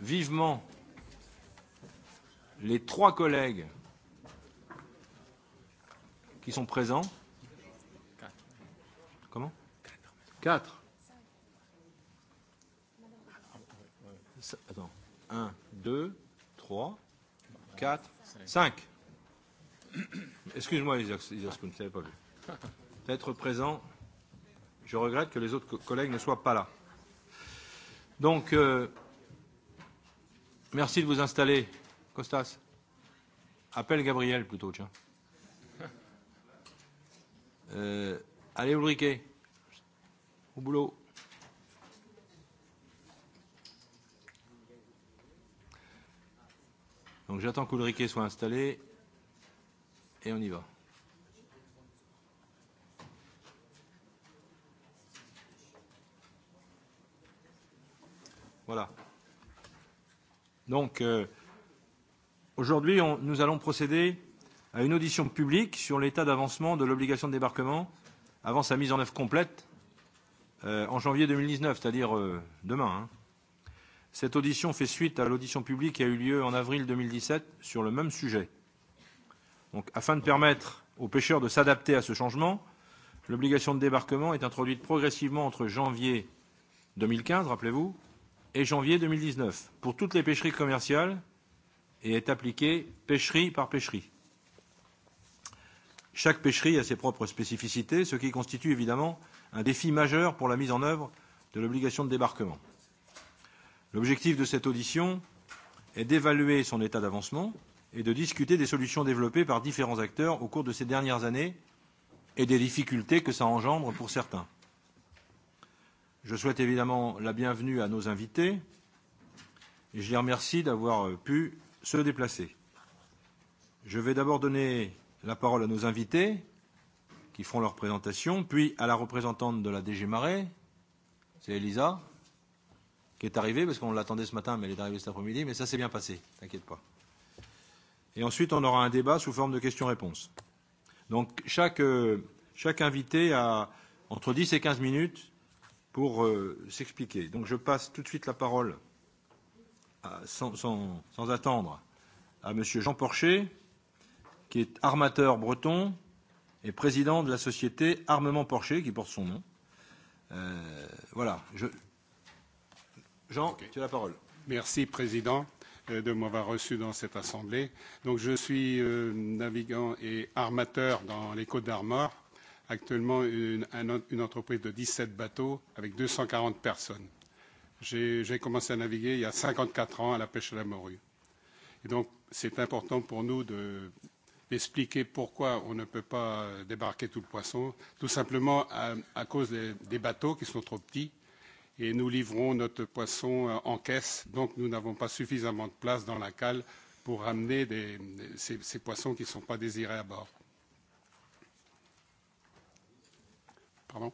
vivement les trois collègues qui sont présents. Comment Quatre. Attends. Un, deux, trois, quatre, cinq. Excuse-moi, Isaskun, je ne t'avais pas vu. D'être présent, je regrette que les autres collègues ne soient pas là. Donc, euh, Merci de vous installer, Costas. Appelle Gabriel plutôt, tiens. Euh, allez, Ulrike, au boulot. Donc j'attends qu'Ulrike soit installé et on y va. Voilà. Donc, euh, aujourd'hui, nous allons procéder à une audition publique sur l'état d'avancement de l'obligation de débarquement avant sa mise en œuvre complète euh, en janvier 2019, c'est-à-dire euh, demain. Hein. Cette audition fait suite à l'audition publique qui a eu lieu en avril 2017 sur le même sujet. Donc, afin de permettre aux pêcheurs de s'adapter à ce changement, l'obligation de débarquement est introduite progressivement entre janvier 2015, rappelez-vous, et janvier 2019 pour toutes les pêcheries commerciales et est appliqué pêcherie par pêcherie. Chaque pêcherie a ses propres spécificités, ce qui constitue évidemment un défi majeur pour la mise en œuvre de l'obligation de débarquement. L'objectif de cette audition est d'évaluer son état d'avancement et de discuter des solutions développées par différents acteurs au cours de ces dernières années et des difficultés que ça engendre pour certains. Je souhaite évidemment la bienvenue à nos invités et je les remercie d'avoir pu se déplacer. Je vais d'abord donner la parole à nos invités qui feront leur présentation, puis à la représentante de la DG Marais, c'est Elisa, qui est arrivée parce qu'on l'attendait ce matin, mais elle est arrivée cet après-midi, mais ça s'est bien passé, t'inquiète pas. Et ensuite, on aura un débat sous forme de questions-réponses. Donc chaque, euh, chaque invité a entre 10 et 15 minutes pour euh, s'expliquer. Donc je passe tout de suite la parole, à, sans, sans, sans attendre, à Monsieur Jean Porcher, qui est armateur breton et président de la société Armement Porcher, qui porte son nom. Euh, voilà. Je... Jean, okay. tu as la parole. Merci, Président euh, de m'avoir reçu dans cette assemblée. Donc, je suis euh, navigant et armateur dans les Côtes d'Armor Euh, actuellement une, une entreprise de 17 bateaux avec 240 personnes. J'ai commencé à naviguer il y a 54 ans à la pêche à la morue. Et donc, c'est important pour nous d'expliquer de, pourquoi on ne peut pas débarquer tout le poisson, tout simplement à, à cause des, des bateaux qui sont trop petits. Et nous livrons notre poisson euh, en caisse, donc nous n'avons pas suffisamment de place dans la cale pour ramener des, ces, ces poissons qui ne sont pas désirés à bord. Pardon.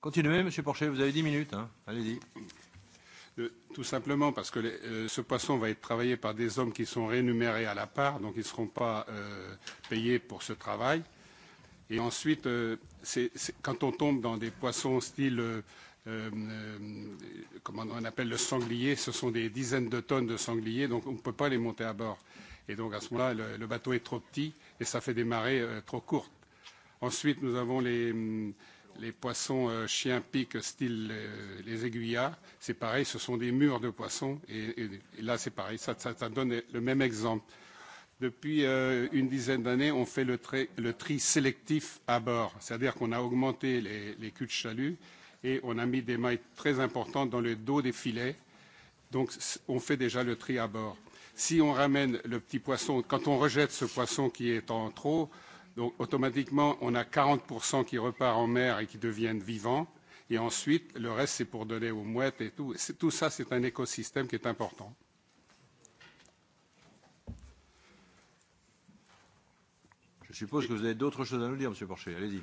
Continuez, Monsieur Porcher, vous avez 10 minutes. Hein. Allez-y. Euh, tout simplement parce que les, euh, ce poisson va être travaillé par des hommes qui sont rémunérés à la part, donc ils ne seront pas euh, payés pour ce travail. Et ensuite, euh, c est, c est, quand on tombe dans des poissons style, euh, euh, euh, comment on appelle le sanglier, ce sont des dizaines de tonnes de sangliers, donc on ne peut pas les monter à bord. Et donc à ce moment-là, le, le bateau est trop petit et ça fait des marées euh, trop courtes. Ensuite, nous avons les, les poissons euh, chiens piques style euh, les aiguillas. C'est pareil, ce sont des murs de poissons. Et, et, et là, c'est pareil, ça, ça, ça donne le même exemple. Depuis euh, une dizaine d'années, on fait le, trai, le tri sélectif à bord, c'est-à-dire qu'on a augmenté les, les culs de chalut et on a mis des mailles très importantes dans le dos des filets. Donc on fait déjà le tri à bord. Si on ramène le petit poisson, quand on rejette ce poisson qui est en trop, euh, Donc automatiquement, on a 40% qui repart en mer et qui deviennent vivants. Et ensuite, le reste, c'est pour donner aux mouettes et tout. Tout ça, c'est un écosystème qui est important. Je suppose que vous avez d'autres choses à nous dire, M. Porcher. Allez-y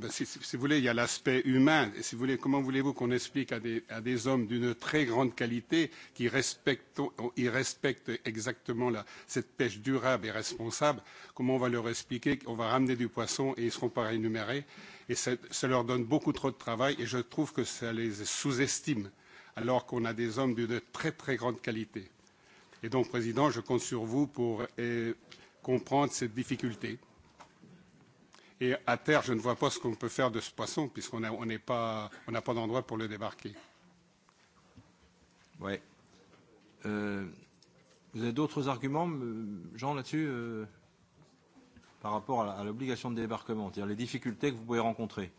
ben, si, si si vous voulez, il y a l'aspect humain. Et si vous voulez, comment voulez-vous qu'on explique à des, à des hommes d'une très grande qualité qui respectent, ils respectent exactement la, cette pêche durable et responsable, comment on va leur expliquer qu'on va ramener du poisson et ils ne seront pas rémunérés Et ça, ça leur donne beaucoup trop de travail et je trouve que ça les sous-estime, alors qu'on a des hommes d'une très très grande qualité. Et donc, Président, je compte sur vous pour eh, comprendre cette difficulté Et à terre, je ne vois pas ce qu'on peut faire de ce poisson, puisqu'on n'a on pas, pas d'endroit pour le débarquer. Oui. Euh, vous avez d'autres arguments, euh, Jean, là-dessus, euh, par rapport à l'obligation de débarquement, c'est-à-dire les difficultés que vous pouvez rencontrer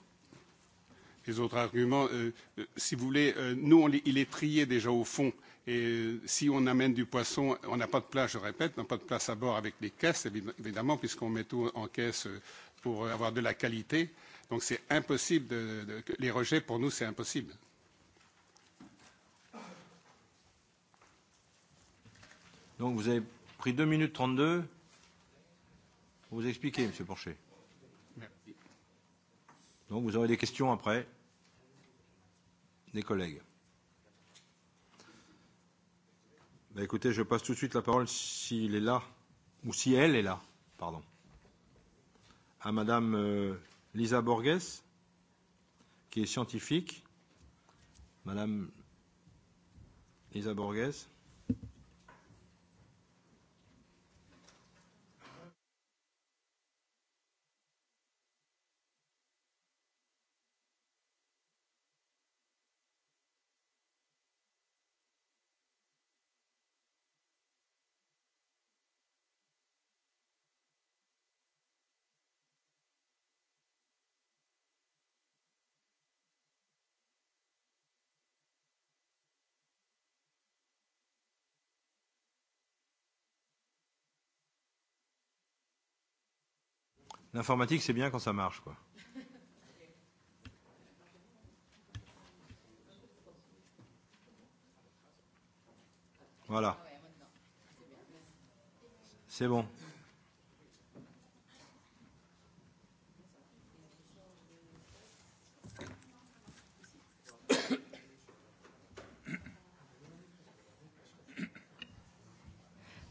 les autres arguments, euh, euh, si vous voulez, euh, nous, on, il est trié déjà au fond. Et euh, si on amène du poisson, on n'a pas de place, je répète, on n'a pas de place à bord avec les caisses, évidemment, puisqu'on met tout en caisse euh, pour avoir de la qualité. Donc c'est impossible, de, de, de, les rejets pour nous c'est impossible. Donc vous avez pris 2 minutes 32 pour vous expliquer, Monsieur Porcher. Merci. Donc vous aurez des questions après des collègues. Bah écoutez, je passe tout de suite la parole s'il est là, ou si elle est là, pardon à Madame euh, Lisa Borges, qui est scientifique. Madame Lisa Borges. L'informatique, c'est bien quand ça marche, quoi. Voilà. C'est bon.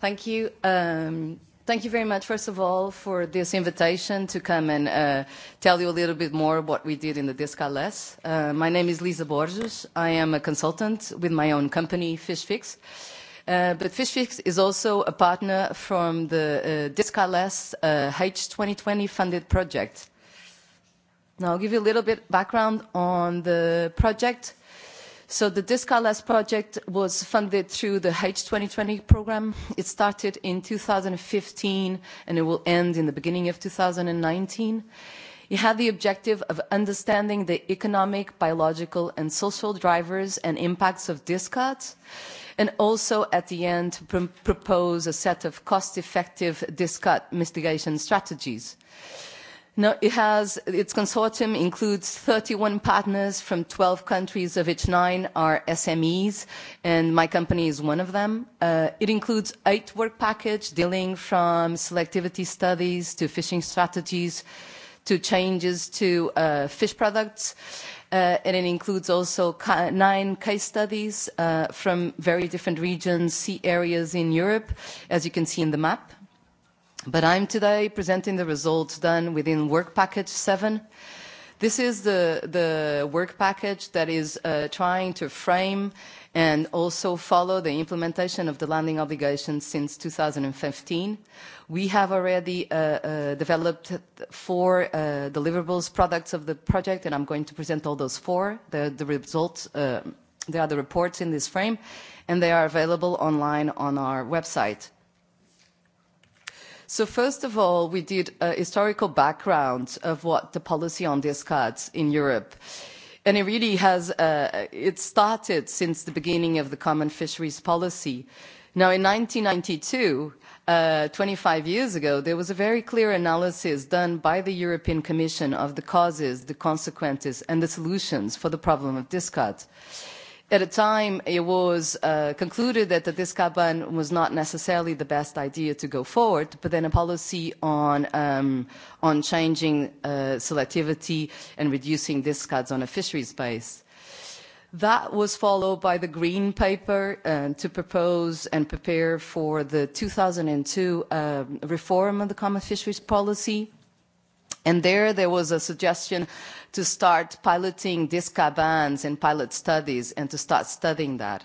Thank you. Um, Thank you very much, first of all, for this invitation to come and uh, tell you a little bit more what we did in the Descales. Uh, my name is Lisa Borges. I am a consultant with my own company, FishFix. Uh, but FishFix is also a partner from the uh, uh, H2020 funded project. Now, I'll give you a little bit background on the project So the Discalas project was funded through the H 2020 program. It started in 2015 and it will end in the beginning of 2019. It had the objective of understanding the economic, biological, and social drivers and impacts of discards, and also at the end propose a set of cost-effective discard mitigation strategies it has, its consortium includes 31 partners from 12 countries, of which nine are SMEs, and my company is one of them. Uh, it includes eight work packages dealing from selectivity studies to fishing strategies to changes to uh, fish products. Uh, and it includes also ca nine case studies uh, from very different regions, sea areas in Europe, as you can see in the map. But I'm today presenting the results done within Work Package seven. This is the, the work package that is uh, trying to frame and also follow the implementation of the landing obligations since 2015. We have already uh, uh, developed four uh, deliverables products of the project, and I'm going to present all those four. The, the results, uh, they are the reports in this frame, and they are available online on our website. So first of all, we did a historical background of what the policy on discards in Europe and it really has uh, it started since the beginning of the common fisheries policy now in 1992 uh, 25 years ago there was a very clear analysis done by the european commission of the causes the consequences and the solutions for the problem of discards at a time it was uh, concluded that the Discaban was not necessarily the best idea to go forward, but then a policy on, um, on changing uh, selectivity and reducing discards on a fisheries base. That was followed by the Green Paper uh, to propose and prepare for the 2002 uh, um, reform of the Common Fisheries Policy And there, there was a suggestion to start piloting disc bans and pilot studies and to start studying that.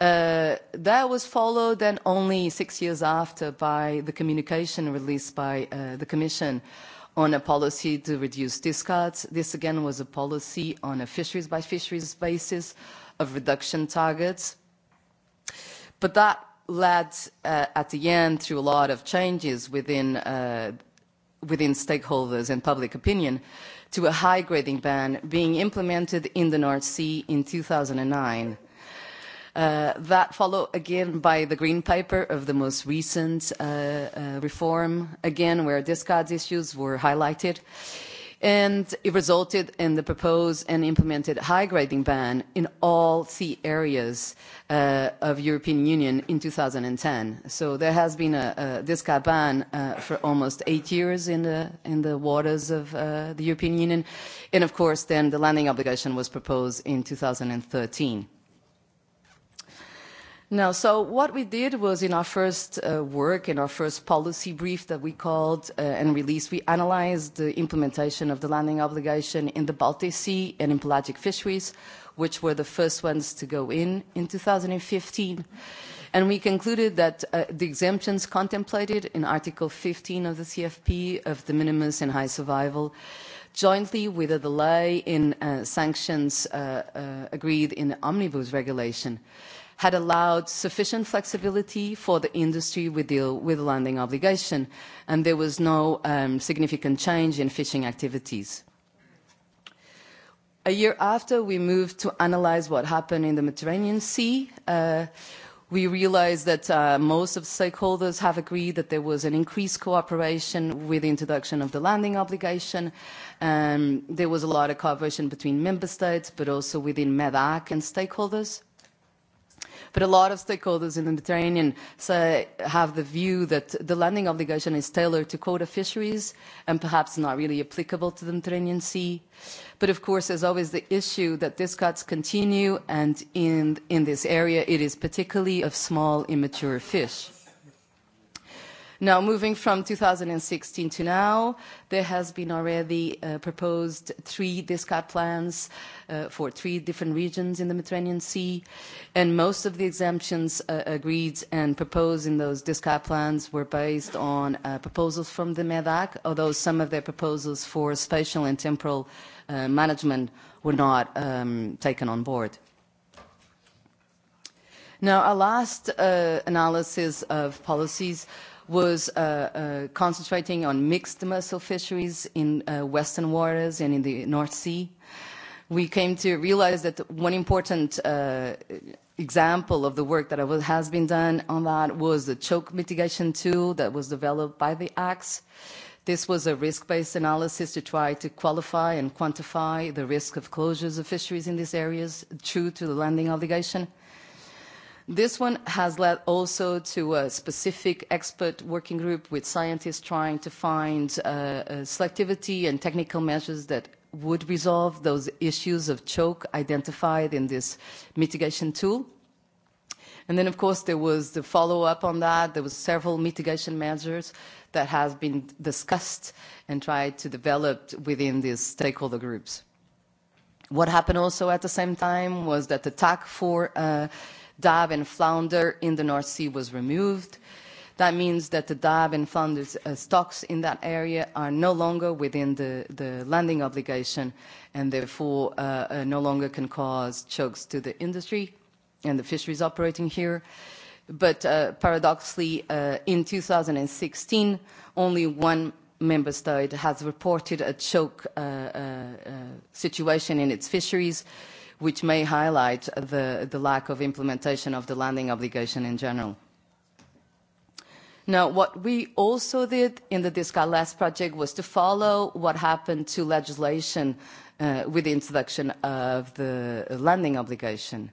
Uh, that was followed then only six years after by the communication released by uh, the Commission on a policy to reduce discards. This again was a policy on a fisheries by fisheries basis of reduction targets. But that led uh, at the end through a lot of changes within uh, within stakeholders and public opinion to a high grading ban being implemented in the North Sea in 2009. Uh, that followed again by the Green Paper of the most recent uh, uh, reform, again where discards issues were highlighted. Uh, and it resulted in the proposed and implemented high grading ban in all sea areas uh, of European Union in 2010. So there has been a, a this car ban uh, for almost eight years in the in the waters of uh, the European Union, and of course, then the landing obligation was proposed in 2013. No, so what we did was in our first uh, work, in our first policy brief that we called uh, and released, we analyzed the implementation of the landing obligation in the Baltic Sea and in pelagic fisheries, which were the first ones to go in in 2015. And we concluded that uh, the exemptions contemplated in Article 15 of the CFP of the minimus and high survival jointly with a delay in uh, sanctions uh, uh, agreed in the omnibus regulation uh, had allowed sufficient flexibility for the industry with the, with landing obligation, and there was no um, significant change in fishing activities. A year after, we moved to analyze what happened in the Mediterranean Sea. Uh, we realized that uh, most of the stakeholders have agreed that there was an increased cooperation with the introduction of the landing obligation. Um, there was a lot of cooperation between member states, but also within MEDAC and stakeholders. But a lot of stakeholders in the Mediterranean say, have the view that the landing obligation is tailored to quota fisheries and perhaps not really applicable to the Mediterranean Sea. But of course, there's always the issue that these cuts continue, and in, in this area, it is particularly of small, immature fish. Now, moving from 2016 to now, there has been already uh, proposed three discard plans uh, for three different regions in the Mediterranean Sea, and most of the exemptions uh, agreed and proposed in those discard plans were based on proposals from the MEDAC, although some of their proposals for spatial and temporal management were not um, taken on board. Now, our last analysis of policies was uh, uh, concentrating on mixed demersal fisheries in uh, western waters and in the North Sea. We came to realize that one important uh, example of the work that was, has been done on that was the choke mitigation tool that was developed by the ACTS. This was a risk-based analysis to try to qualify and quantify the risk of closures of fisheries in these areas true to the landing obligation This one has led also to a specific expert working group with scientists trying to find uh, uh, selectivity and technical measures that would resolve those issues of choke identified in this mitigation tool. And then, of course, there was the follow-up on that. There was several mitigation measures that has been discussed and tried to develop within these stakeholder groups. What happened also at the same time was that the TAC 4 uh, DAB and flounder in the North Sea was removed. That means that the DAB and flounder uh, stocks in that area are no longer within the, the landing obligation and therefore uh, uh, no longer can cause chokes to the industry and the fisheries operating here. But uh, paradoxically, uh, in 2016, only one member state has reported a choke uh, uh, uh, situation in its fisheries. Uh, which may highlight the, the lack of implementation of the landing obligation in general. Now, what we also did in the DiscalS project was to follow what happened to legislation uh, with the introduction of the landing obligation.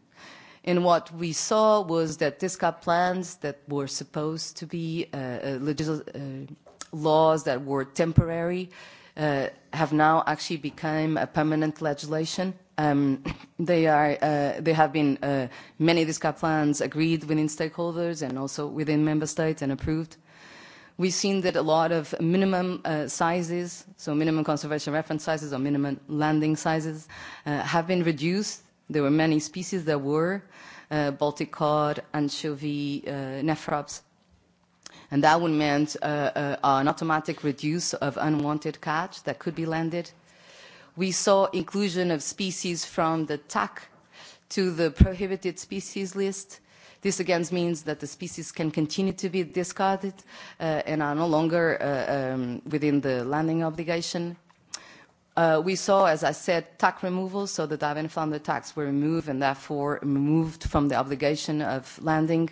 And what we saw was that DISCA plans that were supposed to be uh, uh, uh laws that were temporary uh, have now actually become a permanent legislation Um, they, are, uh, they have been uh, many DISCA plans agreed within stakeholders and also within member states and approved. We've seen that a lot of minimum uh, sizes, so minimum conservation reference sizes or minimum landing sizes, uh, have been reduced. There were many species that were, uh, Baltic cod, anchovy, uh, nephrops, and that would meant uh, uh, an automatic reduce of unwanted catch that could be landed. We saw inclusion of species from the TAC to the prohibited species list. This again means that the species can continue to be discarded uh, and are no longer uh, um, within the landing obligation. Uh, we saw, as I said, tax removal, so the dive and flounder tax were removed and therefore removed from the obligation of landing.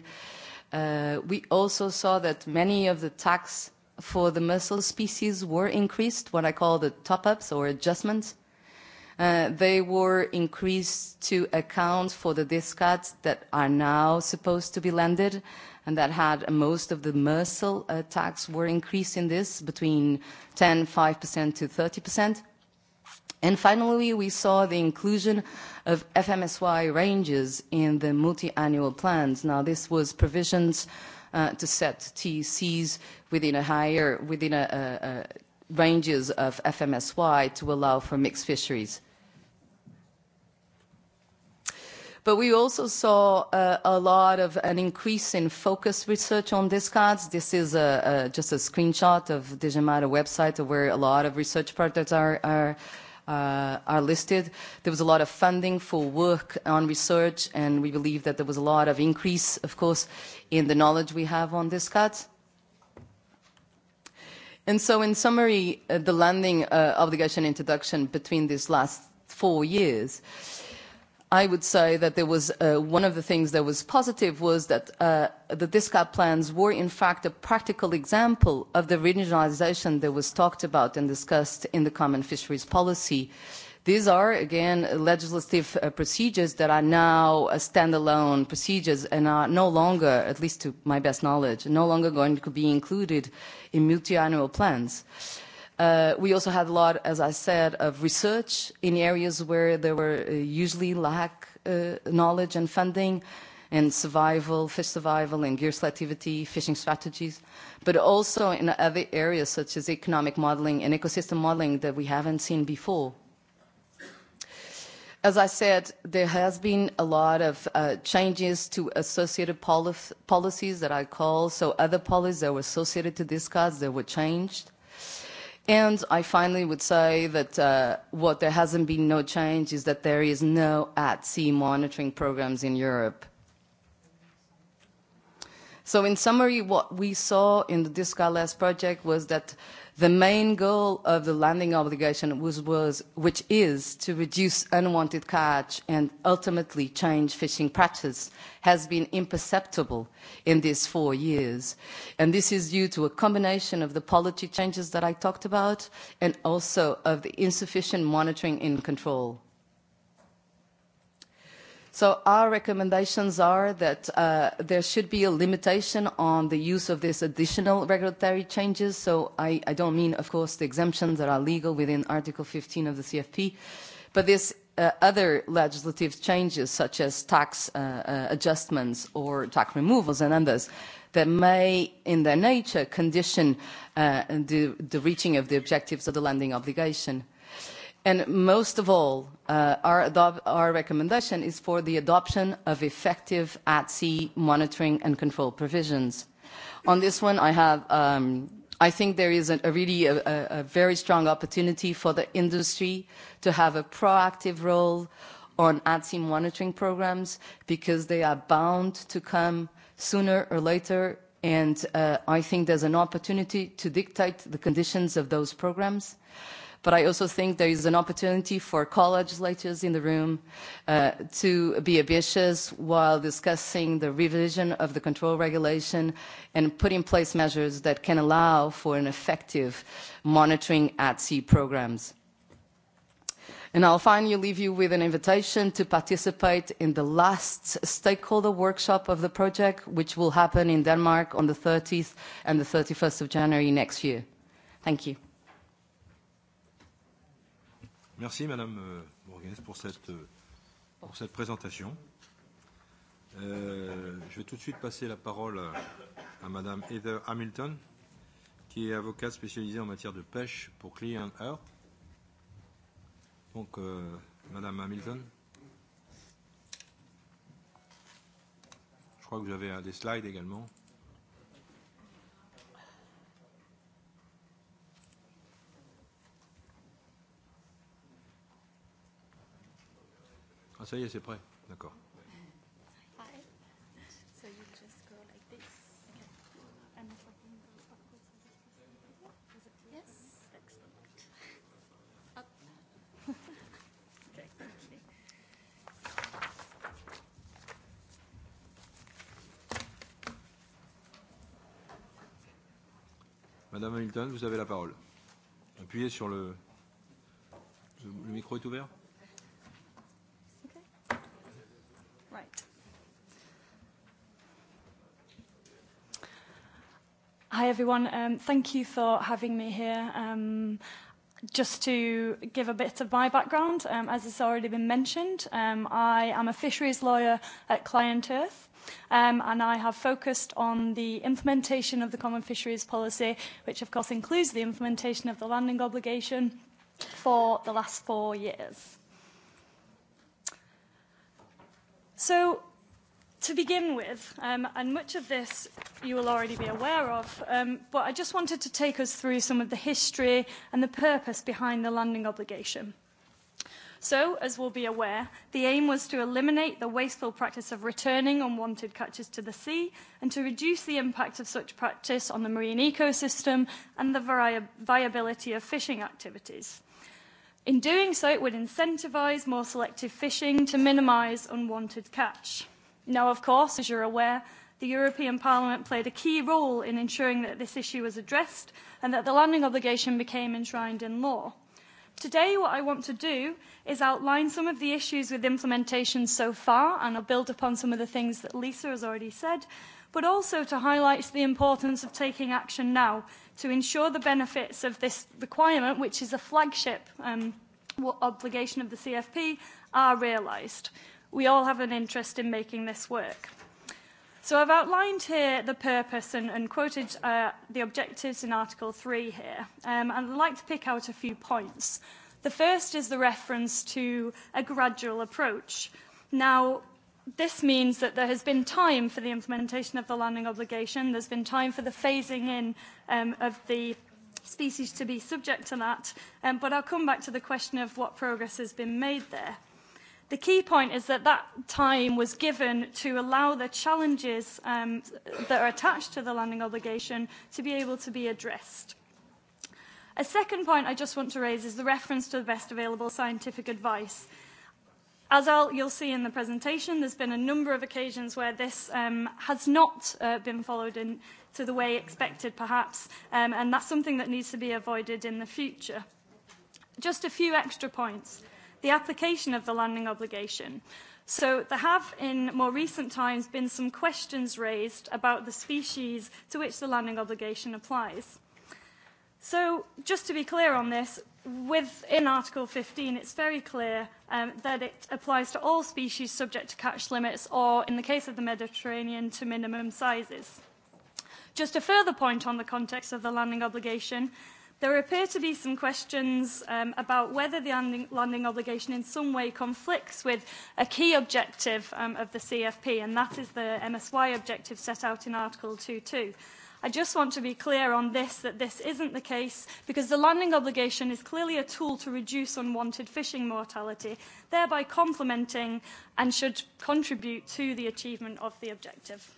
Uh, we also saw that many of the tax for the mussel species were increased, what I call the top-ups or adjustments. Uh, they were increased to account for the discards that are now supposed to be landed and that had uh, most of the mussel uh, tax were increased in this between 10, 5% to 30%. And finally, we saw the inclusion of FMSY ranges in the multi-annual plans. Now, this was provisions uh, Uh, to set TCs within a higher, within a, ranges of FMSY to allow for mixed fisheries. But we also saw uh, a lot of an increase in focus research on discards. This is just a screenshot of Digimata website where a lot of research projects are, uh, are listed. There was a lot of funding for work on research, and we believe that there was a lot of increase, of course, in the knowledge we have on this cut. And so, in summary, uh, the landing uh, obligation introduction between these last four years uh, I would say that there was uh, one of the things that was positive was that uh, the discard plans were in fact a practical example of the regionalisation that was talked about and discussed in the common fisheries policy. These are, again, legislative uh, procedures that are now standalone procedures and are no longer, at least to my best knowledge, no longer going to be included in multi-annual plans. Uh, we also had a lot, as I said, of research in areas where there were uh, usually lack uh, knowledge and funding and survival, fish survival and gear selectivity, fishing strategies, but also in other areas such as economic modeling and ecosystem modeling that we haven't seen before. As I said, there has been a lot of uh, changes to associated policies that I call, so other policies that were associated to this cause that were changed And I finally would say that uh, what there hasn't been no change is that there is no at-sea monitoring programs in Europe. So in summary, what we saw in the Discales project was that The main goal of the landing obligation was, was, which is to reduce unwanted catch and ultimately change fishing practice, has been imperceptible in these four years. And this is due to a combination of the policy changes that I talked about and also of the insufficient monitoring and control. So our recommendations are that uh, there should be a limitation on the use of these additional regulatory changes. So I, don't mean, of course, the exemptions that are legal within Article 15 of the CFP, but this uh, other legislative changes such as tax uh, adjustments or tax removals and others that may, in their nature, condition the, the reaching of the objectives of the landing obligation. And most of all, Uh, our, our, recommendation is for the adoption of effective at-sea monitoring and control provisions. On this one, I have, um, I think there is a, a really a, a, very strong opportunity for the industry to have a proactive role on at-sea monitoring programs because they are bound to come sooner or later, and uh, I think there's an opportunity to dictate the conditions of those programs. Uh, But I also think there is an opportunity for co-legislators in the room uh, to be ambitious while discussing the revision of the control regulation and put in place measures that can allow for an effective monitoring at sea programs. And I'll finally leave you with an invitation to participate in the last stakeholder workshop of the project, which will happen in Denmark on the 30th and the 31st of January next year. Thank you. Merci Madame euh, Morgues pour cette, euh, pour cette présentation. Euh, je vais tout de suite passer la parole à Madame Heather Hamilton, qui est avocate spécialisée en matière de pêche pour Client Earth. Donc, euh, Madame Hamilton, je crois que vous avez des slides également. Ah, ça y est, c'est prêt. D'accord. Madame Hamilton, vous avez la parole. Appuyez sur le... Le micro est ouvert Hi, everyone. Um, thank you for having me here. Um, just to give a bit of my background, um, as it's already been mentioned, um, I am a fisheries lawyer at Client Earth. Um, and I have focused on the implementation of the Common Fisheries Policy, which of course includes the implementation of the landing obligation for the last four years. So to begin with, um, and much of this you will already be aware of, um, but I just wanted to take us through some of the history and the purpose behind the landing obligation. So, as we'll be aware, the aim was to eliminate the wasteful practice of returning unwanted catches to the sea and to reduce the impact of such practice on the marine ecosystem and the vi viability of fishing activities. In doing so, it would incentivize more selective fishing to minimize unwanted catch. Now, of course, as you're aware, the European Parliament played a key role in ensuring that this issue was addressed and that the landing obligation became enshrined in law. Today, what I want to do is outline some of the issues with implementation so far, and I'll build upon some of the things that Lisa has already said, but also to highlight the importance of taking action now to ensure the benefits of this requirement, which is a flagship um, obligation of the CFP, are realised. We all have an interest in making this work. So I've outlined here the purpose and, and quoted uh, the objectives in Article 3 here, um, and I'd like to pick out a few points. The first is the reference to a gradual approach. Now, this means that there has been time for the implementation of the landing obligation, there's been time for the phasing in um, of the species to be subject to that, um, but I'll come back to the question of what progress has been made there. The key point is that that time was given to allow the challenges um, that are attached to the landing obligation to be able to be addressed. A second point I just want to raise is the reference to the best available scientific advice. As I'll, you'll see in the presentation, there's been a number of occasions where this um, has not uh, been followed in, to the way expected, perhaps, um, and that's something that needs to be avoided in the future. Just a few extra points. Yeah the application of the landing obligation. So there have in more recent times been some questions raised about the species to which the landing obligation applies. So just to be clear on this, within Article 15, it's very clear um, that it applies to all species subject to catch limits or, in the case of the Mediterranean, to minimum sizes. Just a further point on the context of the landing obligation, There appear to be some questions um, about whether the landing, obligation in some way conflicts with a key objective um, of the CFP, and that is the MSY objective set out in Article 2.2. I just want to be clear on this, that this isn't the case, because the landing obligation is clearly a tool to reduce unwanted fishing mortality, thereby complementing and should contribute to the achievement of the objective.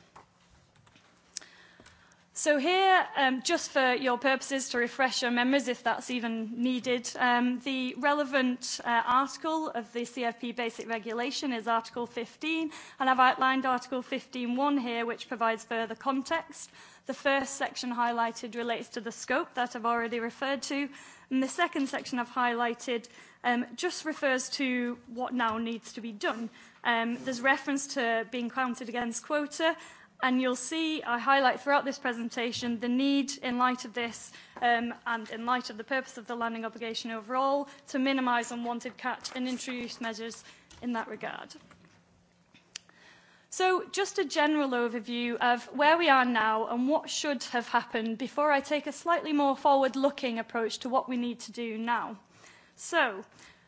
So here, um, just for your purposes to refresh your memories, if that's even needed, um, the relevant uh, article of the CFP Basic Regulation is Article 15, and I've outlined Article 15.1 here, which provides further context. The first section highlighted relates to the scope that I've already referred to, and the second section I've highlighted um, just refers to what now needs to be done. Um, there's reference to being counted against quota, And you'll see I highlight throughout this presentation the need, in light of this um, and in light of the purpose of the landing obligation overall, to minimise unwanted catch and introduce measures in that regard. So just a general overview of where we are now and what should have happened before I take a slightly more forward-looking approach to what we need to do now. So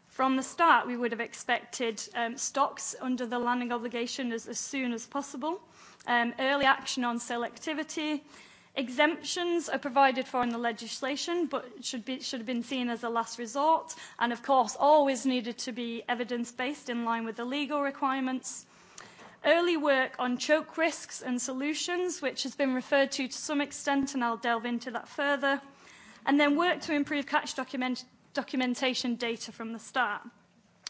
from the start, we would have expected um, stocks under the landing obligation as, as soon as possible – um, early action on selectivity. Exemptions are provided for in the legislation, but should, be, should have been seen as a last resort, and of course, always needed to be evidence based in line with the legal requirements. Early work on choke risks and solutions, which has been referred to to some extent, and I'll delve into that further. And then work to improve catch document, documentation data from the start.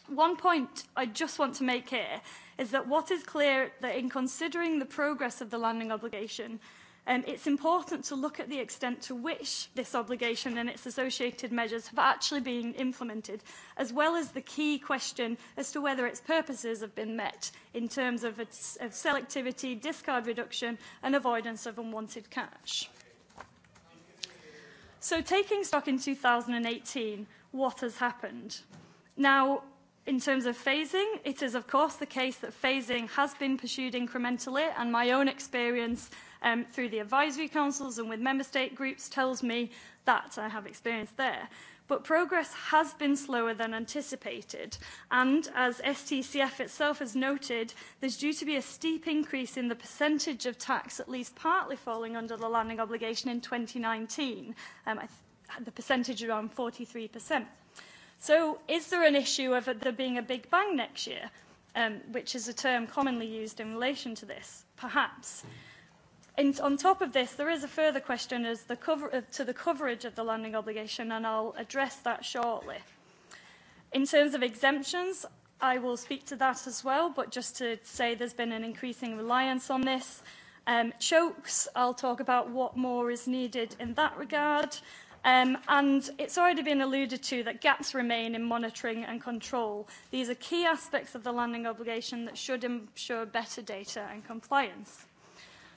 One point I just want to make here is that what is clear that in considering the progress of the landing obligation, um, it's important to look at the extent to which this obligation and its associated measures have actually been implemented, as well as the key question as to whether its purposes have been met in terms of, its, of selectivity, discard reduction, and avoidance of unwanted catch. So taking stock in 2018, what has happened? Now, In terms of phasing, it is of course the case that phasing has been pursued incrementally and my own experience um, through the advisory councils and with member state groups tells me that I have experience there. But progress has been slower than anticipated. And as STCF itself has noted, there's due to be a steep increase in the percentage of tax at least partly falling under the landing obligation in 2019. Um, the percentage around 43%. So is there an issue of there being a big bang next year, um, which is a term commonly used in relation to this? Perhaps. And on top of this, there is a further question as the cover, uh, to the coverage of the landing obligation, and I'll address that shortly. In terms of exemptions, I will speak to that as well, but just to say there's been an increasing reliance on this. Um, chokes, I'll talk about what more is needed in that regard. Um, and it's already been alluded to that gaps remain in monitoring and control. These are key aspects of the landing obligation that should ensure better data and compliance.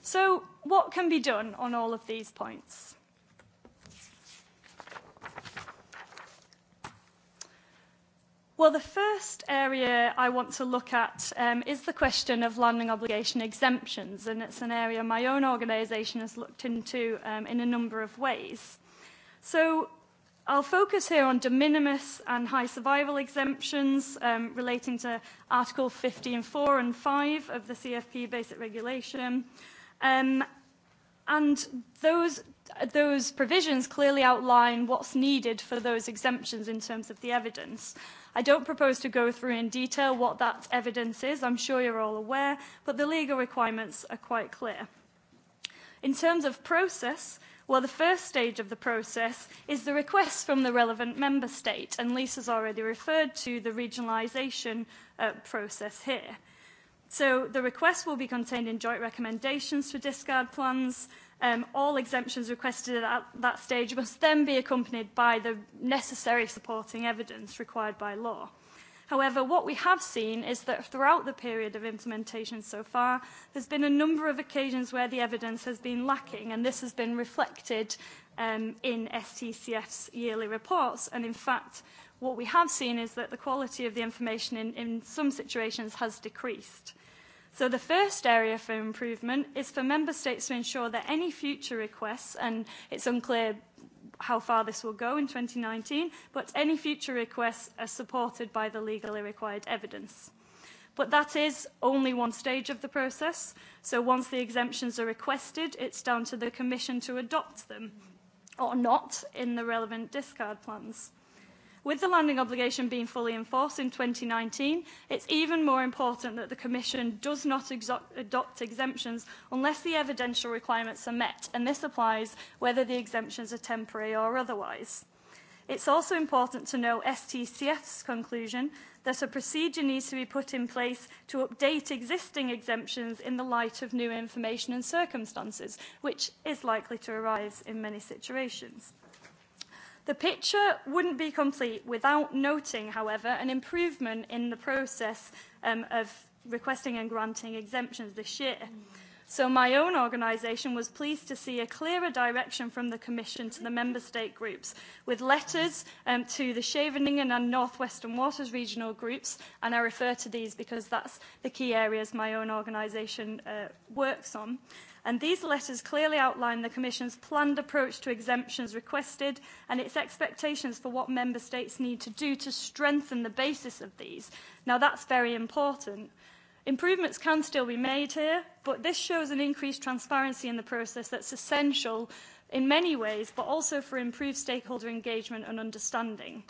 So what can be done on all of these points? Well, the first area I want to look at um, is the question of landing obligation exemptions, and it's an area my own organisation has looked into um, in a number of ways. So I'll focus here on de minimis and high survival exemptions um, relating to Article 15, 4 and 5 of the CFP Basic Regulation. Um, and those, those provisions clearly outline what's needed for those exemptions in terms of the evidence. I don't propose to go through in detail what that evidence is. I'm sure you're all aware, but the legal requirements are quite clear. In terms of process, Well, the first stage of the process is the request from the relevant member state, and Lisa's already referred to the regionalisation uh, process here. So the request will be contained in joint recommendations for discard plans. Um, all exemptions requested at that stage must then be accompanied by the necessary supporting evidence required by law. However, what we have seen is that throughout the period of implementation so far, there's been a number of occasions where the evidence has been lacking, and this has been reflected um, in STCF's yearly reports. And in fact, what we have seen is that the quality of the information in, in some situations has decreased. So the first area for improvement is for member states to ensure that any future requests, and it's unclear how far this will go in 2019, but any future requests are supported by the legally required evidence. But that is only one stage of the process. So once the exemptions are requested, it's down to the Commission to adopt them or not in the relevant discard plans. With the landing obligation being fully enforced in 2019, it's even more important that the Commission does not adopt exemptions unless the evidential requirements are met, and this applies whether the exemptions are temporary or otherwise. It's also important to know STCF's conclusion that a procedure needs to be put in place to update existing exemptions in the light of new information and circumstances, which is likely to arise in many situations. The picture wouldn't be complete without noting, however, an improvement in the process um, of requesting and granting exemptions this year. So my own organisation was pleased to see a clearer direction from the Commission to the Member State groups, with letters um, to the Scheveningen and North Western Waters regional groups, and I refer to these because that's the key areas my own organisation uh, works on and these letters clearly outline the Commission's planned approach to exemptions requested and its expectations for what Member States need to do to strengthen the basis of these. Now that's very important. Improvements can still be made here, but this shows an increased transparency in the process that's essential in many ways, but also for improved stakeholder engagement and understanding.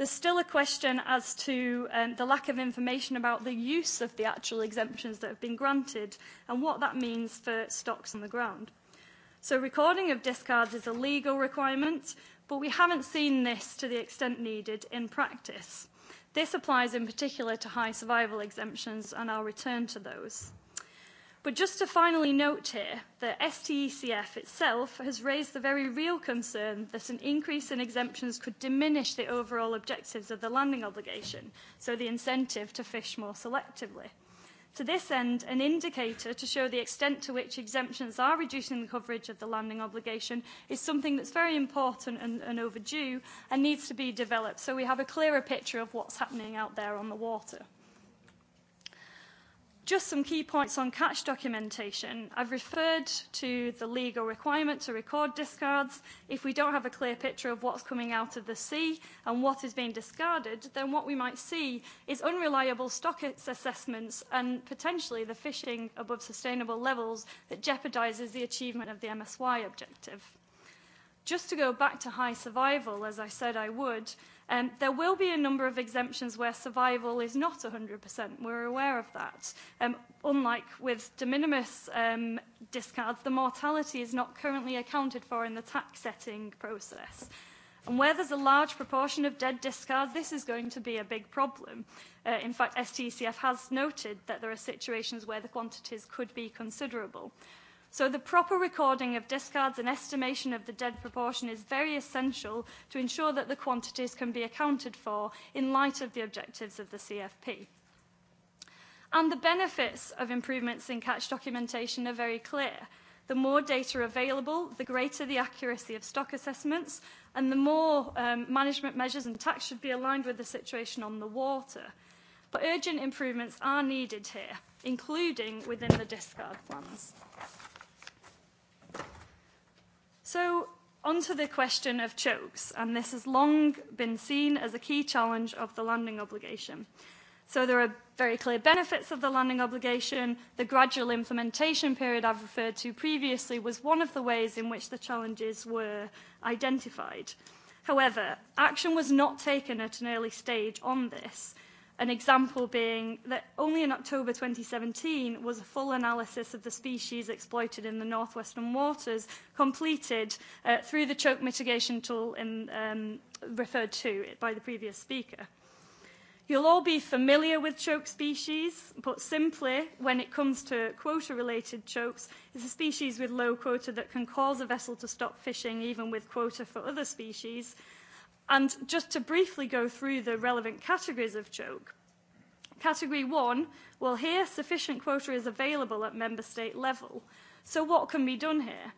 There's still a question as to um, the lack of information about the use of the actual exemptions that have been granted and what that means for stocks on the ground. So recording of discards is a legal requirement, but we haven't seen this to the extent needed in practice. This applies in particular to high survival exemptions, and I'll return to those. But just to finally note here that STECF itself has raised the very real concern that an increase in exemptions could diminish the overall objectives of the landing obligation, so the incentive to fish more selectively. To this end, an indicator to show the extent to which exemptions are reducing the coverage of the landing obligation is something that's very important and, and overdue and needs to be developed so we have a clearer picture of what's happening out there on the water. Just some key points on catch documentation. I've referred to the legal requirement to record discards. If we don't have a clear picture of what's coming out of the sea and what is being discarded, then what we might see is unreliable stock assessments and potentially the fishing above sustainable levels that jeopardises the achievement of the MSY objective. Just to go back to high survival, as I said I would, Um, there will be a number of exemptions where survival is not 100%. We're aware of that. Um, unlike with de minimis um, discards, the mortality is not currently accounted for in the tax setting process. And where there's a large proportion of dead discards, this is going to be a big problem. Uh, in fact, STCF has noted that there are situations where the quantities could be considerable. So the proper recording of discards and estimation of the dead proportion is very essential to ensure that the quantities can be accounted for in light of the objectives of the CFP. And the benefits of improvements in catch documentation are very clear. The more data available, the greater the accuracy of stock assessments, and the more um, management measures and tax should be aligned with the situation on the water. But urgent improvements are needed here, including within the discard plans. So onto the question of chokes, and this has long been seen as a key challenge of the landing obligation. So there are very clear benefits of the landing obligation. The gradual implementation period I've referred to previously was one of the ways in which the challenges were identified. However, action was not taken at an early stage on this, An example being that only in October 2017 was a full analysis of the species exploited in the northwestern waters completed uh, through the choke mitigation tool in, um, referred to by the previous speaker. You'll all be familiar with choke species, but simply, when it comes to quota-related chokes, it's a species with low quota that can cause a vessel to stop fishing even with quota for other species, And just to briefly go through the relevant categories of choke, Category 1, well, here sufficient quota is available at member state level. So what can be done here?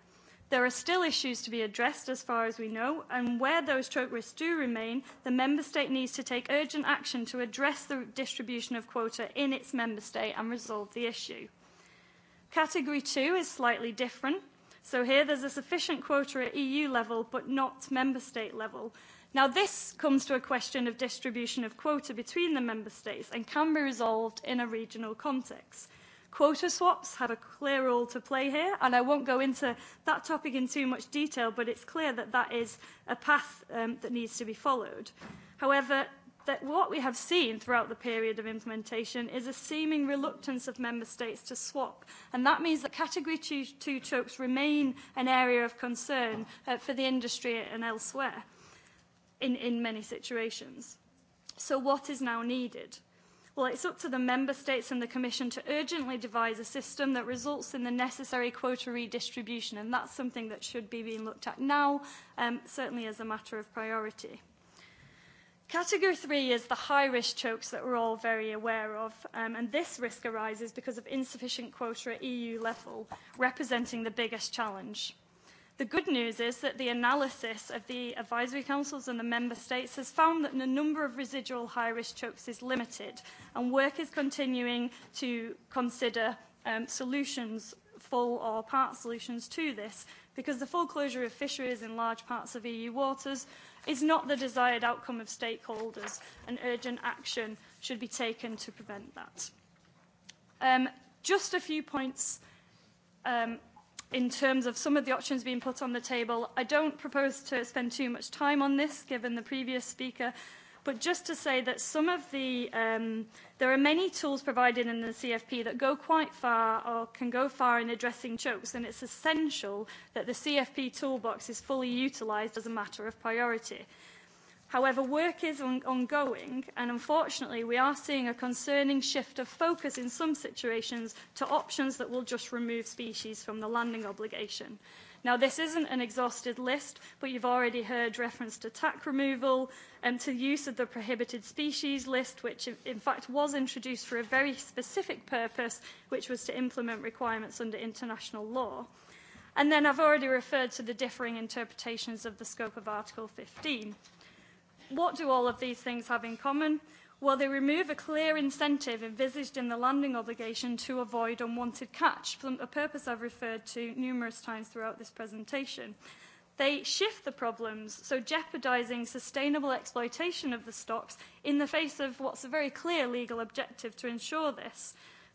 There are still issues to be addressed as far as we know, and where those choke risks do remain, the member state needs to take urgent action to address the distribution of quota in its member state and resolve the issue. Category 2 is slightly different. So here there's a sufficient quota at EU level, but not member state level. Now, this comes to a question of distribution of quota between the member states and can be resolved in a regional context. Quota swaps have a clear role to play here, and I won't go into that topic in too much detail, but it's clear that that is a path um, that needs to be followed. However, that what we have seen throughout the period of implementation is a seeming reluctance of member states to swap. And that means that category two, two chokes remain an area of concern uh, for the industry and elsewhere in, in many situations. So what is now needed? Well, it's up to the Member States and the Commission to urgently devise a system that results in the necessary quota redistribution, and that's something that should be being looked at now, um, certainly as a matter of priority. Category three is the high risk chokes that we're all very aware of, um, and this risk arises because of insufficient quota at EU level, representing the biggest challenge. The good news is that the analysis of the advisory councils and the member states has found that the number of residual high risk chokes is limited, and work is continuing to consider um, solutions, full or part solutions to this, because the full closure of fisheries in large parts of EU waters is not the desired outcome of stakeholders, and urgent action should be taken to prevent that. Um, just a few points um, in terms of some of the options being put on the table. I don't propose to spend too much time on this, given the previous speaker, but just to say that some of the, um, there are many tools provided in the CFP that go quite far or can go far in addressing chokes, and it's essential that the CFP toolbox is fully utilised as a matter of priority. However, work is on ongoing, and unfortunately, we are seeing a concerning shift of focus in some situations to options that will just remove species from the landing obligation. Now, this isn't an exhausted list, but you've already heard reference to tack removal and to use of the prohibited species list, which in fact was introduced for a very specific purpose, which was to implement requirements under international law. And then I've already referred to the differing interpretations of the scope of Article 15. What do all of these things have in common? Well, they remove a clear incentive envisaged in the landing obligation to avoid unwanted catch, a purpose I've referred to numerous times throughout this presentation. They shift the problems, so jeopardising sustainable exploitation of the stocks in the face of what's a very clear legal objective to ensure this.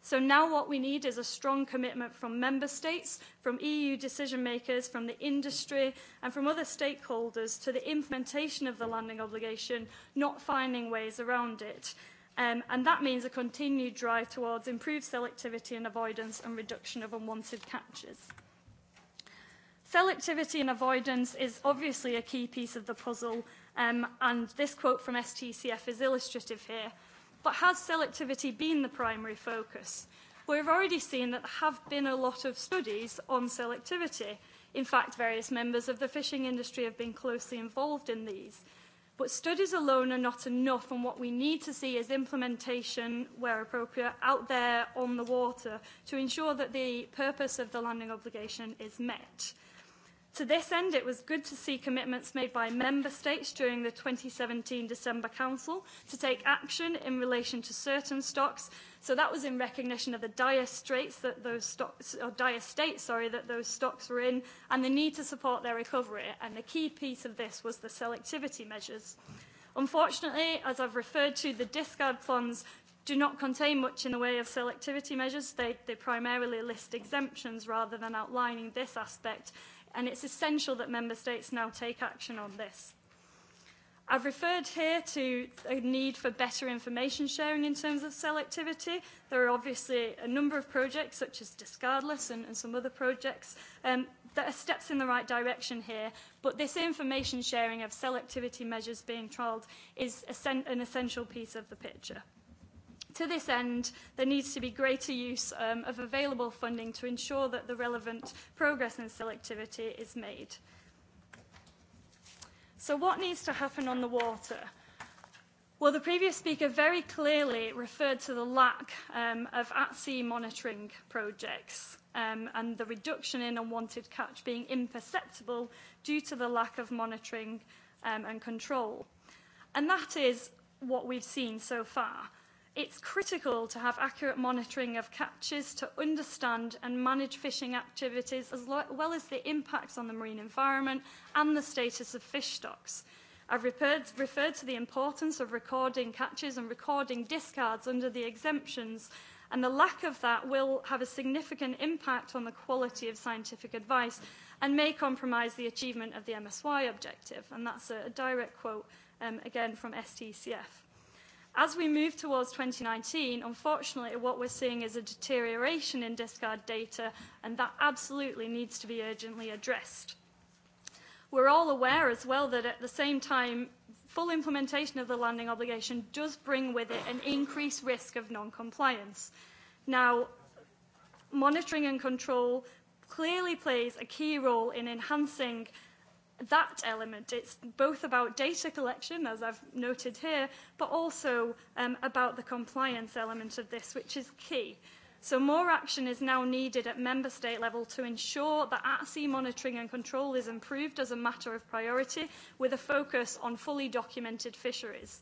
So now what we need is a strong commitment from member states, from EU decision makers, from the industry and from other stakeholders to the implementation of the landing obligation, not finding ways around it. Um, and that means a continued drive towards improved selectivity and avoidance and reduction of unwanted catches. Selectivity and avoidance is obviously a key piece of the puzzle, um, and this quote from STCF is illustrative here. But has selectivity been the primary focus? We've already seen that there have been a lot of studies on selectivity. In fact, various members of the fishing industry have been closely involved in these. But studies alone are not enough, and what we need to see is implementation, where appropriate, out there on the water to ensure that the purpose of the landing obligation is met. To this end, it was good to see commitments made by member states during the 2017 December Council to take action in relation to certain stocks. So that was in recognition of the dire straits that those stocks, or dire state, sorry, that those stocks were in, and the need to support their recovery. And the key piece of this was the selectivity measures. Unfortunately, as I've referred to, the discard funds do not contain much in the way of selectivity measures. They, they primarily list exemptions rather than outlining this aspect and it's essential that member states now take action on this. I've referred here to a need for better information sharing in terms of selectivity. There are obviously a number of projects, such as Discardless and, and some other projects, um, that are steps in the right direction here. But this information sharing of selectivity measures being trialled is an essential piece of the picture. To this end, there needs to be greater use um, of available funding to ensure that the relevant progress in selectivity is made. So what needs to happen on the water? Well, the previous speaker very clearly referred to the lack um, of at-sea monitoring projects um, and the reduction in unwanted catch being imperceptible due to the lack of monitoring um, and control. And that is what we've seen so far. It's critical to have accurate monitoring of catches to understand and manage fishing activities as well as the impacts on the marine environment and the status of fish stocks. I've referred, referred to the importance of recording catches and recording discards under the exemptions, and the lack of that will have a significant impact on the quality of scientific advice and may compromise the achievement of the MSY objective. And that's a, a direct quote, um, again, from STCF. As we move towards 2019, unfortunately, what we're seeing is a deterioration in discard data, and that absolutely needs to be urgently addressed. We're all aware as well that at the same time, full implementation of the landing obligation does bring with it an increased risk of non-compliance. Now, monitoring and control clearly plays a key role in enhancing that element. It's both about data collection, as I've noted here, but also um, about the compliance element of this, which is key. So more action is now needed at member state level to ensure that at-sea monitoring and control is improved as a matter of priority with a focus on fully documented fisheries.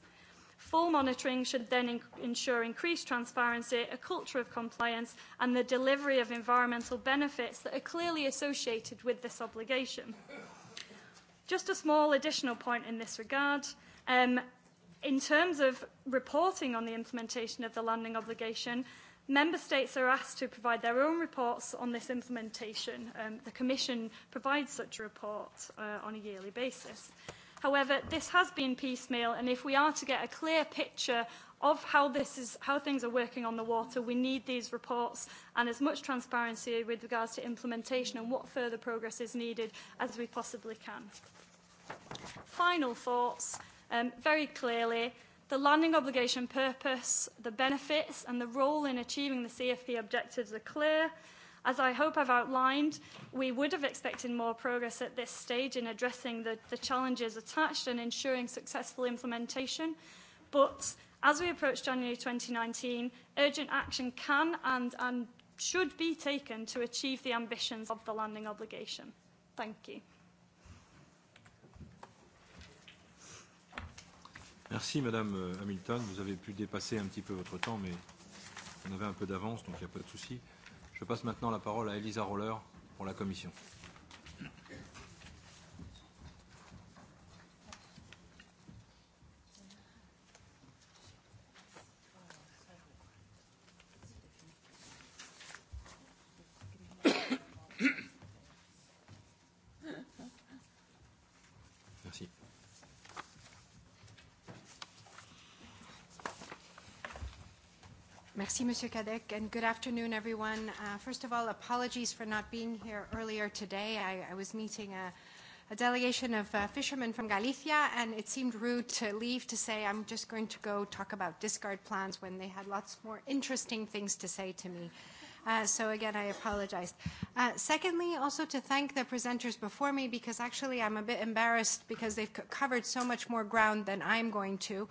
Full monitoring should then in ensure increased transparency, a culture of compliance, and the delivery of environmental benefits that are clearly associated with this obligation. Just a small additional point in this regard. Um, in terms of reporting on the implementation of the landing obligation, Member states are asked to provide their own reports on this implementation. Um, the Commission provides such a report uh, on a yearly basis. However, this has been piecemeal, and if we are to get a clear picture of how, this is, how things are working on the water, we need these reports and as much transparency with regards to implementation and what further progress is needed as we possibly can. Final thoughts, um, very clearly, the landing obligation purpose, the benefits and the role in achieving the CFP objectives are clear. As I hope I've outlined, we would have expected more progress at this stage in addressing the, the challenges attached and ensuring successful implementation. But as we approach January 2019, urgent action can and, and should be taken to achieve the ambitions of the landing obligation. Thank you. Merci Madame euh, Hamilton. Vous avez pu dépasser un petit peu votre temps, mais on avait un peu d'avance, donc il n'y a pas de souci. Je passe maintenant la parole à Elisa Roller pour la Commission. you, Mr. Kadek, and good afternoon, everyone. Uh, first of all, apologies for not being here earlier today. I, I was meeting a, a delegation of uh, fishermen from Galicia, and it seemed rude to leave to say I'm just going to go talk about discard plans when they had lots more interesting things to say to me. Uh, so again, I apologize. Uh, secondly, also to thank the presenters before me because actually I'm a bit embarrassed because they've covered so much more ground than I'm going to.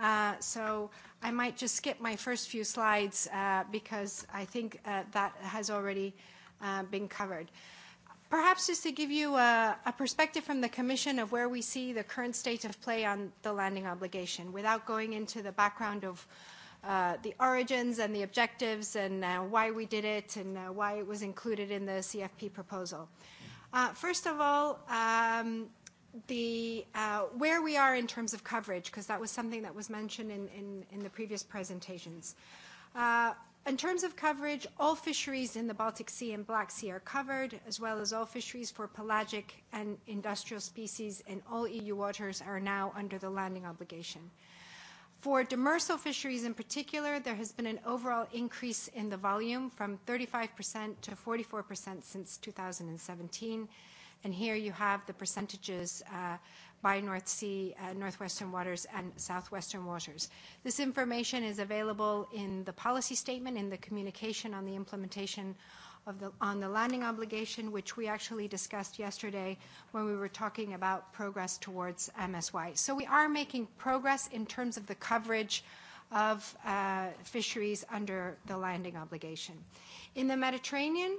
Uh, so I might just skip my first few slides uh, because I think uh, that has already uh, been covered. Perhaps just to give you a, a perspective from the Commission of where we see the current state of play on the landing obligation without going into the background of Uh, the origins and the objectives and uh, why we did it and uh, why it was included in the CFP proposal. Uh, first of all, um, the uh, where we are in terms of coverage, because that was something that was mentioned in, in, in the previous presentations. Uh, in terms of coverage, all fisheries in the Baltic Sea and Black Sea are covered, as well as all fisheries for pelagic and industrial species in all EU waters are now under the landing obligation. Uh, For demersal fisheries in particular, there has been an overall increase in the volume from 35% to 44% since 2017. And here you have the percentages uh, by North Sea, uh, Northwestern Waters, and Southwestern Waters. This information is available in the policy statement, in the communication on the implementation of the, on the landing obligation, which we actually discussed yesterday when we were talking about progress towards MSY. So we are making progress in terms of the coverage of uh, fisheries under the landing obligation. In the Mediterranean,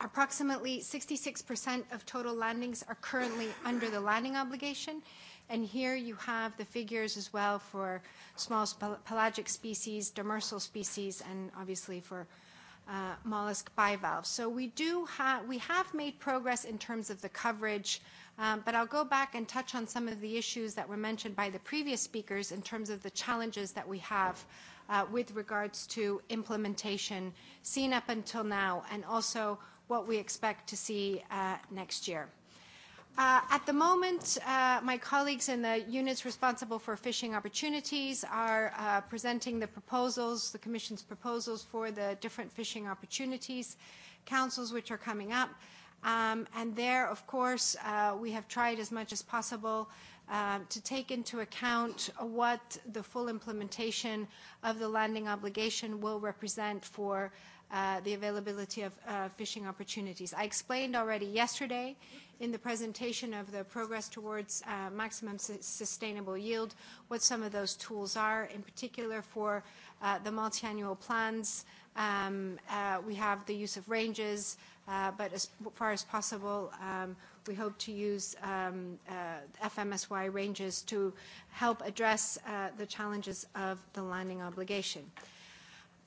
approximately 66% of total landings are currently under the landing obligation. And here you have the figures as well for small pelagic species, demersal species, and obviously for Uh, mollusk bivalve. So we do have, we have made progress in terms of the coverage, um, but I'll go back and touch on some of the issues that were mentioned by the previous speakers in terms of the challenges that we have uh, with regards to implementation seen up until now and also what we expect to see uh, next year. Uh, at the moment, uh, my colleagues in the units responsible for fishing opportunities are uh, presenting the proposals, the Commission's proposals for the different fishing opportunities councils which are coming up. Um, and there, of course, uh, we have tried as much as possible uh, to take into account what the full implementation of the landing obligation will represent for uh, Uh, the availability of uh, fishing opportunities. I explained already yesterday in the presentation of the progress towards uh, maximum su sustainable yield what some of those tools are, in particular for uh, the multi-annual plans. Um, uh, we have the use of ranges, uh, but as far as possible, um, we hope to use um, uh, FMSY ranges to help address uh, the challenges of the landing obligation.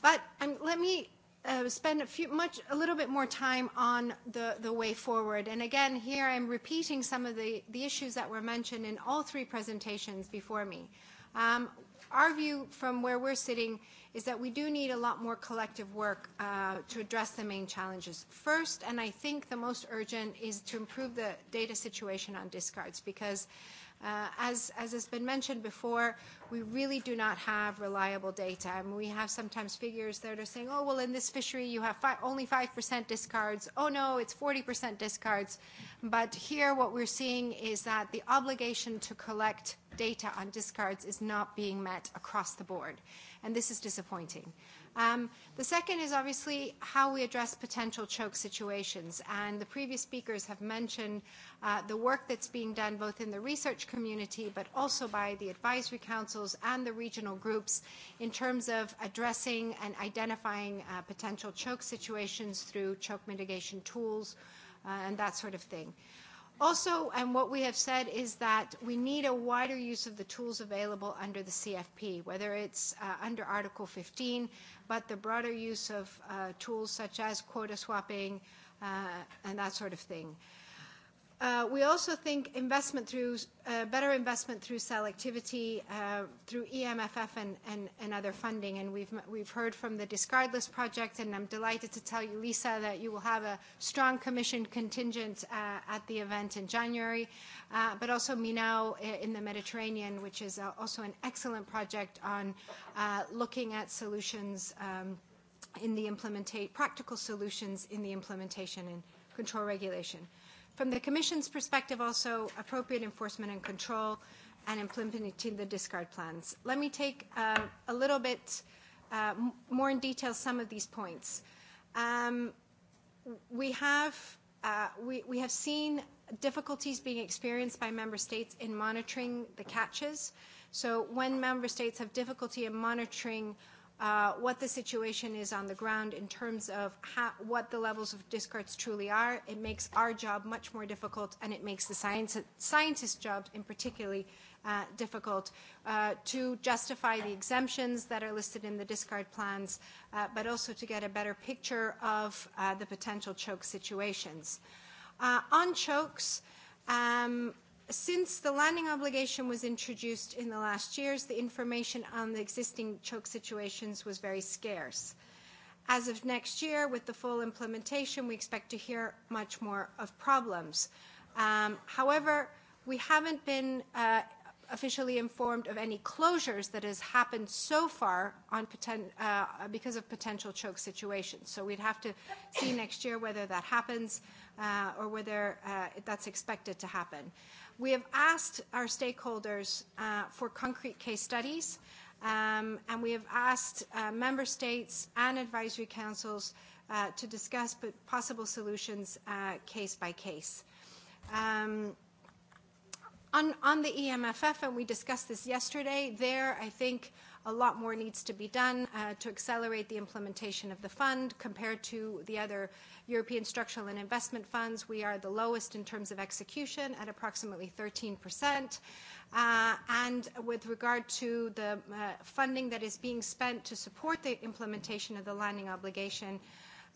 But um, let me uh, spend a few much a little bit more time on the the way forward and again here I'm repeating some of the the issues that were mentioned in all three presentations before me um, our view from where we're sitting is that we do need a lot more collective work uh, to address the main challenges. First, and I think the most urgent, is to improve the data situation on discards because uh, Uh, as, as has been mentioned before, we really do not have reliable data. And we have sometimes figures that are saying, oh, well, in this fishery, you have fi- only 5% discards. Oh, no, it's 40% discards. But here, what we're seeing is that the obligation to collect data on discards is not being met across the board. And this is disappointing. Um, the second is obviously how we address potential choke situations. And the previous speakers have mentioned uh, the work that's being done both in the research community but also by the advisory councils and the regional groups in terms of addressing and identifying uh, potential choke situations through choke mitigation tools uh, and that sort of thing. Also, and what we have said is that we need a wider use of the tools available under the CFP, whether it's uh, under Article 15, but the broader use of uh, tools such as quota swapping uh, and that sort of thing. Uh, Uh, we also think investment through uh, better investment through selectivity, uh, through EMFF and, other funding. we've, heard from the Discardless project, and I'm delighted to tell you, Lisa, that you will have a strong commission contingent at the event in January, but also Minao in the Mediterranean, which is also an excellent project on looking at solutions um, in the implementate practical solutions in the implementation and control regulation. From the Commission's perspective, also appropriate enforcement and control and implementing the discard plans. Let me take uh, a little bit uh, more in detail some of these points. Um, we have uh, we, we have seen difficulties being experienced by member states in monitoring the catches. So when member states have difficulty in monitoring Uh, what the situation is on the ground in terms of how, what the levels of discards truly are. It makes our job much more difficult, and it makes the science, scientists' jobs, in particularly, uh, difficult uh, to justify the exemptions that are listed in the discard plans, uh, but also to get a better picture of uh, the potential choke situations. Uh, on chokes, um, Since the landing obligation was introduced in the last years, the information on the existing choke situations was very scarce. As of next year, with the full implementation, we expect to hear much more of problems. Um, however, we haven't been uh, officially informed of any closures that has happened so far on poten- uh, because of potential choke situations. So we'd have to see next year whether that happens uh, or whether uh, that's expected to happen. We have asked our stakeholders uh, for concrete case studies, um, and we have asked uh, member states and advisory councils uh, to discuss possible solutions uh, case by case. Um, on, on the EMFF, and we discussed this yesterday, there I think a lot more needs to be done uh, to accelerate the implementation of the fund compared to the other European structural and investment funds. We are the lowest in terms of execution at approximately 13%. Uh, and with regard to the uh, funding that is being spent to support the implementation of the landing obligation,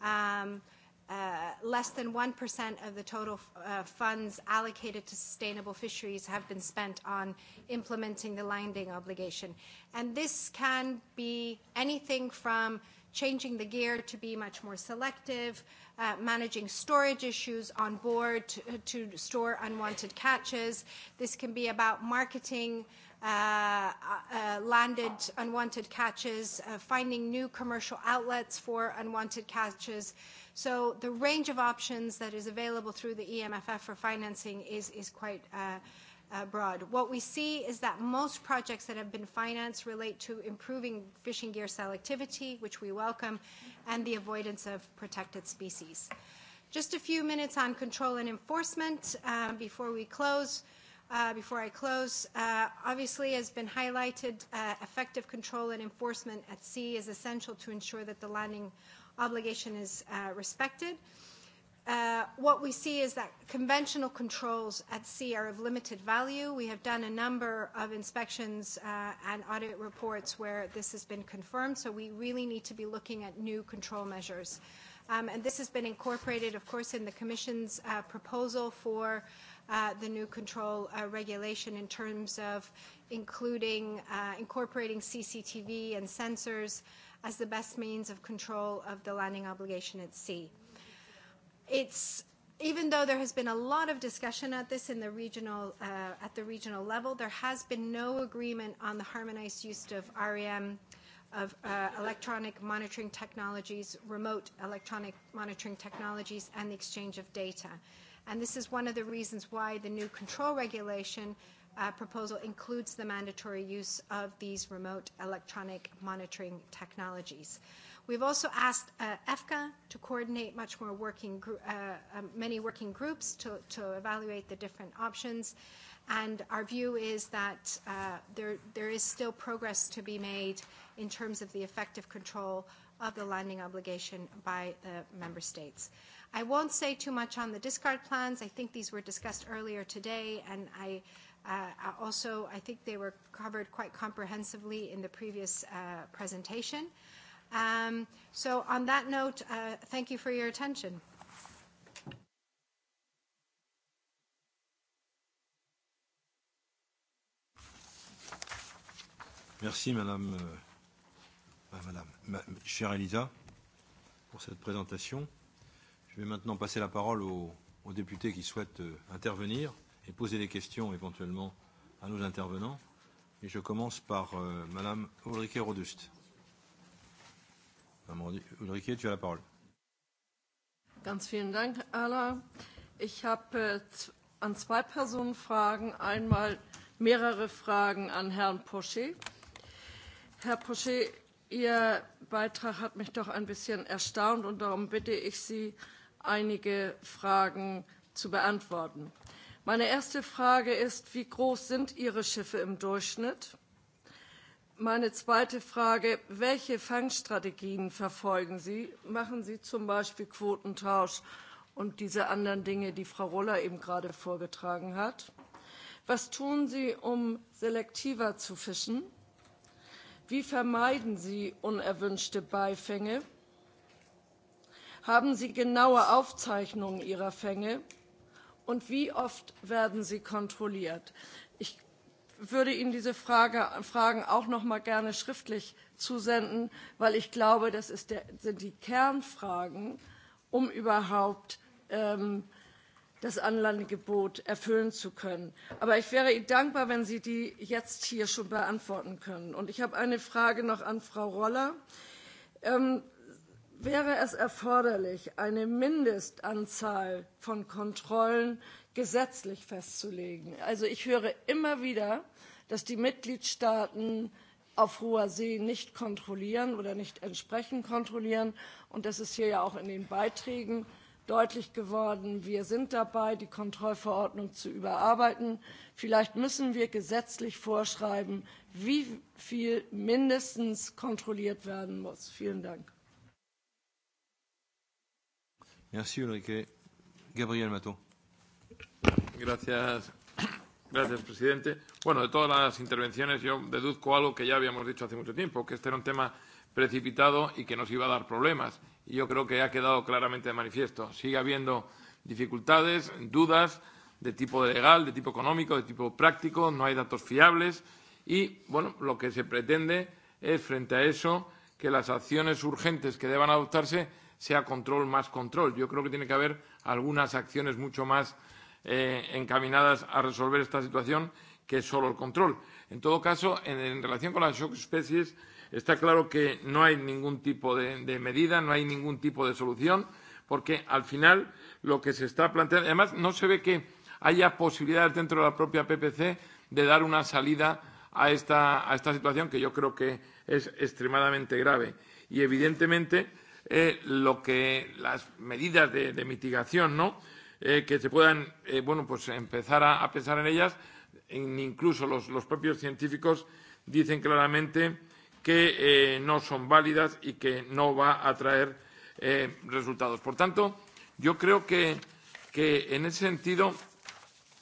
um, Uh, less than 1% of the total uh, funds allocated to sustainable fisheries have been spent on implementing the landing obligation. And this can be anything from changing the gear to be much more selective, uh, managing storage issues on board to, to store unwanted catches. This can be about marketing Uh, uh, landed unwanted catches, uh, finding new commercial outlets for unwanted catches. So the range of options that is available through the EMFF for financing is, is quite uh, uh, broad. What we see is that most projects that have been financed relate to improving fishing gear selectivity, which we welcome, and the avoidance of protected species. Just a few minutes on control and enforcement uh, before we close. Uh, uh, before I close. Uh, obviously, has been highlighted, uh, effective control and enforcement at sea is essential to ensure that the landing obligation is uh, respected. Uh, what we see is that conventional controls at sea are of limited value. We have done a number of inspections uh, and audit reports where this has been confirmed, so we really need to be looking at new control measures. Um, and this has been incorporated, of course, in the Commission's uh, proposal for uh, uh, the new control uh, regulation in terms of including uh, incorporating CCTV and sensors as the best means of control of the landing obligation at sea. It's even though there has been a lot of discussion at this in the regional, uh, at the regional level, there has been no agreement on the harmonized use of REM of uh, electronic monitoring technologies, remote electronic monitoring technologies, and the exchange of data. Uh, And this is one of the reasons why the new control regulation uh, proposal includes the mandatory use of these remote electronic monitoring technologies. We've also asked uh, EFCA to coordinate much more working gr- uh, uh, many working groups to, to evaluate the different options. And our view is that uh, there, there is still progress to be made in terms of the effective control of the landing obligation by the member states. I won't say too much on the discard plans. I think these were discussed earlier today, and I uh, uh, also I think they were covered quite comprehensively in the previous uh, presentation. Um, so on that note, uh, thank you for your attention. Merci Madame, euh, Madame, ma, chère Elisa, pour cette présentation. Je vais maintenant passer la parole aux, aux députés qui souhaitent euh, intervenir et poser des questions éventuellement à nos intervenants. Et je commence par euh, Madame Ulrike Rodust. Madame Ulrike, tu as la parole. Ganz vielen Dank, Alain. Ich habe äh, an zwei Personen Fragen. Einmal mehrere Fragen an Herrn Pochet. Herr Pochet, Ihr Beitrag hat mich doch ein bisschen erstaunt und darum bitte ich Sie, einige Fragen zu beantworten. Meine erste Frage ist, wie groß sind Ihre Schiffe im Durchschnitt? Meine zweite Frage, welche Fangstrategien verfolgen Sie? Machen Sie zum Beispiel Quotentausch und diese anderen Dinge, die Frau Roller eben gerade vorgetragen hat? Was tun Sie, um selektiver zu fischen? Wie vermeiden Sie unerwünschte Beifänge? Haben Sie genaue Aufzeichnungen Ihrer Fänge? Und wie oft werden sie kontrolliert? Ich würde Ihnen diese Frage, Fragen auch noch mal gerne schriftlich zusenden, weil ich glaube, das ist der, sind die Kernfragen, um überhaupt ähm, das Anlandegebot erfüllen zu können. Aber ich wäre Ihnen dankbar, wenn Sie die jetzt hier schon beantworten können. Und ich habe eine Frage noch an Frau Roller. Ähm, wäre es erforderlich, eine Mindestanzahl von Kontrollen gesetzlich festzulegen. Also ich höre immer wieder, dass die Mitgliedstaaten auf hoher See nicht kontrollieren oder nicht entsprechend kontrollieren. Und das ist hier ja auch in den Beiträgen deutlich geworden. Wir sind dabei, die Kontrollverordnung zu überarbeiten. Vielleicht müssen wir gesetzlich vorschreiben, wie viel mindestens kontrolliert werden muss. Vielen Dank. Merci Ulrike. Gabriel Mató. Gracias. Gracias, presidente. Bueno, de todas las intervenciones yo deduzco algo que ya habíamos dicho hace mucho tiempo, que este era un tema precipitado y que nos iba a dar problemas. Y yo creo que ha quedado claramente de manifiesto. Sigue habiendo dificultades, dudas de tipo legal, de tipo económico, de tipo práctico, no hay datos fiables y, bueno, lo que se pretende es, frente a eso, que las acciones urgentes que deban adoptarse sea control más control. Yo creo que tiene que haber algunas acciones mucho más eh, encaminadas a resolver esta situación que solo el control. En todo caso, en, en relación con las shock species, está claro que no hay ningún tipo de, de medida, no hay ningún tipo de solución, porque al final lo que se está planteando, además no se ve que haya posibilidades dentro de la propia PPC de dar una salida a esta, a esta situación que yo creo que es extremadamente grave. Y evidentemente, eh, lo que las medidas de, de mitigación, ¿no? Eh, que se puedan, eh, bueno, pues empezar a, a pensar en ellas. En, incluso los, los propios científicos dicen claramente que eh, no son válidas y que no va a traer eh, resultados. Por tanto, yo creo que, que en ese sentido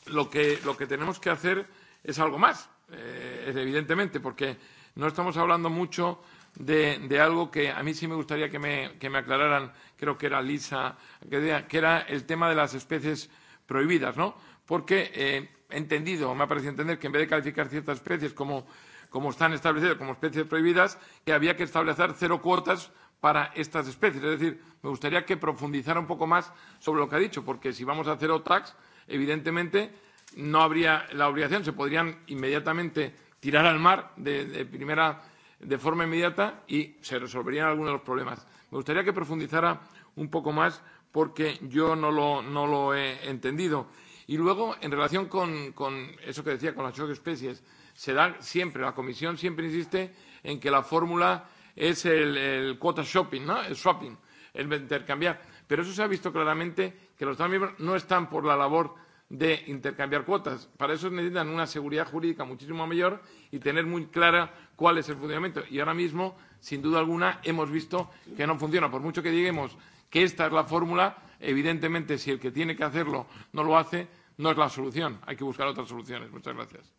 lo que, lo que tenemos que hacer es algo más, eh, evidentemente, porque no estamos hablando mucho de, de algo que a mí sí me gustaría que me, que me aclararan, creo que era Lisa, que, que era el tema de las especies prohibidas, ¿no? Porque eh, he entendido, me ha parecido entender que en vez de calificar ciertas especies como, como están establecidas como especies prohibidas, que había que establecer cero cuotas para estas especies. Es decir, me gustaría que profundizara un poco más sobre lo que ha dicho, porque si vamos a cero tax, evidentemente no habría la obligación, se podrían inmediatamente tirar al mar de, de primera de forma inmediata y se resolverían algunos de los problemas. Me gustaría que profundizara un poco más porque yo no lo, no lo he entendido. Y luego, en relación con, con eso que decía, con las ocho especies, se da siempre, la Comisión siempre insiste en que la fórmula es el, el quota shopping, ¿no? el swapping, el intercambiar. Pero eso se ha visto claramente que los Estados miembros no están por la labor de intercambiar cuotas. Para eso necesitan una seguridad jurídica muchísimo mayor y tener muy clara cuál es el funcionamiento. Y ahora mismo, sin duda alguna, hemos visto que no funciona. Por mucho que digamos que esta es la fórmula, evidentemente, si el que tiene que hacerlo no lo hace, no es la solución. Hay que buscar otras soluciones. Muchas gracias.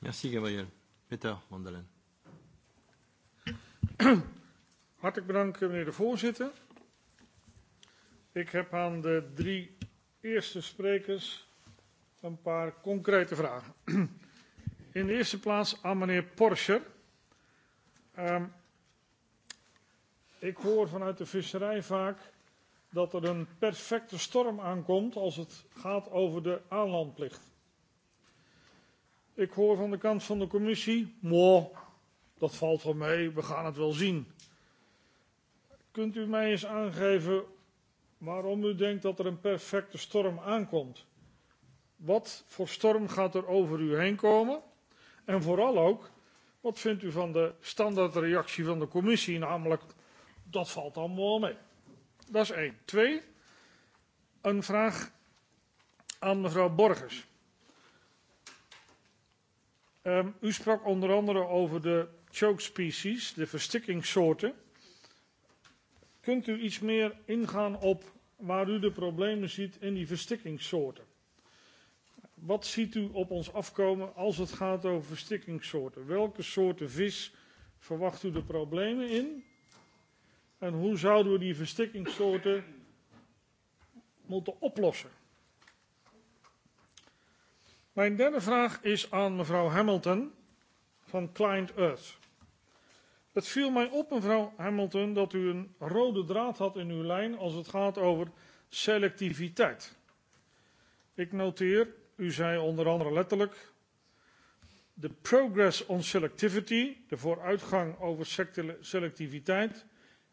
Merci, Gabriel. Peter Mondelen. Hartelijk bedankt, meneer de voorzitter. Ik heb aan de drie eerste sprekers een paar concrete vragen. In de eerste plaats aan meneer Porscher. Um, ik hoor vanuit de visserij vaak dat er een perfecte storm aankomt als het gaat over de aanlandplicht. Ik hoor van de kant van de commissie, moh, dat valt wel mee, we gaan het wel zien. Kunt u mij eens aangeven waarom u denkt dat er een perfecte storm aankomt? Wat voor storm gaat er over u heen komen? En vooral ook, wat vindt u van de standaardreactie van de commissie? Namelijk, dat valt allemaal mee. Dat is één. Twee, een vraag aan mevrouw Borgers. Um, u sprak onder andere over de choke species, de verstikkingssoorten. Kunt u iets meer ingaan op waar u de problemen ziet in die verstikkingssoorten? Wat ziet u op ons afkomen als het gaat over verstikkingssoorten? Welke soorten vis verwacht u de problemen in? En hoe zouden we die verstikkingssoorten moeten oplossen? Mijn derde vraag is aan mevrouw Hamilton van Client Earth. Het viel mij op, mevrouw Hamilton, dat u een rode draad had in uw lijn als het gaat over selectiviteit. Ik noteer U zei onder andere letterlijk, The progress on selectivity, de vooruitgang over selectiviteit,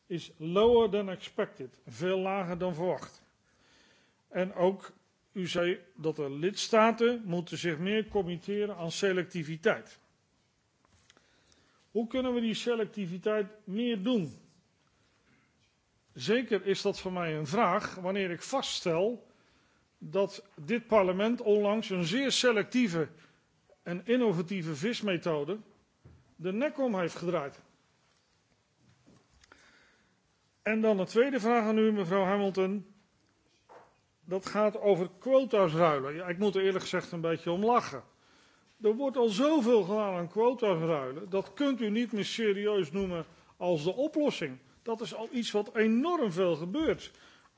is lower than expected, veel lager dan verwacht. En ook, u zei dat de er lidstaten moeten zich meer committeren aan selectiviteit. Hoe kunnen we die selectiviteit meer doen? Zeker is dat voor mij een vraag wanneer ik vaststel dat dit parlement onlangs een zeer selectieve en innovatieve vismethode de nek om heeft gedraaid. En dan de tweede vraag aan u, mevrouw Hamilton. Dat gaat over quota's ruilen. Ja, ik moet er eerlijk gezegd een beetje om lachen. Er wordt al zoveel gedaan aan quota's ruilen. Dat kunt u niet meer serieus noemen als de oplossing. Dat is al iets wat enorm veel gebeurt.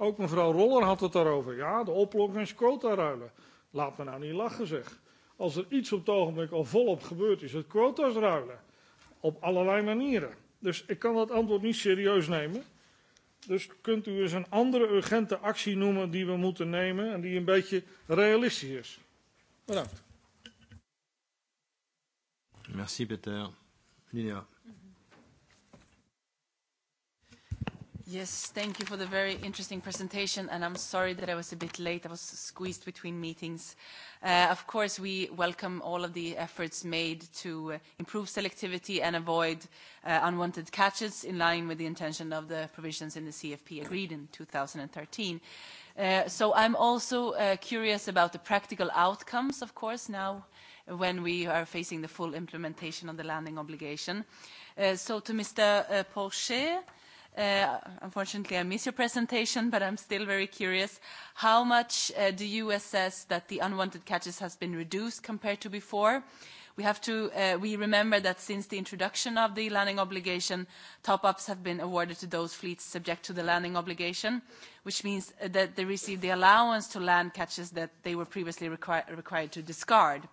Ook mevrouw Roller had het daarover. Ja, de oplossingsquota ruilen. Laat me nou niet lachen zeg. Als er iets op het ogenblik al volop gebeurt is het quota's ruilen. Op allerlei manieren. Dus ik kan dat antwoord niet serieus nemen. Dus kunt u eens een andere urgente actie noemen die we moeten nemen en die een beetje realistisch is. Bedankt. Merci Peter. Lilia. Yes, thank you for the very interesting presentation, and I'm sorry that I was a bit late. I was squeezed between meetings. Uh, of course, we welcome all of the efforts made to uh, improve selectivity and avoid uh, unwanted catches in line with the intention of the provisions in the CFP agreed in 2013. so I'm also curious about the practical outcomes, of course, now when we are facing the full implementation of the landing obligation. So to Mr. Porcher, Uh, unfortunately, I missed your presentation, but I'm still very curious. How much uh, do you assess that the unwanted catches has been reduced compared to before? We have to uh, we remember that since the introduction of the landing obligation, top-ups have been awarded to those fleets subject to the landing obligation, which means that they receive the allowance to land catches that they were previously required to discard.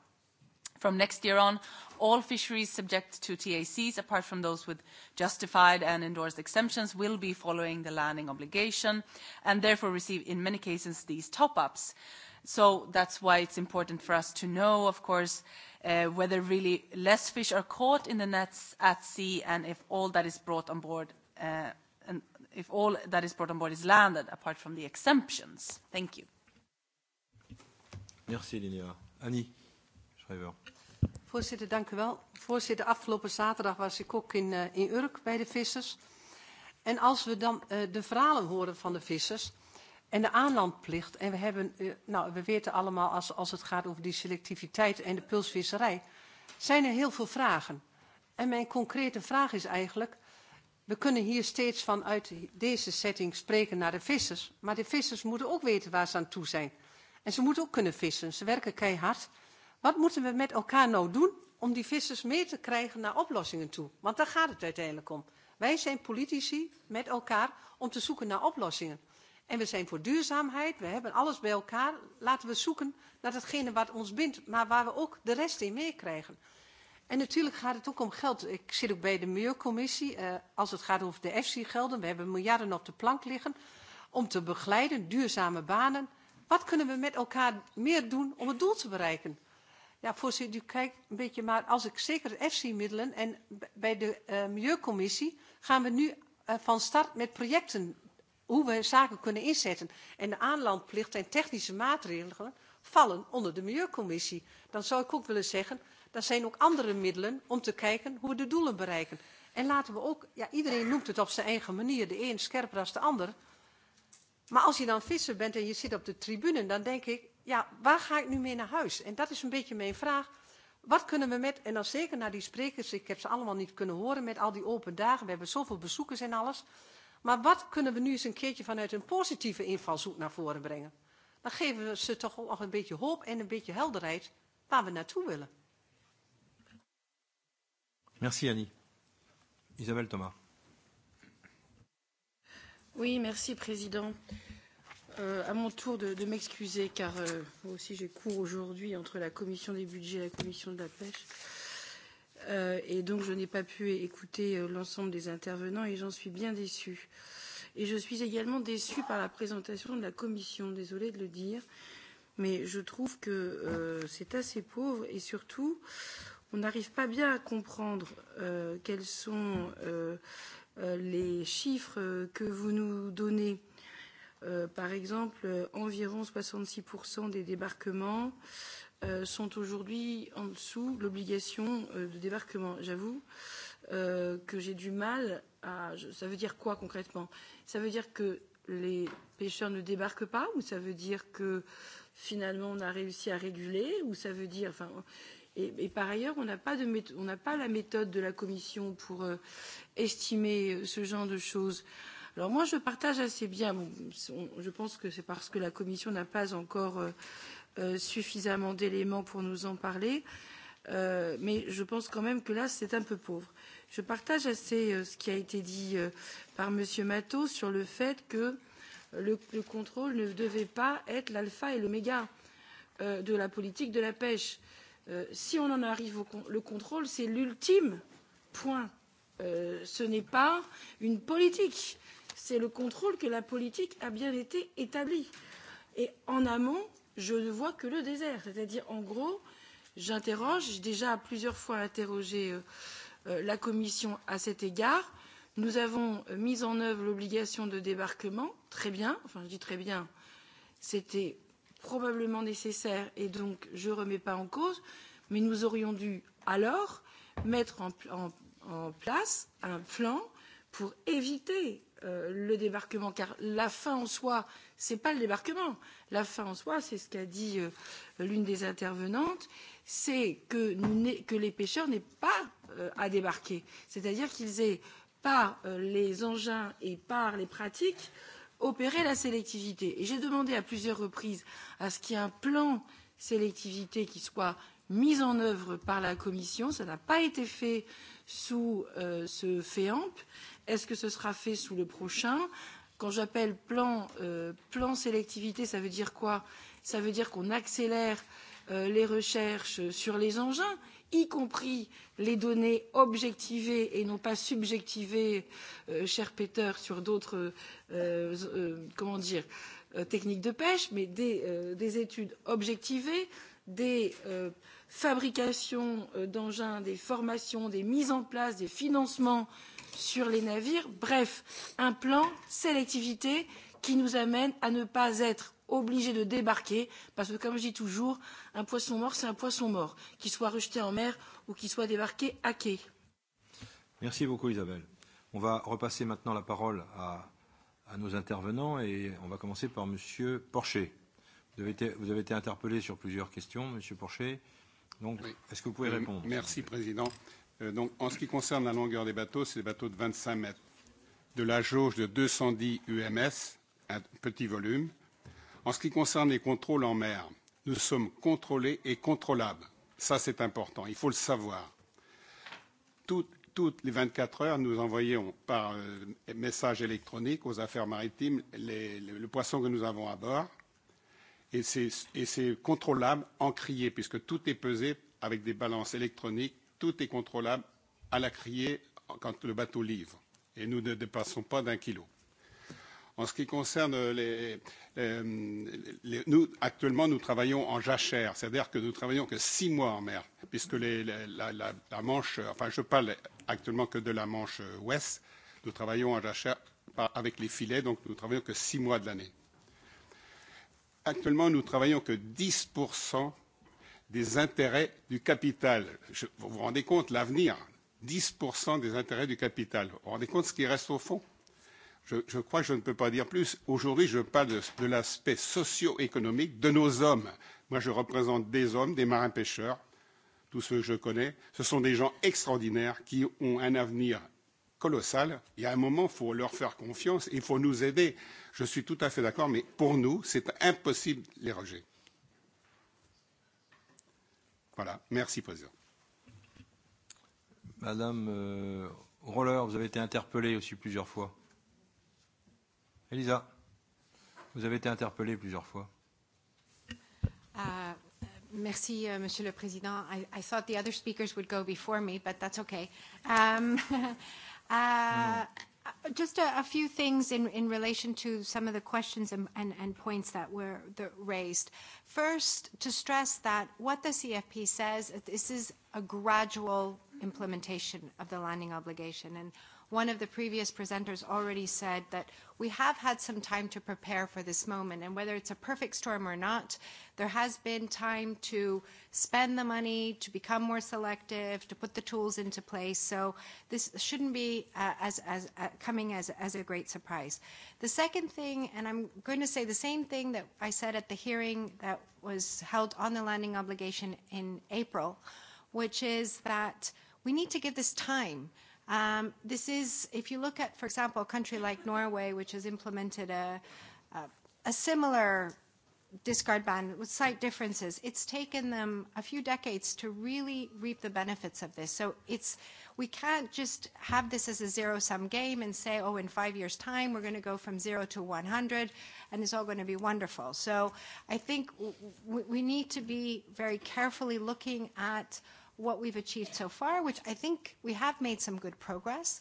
From next year on, all fisheries subject to TACs, apart from those with justified and endorsed exemptions, will be following the landing obligation and therefore receive, in many cases, these top-ups. So that's why it's important for us to know, of course, uh, whether really less fish are caught in the nets at sea and if all that is brought on board uh, and if all that is brought on board is landed, apart from the exemptions. Thank you. Merci, Linnea. Annie faveur. Voorzitter, dank u wel. Voorzitter, afgelopen zaterdag was ik ook in, uh, in Urk bij de vissers. En als we dan uh, de verhalen horen van de vissers en de aanlandplicht... en we, hebben, uh, nou, we weten allemaal als, als het gaat over die selectiviteit en de pulsvisserij... zijn er heel veel vragen. En mijn concrete vraag is eigenlijk... we kunnen hier steeds vanuit deze setting spreken naar de vissers... maar de vissers moeten ook weten waar ze aan toe zijn. En ze moeten ook kunnen vissen. Ze werken keihard... Wat moeten we met elkaar nou doen om die vissers mee te krijgen naar oplossingen toe? Want daar gaat het uiteindelijk om. Wij zijn politici met elkaar om te zoeken naar oplossingen. En we zijn voor duurzaamheid, we hebben alles bij elkaar. Laten we zoeken naar datgene wat ons bindt, maar waar we ook de rest in meekrijgen. En natuurlijk gaat het ook om geld. Ik zit ook bij de Milieucommissie. Eh, als het gaat over de EFSI-gelden, we hebben miljarden op de plank liggen om te begeleiden, duurzame banen. Wat kunnen we met elkaar meer doen om het doel te bereiken? Ja, voorzitter, u kijkt een beetje maar als ik zeker EFSI-middelen en bij de uh, Milieucommissie gaan we nu uh, van start met projecten hoe we zaken kunnen inzetten. En de aanlandplicht en technische maatregelen vallen onder de Milieucommissie. Dan zou ik ook willen zeggen, er zijn ook andere middelen om te kijken hoe we de doelen bereiken. En laten we ook, ja, iedereen noemt het op zijn eigen manier, de een scherper dan de ander. Maar als je dan visser bent en je zit op de tribune, dan denk ik, ja, waar ga ik nu mee naar huis? En dat is een beetje mijn vraag. Wat kunnen we met, en dan zeker naar die sprekers, ik heb ze allemaal niet kunnen horen met al die open dagen, we hebben zoveel bezoekers en alles. Maar wat kunnen we nu eens een keertje vanuit een positieve invalshoek naar voren brengen? Dan geven we ze toch nog een beetje hoop en een beetje helderheid waar we naartoe willen. Merci Annie. Isabelle Thomas. Oui, merci Président. Euh, euh, à mon tour de, de m'excuser car euh, moi aussi j'ai cours aujourd'hui entre la commission des budgets et la commission de la pêche. Euh, et donc je n'ai pas pu écouter euh, l'ensemble des intervenants et j'en suis bien déçue. Et je suis également déçue par la présentation de la commission, désolée de le dire, mais je trouve que euh, c'est assez pauvre et surtout on n'arrive pas bien à comprendre euh, quels sont euh, euh les chiffres euh, que vous nous donnez Euh, par exemple, euh, environ 66% des débarquements euh, sont aujourd'hui en dessous de l'obligation euh, de débarquement. J'avoue euh, que j'ai du mal à. Je, Ça veut dire quoi concrètement Ça veut dire que les pêcheurs ne débarquent pas ou ça veut dire que finalement on a réussi à réguler ou ça veut dire. Enfin, et, et par ailleurs, on n'a pas, pas la méthode de la Commission pour euh, estimer euh, ce genre de choses. Euh, Alors moi, je partage assez bien. Je pense que c'est parce que la Commission n'a pas encore euh, euh, suffisamment d'éléments pour nous en parler. Euh, mais je pense quand même que là, c'est un peu pauvre. Je partage assez euh, ce qui a été dit euh, par M. Matteau sur le fait que euh, le, le contrôle ne devait pas être l'alpha et l'oméga euh, de la politique de la pêche. Euh, si on en arrive au con le contrôle, c'est l'ultime point. Euh, ce n'est pas une politique c'est le contrôle que la politique a bien été établie. Et en amont, je ne vois que le désert. C'est-à-dire, en gros, j'interroge, j'ai déjà plusieurs fois interrogé euh, euh la Commission à cet égard. Nous avons euh, mis en œuvre l'obligation de débarquement, très bien, enfin je dis très bien, c'était probablement nécessaire et donc je ne remets pas en cause, mais nous aurions dû alors mettre en, en, en place un plan pour éviter Euh, le débarquement, car la fin en soi, ce n'est pas le débarquement. La fin en soi, c'est ce qu'a dit euh, l'une des intervenantes, c'est que, que les pêcheurs n'aient pas euh, à débarquer. C'est-à-dire qu'ils aient, par euh, les engins et par les pratiques, opéré la sélectivité. Et j'ai demandé à plusieurs reprises à ce qu'il y ait un plan sélectivité qui soit mis en œuvre par la Commission. Ça n'a pas été fait sous euh, ce FEAMP Est-ce que ce sera fait sous le prochain Quand j'appelle plan, euh, plan sélectivité, ça veut dire quoi Ça veut dire qu'on accélère euh, les recherches sur les engins, y compris les données objectivées et non pas subjectivées, euh, cher Peter, sur d'autres, euh, euh, comment dire, euh, techniques de pêche, mais des, euh, des études objectivées, des euh, fabrication euh, d'engins, des formations, des mises en place, des financements sur les navires. Bref, un plan sélectivité qui nous amène à ne pas être obligés de débarquer parce que, comme je dis toujours, un poisson mort, c'est un poisson mort, qu'il soit rejeté en mer ou qu'il soit débarqué à quai. Merci beaucoup Isabelle. On va repasser maintenant la parole à, à nos intervenants et on va commencer par Monsieur Porcher. Vous avez été, vous avez été interpellé sur plusieurs questions, Monsieur Porcher. Euh, Donc, oui. est-ce que vous pouvez répondre Merci, Président. Euh, donc, en ce qui concerne la longueur des bateaux, c'est des bateaux de 25 mètres, de la jauge de 210 UMS, un petit volume. En ce qui concerne les contrôles en mer, nous sommes contrôlés et contrôlables. Ça, c'est important, il faut le savoir. Tout, toutes les 24 heures, nous envoyons par euh, message électronique aux affaires maritimes les, les, le poisson que nous avons à bord et c'est contrôlable, en criée, puisque tout est pesé avec des balances électroniques, tout est contrôlable à la criée quand le bateau livre. Et nous ne dépassons pas d'un kilo. En ce qui concerne les, les, les nous actuellement nous travaillons en jachère, c'est-à-dire que nous travaillons que six mois en mer, puisque les, les, la, la, la Manche, enfin je parle actuellement que de la Manche Ouest, nous travaillons en jachère avec les filets, donc nous travaillons que six mois de l'année. Actuellement, nous travaillons que 10% des intérêts du capital. Je, vous vous rendez compte, l'avenir, 10% des intérêts du capital. Vous vous rendez compte ce qui reste au fond je, je crois que je ne peux pas dire plus. Aujourd'hui, je parle de, de l'aspect socio-économique de nos hommes. Moi, je représente des hommes, des marins-pêcheurs, tous ceux que je connais. Ce sont des gens extraordinaires qui ont un avenir colossal. Il y a un moment, il faut leur faire confiance, il faut nous aider. Je suis tout à fait d'accord, mais pour nous, c'est impossible de les rejeter. Voilà. Merci, Président. Madame euh, Roller, vous avez été interpellée aussi plusieurs fois. Elisa, vous avez été interpellée plusieurs fois. Uh, merci, uh, Monsieur le Président. I, I thought the other speakers would go before me, but that's okay. Um, Mm. Uh, uh, just a, a few things in, in relation to some of the questions and, and, and points that were the, raised. First, to stress that what the CFP says, this is a gradual implementation of the landing obligation. And one of the previous presenters already said that we have had some time to prepare for this moment. And whether it's a perfect storm or not, there has been time to spend the money, to become more selective, to put the tools into place. So this shouldn't be uh, as, as, uh, coming as, as a great surprise. The second thing, and I'm going to say the same thing that I said at the hearing that was held on the landing obligation in April, which is that we need to give this time. Um, this is, if you look at, for example, a country like Norway, which has implemented a, a, a similar discard ban with slight differences, it's taken them a few decades to really reap the benefits of this. So it's, we can't just have this as a zero-sum game and say, oh, in five years' time, we're going to go from zero to 100, and it's all going to be wonderful. So I think w- we need to be very carefully looking at – what we've achieved so far, which I think we have made some good progress,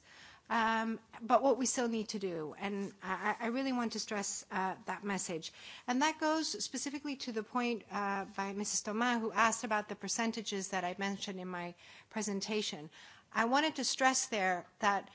um, but what we still need to do. And I, I really want to stress uh, that message. And that goes specifically to the point uh, by Mrs. Thomas, who asked about the percentages that I mentioned in my presentation. I wanted to stress there that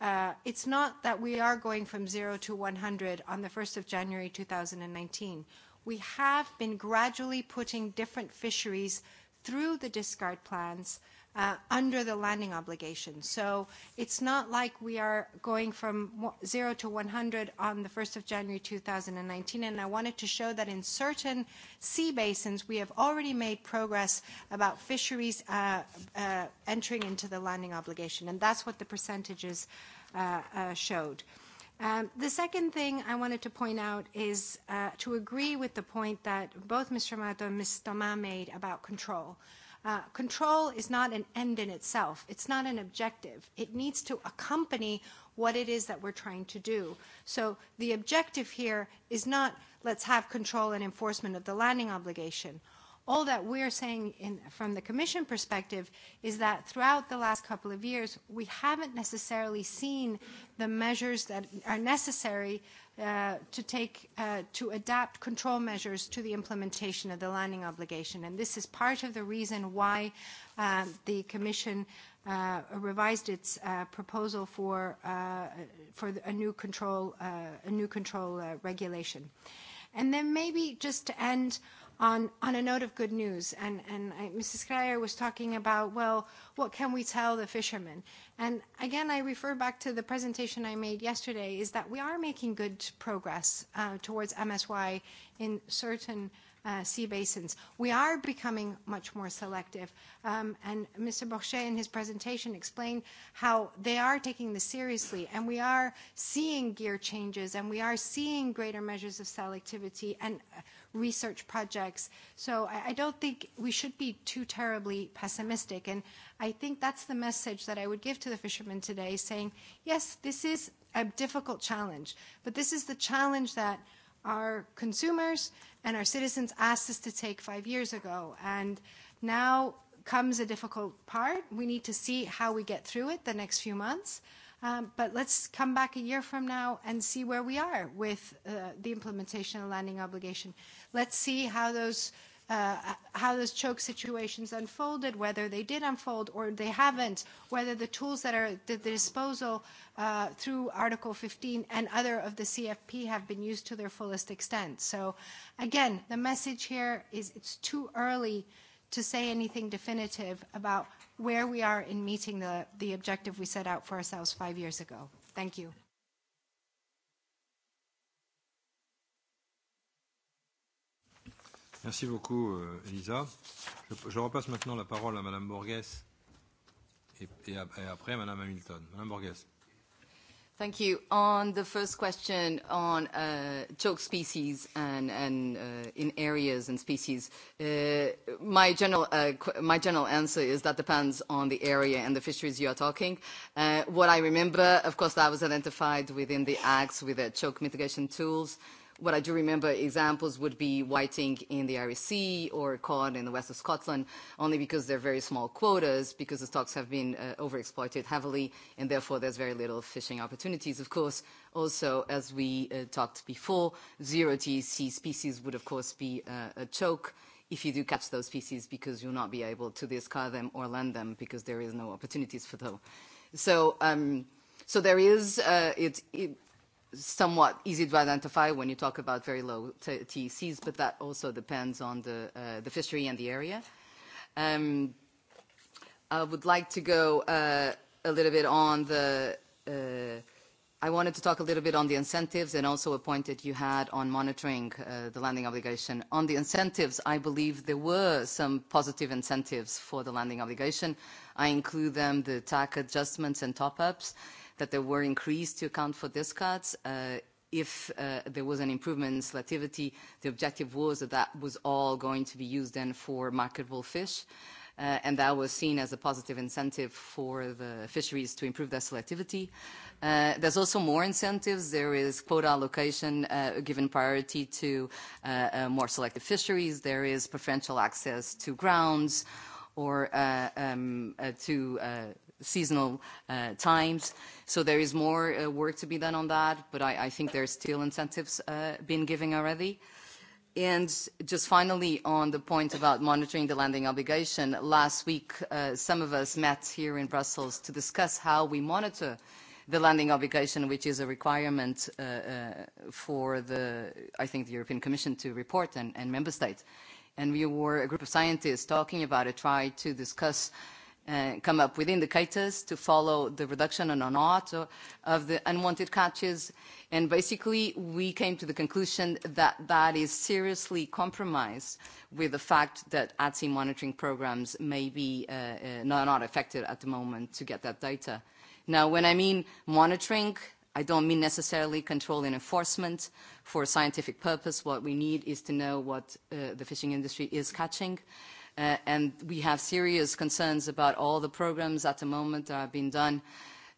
uh, it's not that we are going from zero to 100 on the 1st of January 2019. We have been gradually putting different fisheries through the discard plans uh, under the landing obligation. So it's not like we are going from zero to 100 on the 1st of January 2019. And I wanted to show that in certain sea basins, we have already made progress about fisheries uh, uh, entering into the landing obligation. And that's what the percentages uh, uh, showed. Uh, Um, the second thing I wanted to point out is uh, to agree with the point that both Mr. Mato and Ms. Toma made about control. Uh, control is not an end in itself. It's not an objective. It needs to accompany what it is that we're trying to do. So the objective here is not let's have control and enforcement of the landing obligation All that we're saying in, from the Commission perspective is that throughout the last couple of years, we haven't necessarily seen the measures that are necessary uh, to take uh, to adapt control measures to the implementation of the landing obligation. And this is part of the reason why uh, the Commission uh, revised its uh, proposal for uh, for a new control uh, a new control uh, regulation. And then maybe just to end On, on a note of good news, and, and I, Mrs. Kreyer was talking about, well, what can we tell the fishermen? And again, I refer back to the presentation I made yesterday, is that we are making good progress uh, towards MSY in certain uh, sea basins. We are becoming much more selective. Um, and Mr. Borchet in his presentation explained how they are taking this seriously, and we are seeing gear changes, and we are seeing greater measures of selectivity, and uh, research projects. So I, I don't think we should be too terribly pessimistic. And I think that's the message that I would give to the fishermen today, saying, yes, this is a difficult challenge, but this is the challenge that our consumers and our citizens asked us to take five years ago. And now comes a difficult part. We need to see how we get through it the next few months. Um, but let's come back a year from now and see where we are with uh, the implementation of landing obligation. Let's see how those uh, how those choke situations unfolded, whether they did unfold or they haven't, whether the tools that are at the disposal uh, through Article 15 and other of the CFP have been used to their fullest extent. So again, the message here is it's too early to say anything definitive about where we are in meeting the, the objective we set out for ourselves five years ago. Thank you. Merci beaucoup, euh, Elisa. Je, je repasse maintenant la parole à Madame Borges et, et, et après à Madame Hamilton. Madame Borges. Thank you. On the first question on uh, choke species and, uh, in areas and species, uh, my, general, my general answer is that depends on the area and the fisheries you are talking. what I remember, of course, that was identified within the acts with the choke mitigation tools. What I do remember examples would be whiting in the Irish Sea or cod in the west of Scotland, only because they're very small quotas, because the stocks have been uh, overexploited heavily, and therefore there's very little fishing opportunities. Of course, also, as we uh, talked before, zero TEC species would, of course, be uh, a choke if you do catch those species because you'll not be able to discard them or land them because there is no opportunities for them. So, um, so there is, uh, it, it, somewhat easy to identify when you talk about very low TECs, but that also depends on the, uh, the fishery and the area. Um, I would like to go uh, a little bit on the, uh, I wanted to talk a little bit on the incentives and also a point that you had on monitoring uh, the landing obligation. On the incentives, I believe there were some positive incentives for the landing obligation. I include them, the TAC adjustments and top-ups. Uh, that they were increased to account for these cuts. Uh, if uh, there was an improvement in selectivity, the objective was that that was all going to be used then for marketable fish. Uh, and that was seen as a positive incentive for the fisheries to improve their selectivity. Uh, there's also more incentives. There is quota allocation uh, given priority to uh, uh, more selective fisheries. There is preferential access to grounds or uh, um, uh, to uh, seasonal uh, times. So there is more uh, work to be done on that, but I, think there are still incentives uh, being given already. And just finally, on the point about monitoring the landing obligation, last week some of us met here in Brussels to discuss how we monitor the landing obligation, which is a requirement for the, I think, the European Commission to report and, member states. And we were a group of scientists talking about it, trying to discuss Uh, come up with indicators to follow the reduction or not of the unwanted catches. And basically, we came to the conclusion that that is seriously compromised with the fact that at-sea monitoring programs may be uh, uh, not, affected at the moment to get that data. Now, when I mean monitoring, I don't mean necessarily control and enforcement. For scientific purpose, what we need is to know what uh, the fishing industry is catching. Uh, and we have serious concerns about all the programs at the moment that have been done.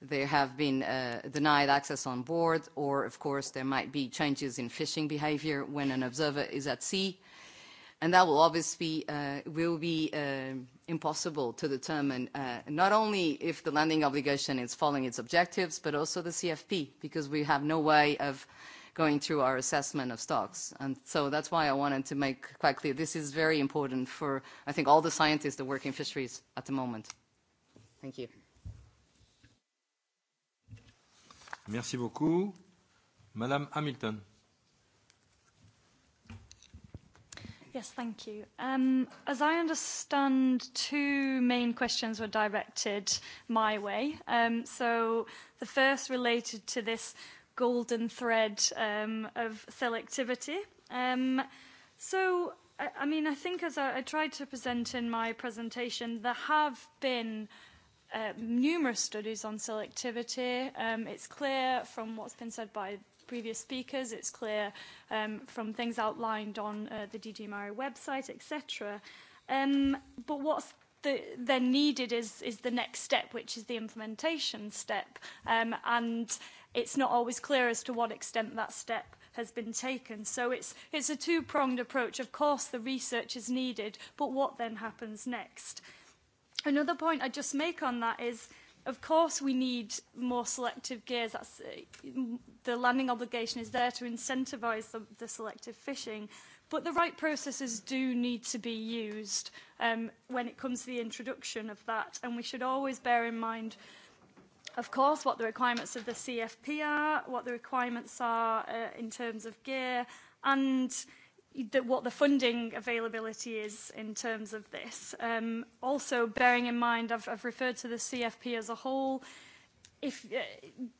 They have been uh, denied access on board, or of course there might be changes in fishing behavior when an observer is at sea. And that will obviously uh, will be uh, impossible to determine uh, not only if the landing obligation is following its objectives, but also the CFP, because we have no way of uh, going through our assessment of stocks. And so that's why I wanted to make quite clear this is very important for, I think, all the scientists that work in fisheries at the moment. Thank you. Merci beaucoup. Madame Hamilton. Yes, thank you. Um, as I understand, two main questions were directed my way. Um, so the first related to this golden thread um, of selectivity. Um, so, I, I mean, I think as I, I tried to present in my presentation, there have been uh, numerous studies on selectivity. Um, it's clear from what's been said by previous speakers, it's clear um, from things outlined on uh, the DG website, etc. Um, but what's the, then needed is, is the next step, which is the implementation step. Um, and it's not always clear as to what extent that step has been taken. So it's, it's a two-pronged approach. Of course, the research is needed, but what then happens next? Another point I just make on that is, of course, we need more selective gears. That's, uh, the landing obligation is there to incentivise the, the selective fishing. But the right processes do need to be used um, when it comes to the introduction of that. And we should always bear in mind of course, what the requirements of the CFP are, what the requirements are uh, in terms of gear, and the, what the funding availability is in terms of this. Um, also, bearing in mind, I've, I've referred to the CFP as a whole. If uh,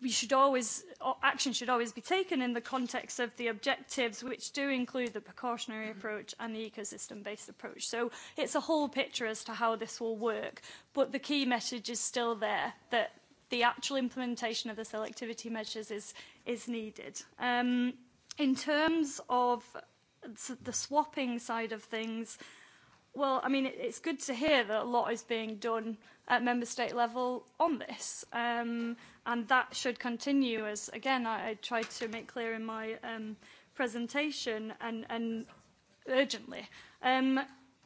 we should always, action should always be taken in the context of the objectives, which do include the precautionary approach and the ecosystem-based approach. So it's a whole picture as to how this will work. But the key message is still there that the actual implementation of the selectivity measures is, is needed. Um, in terms of the swapping side of things, well, I mean, it's good to hear that a lot is being done at member state level on this, um, and that should continue. As again, I, I tried to make clear in my um, presentation, and, and urgently. Um,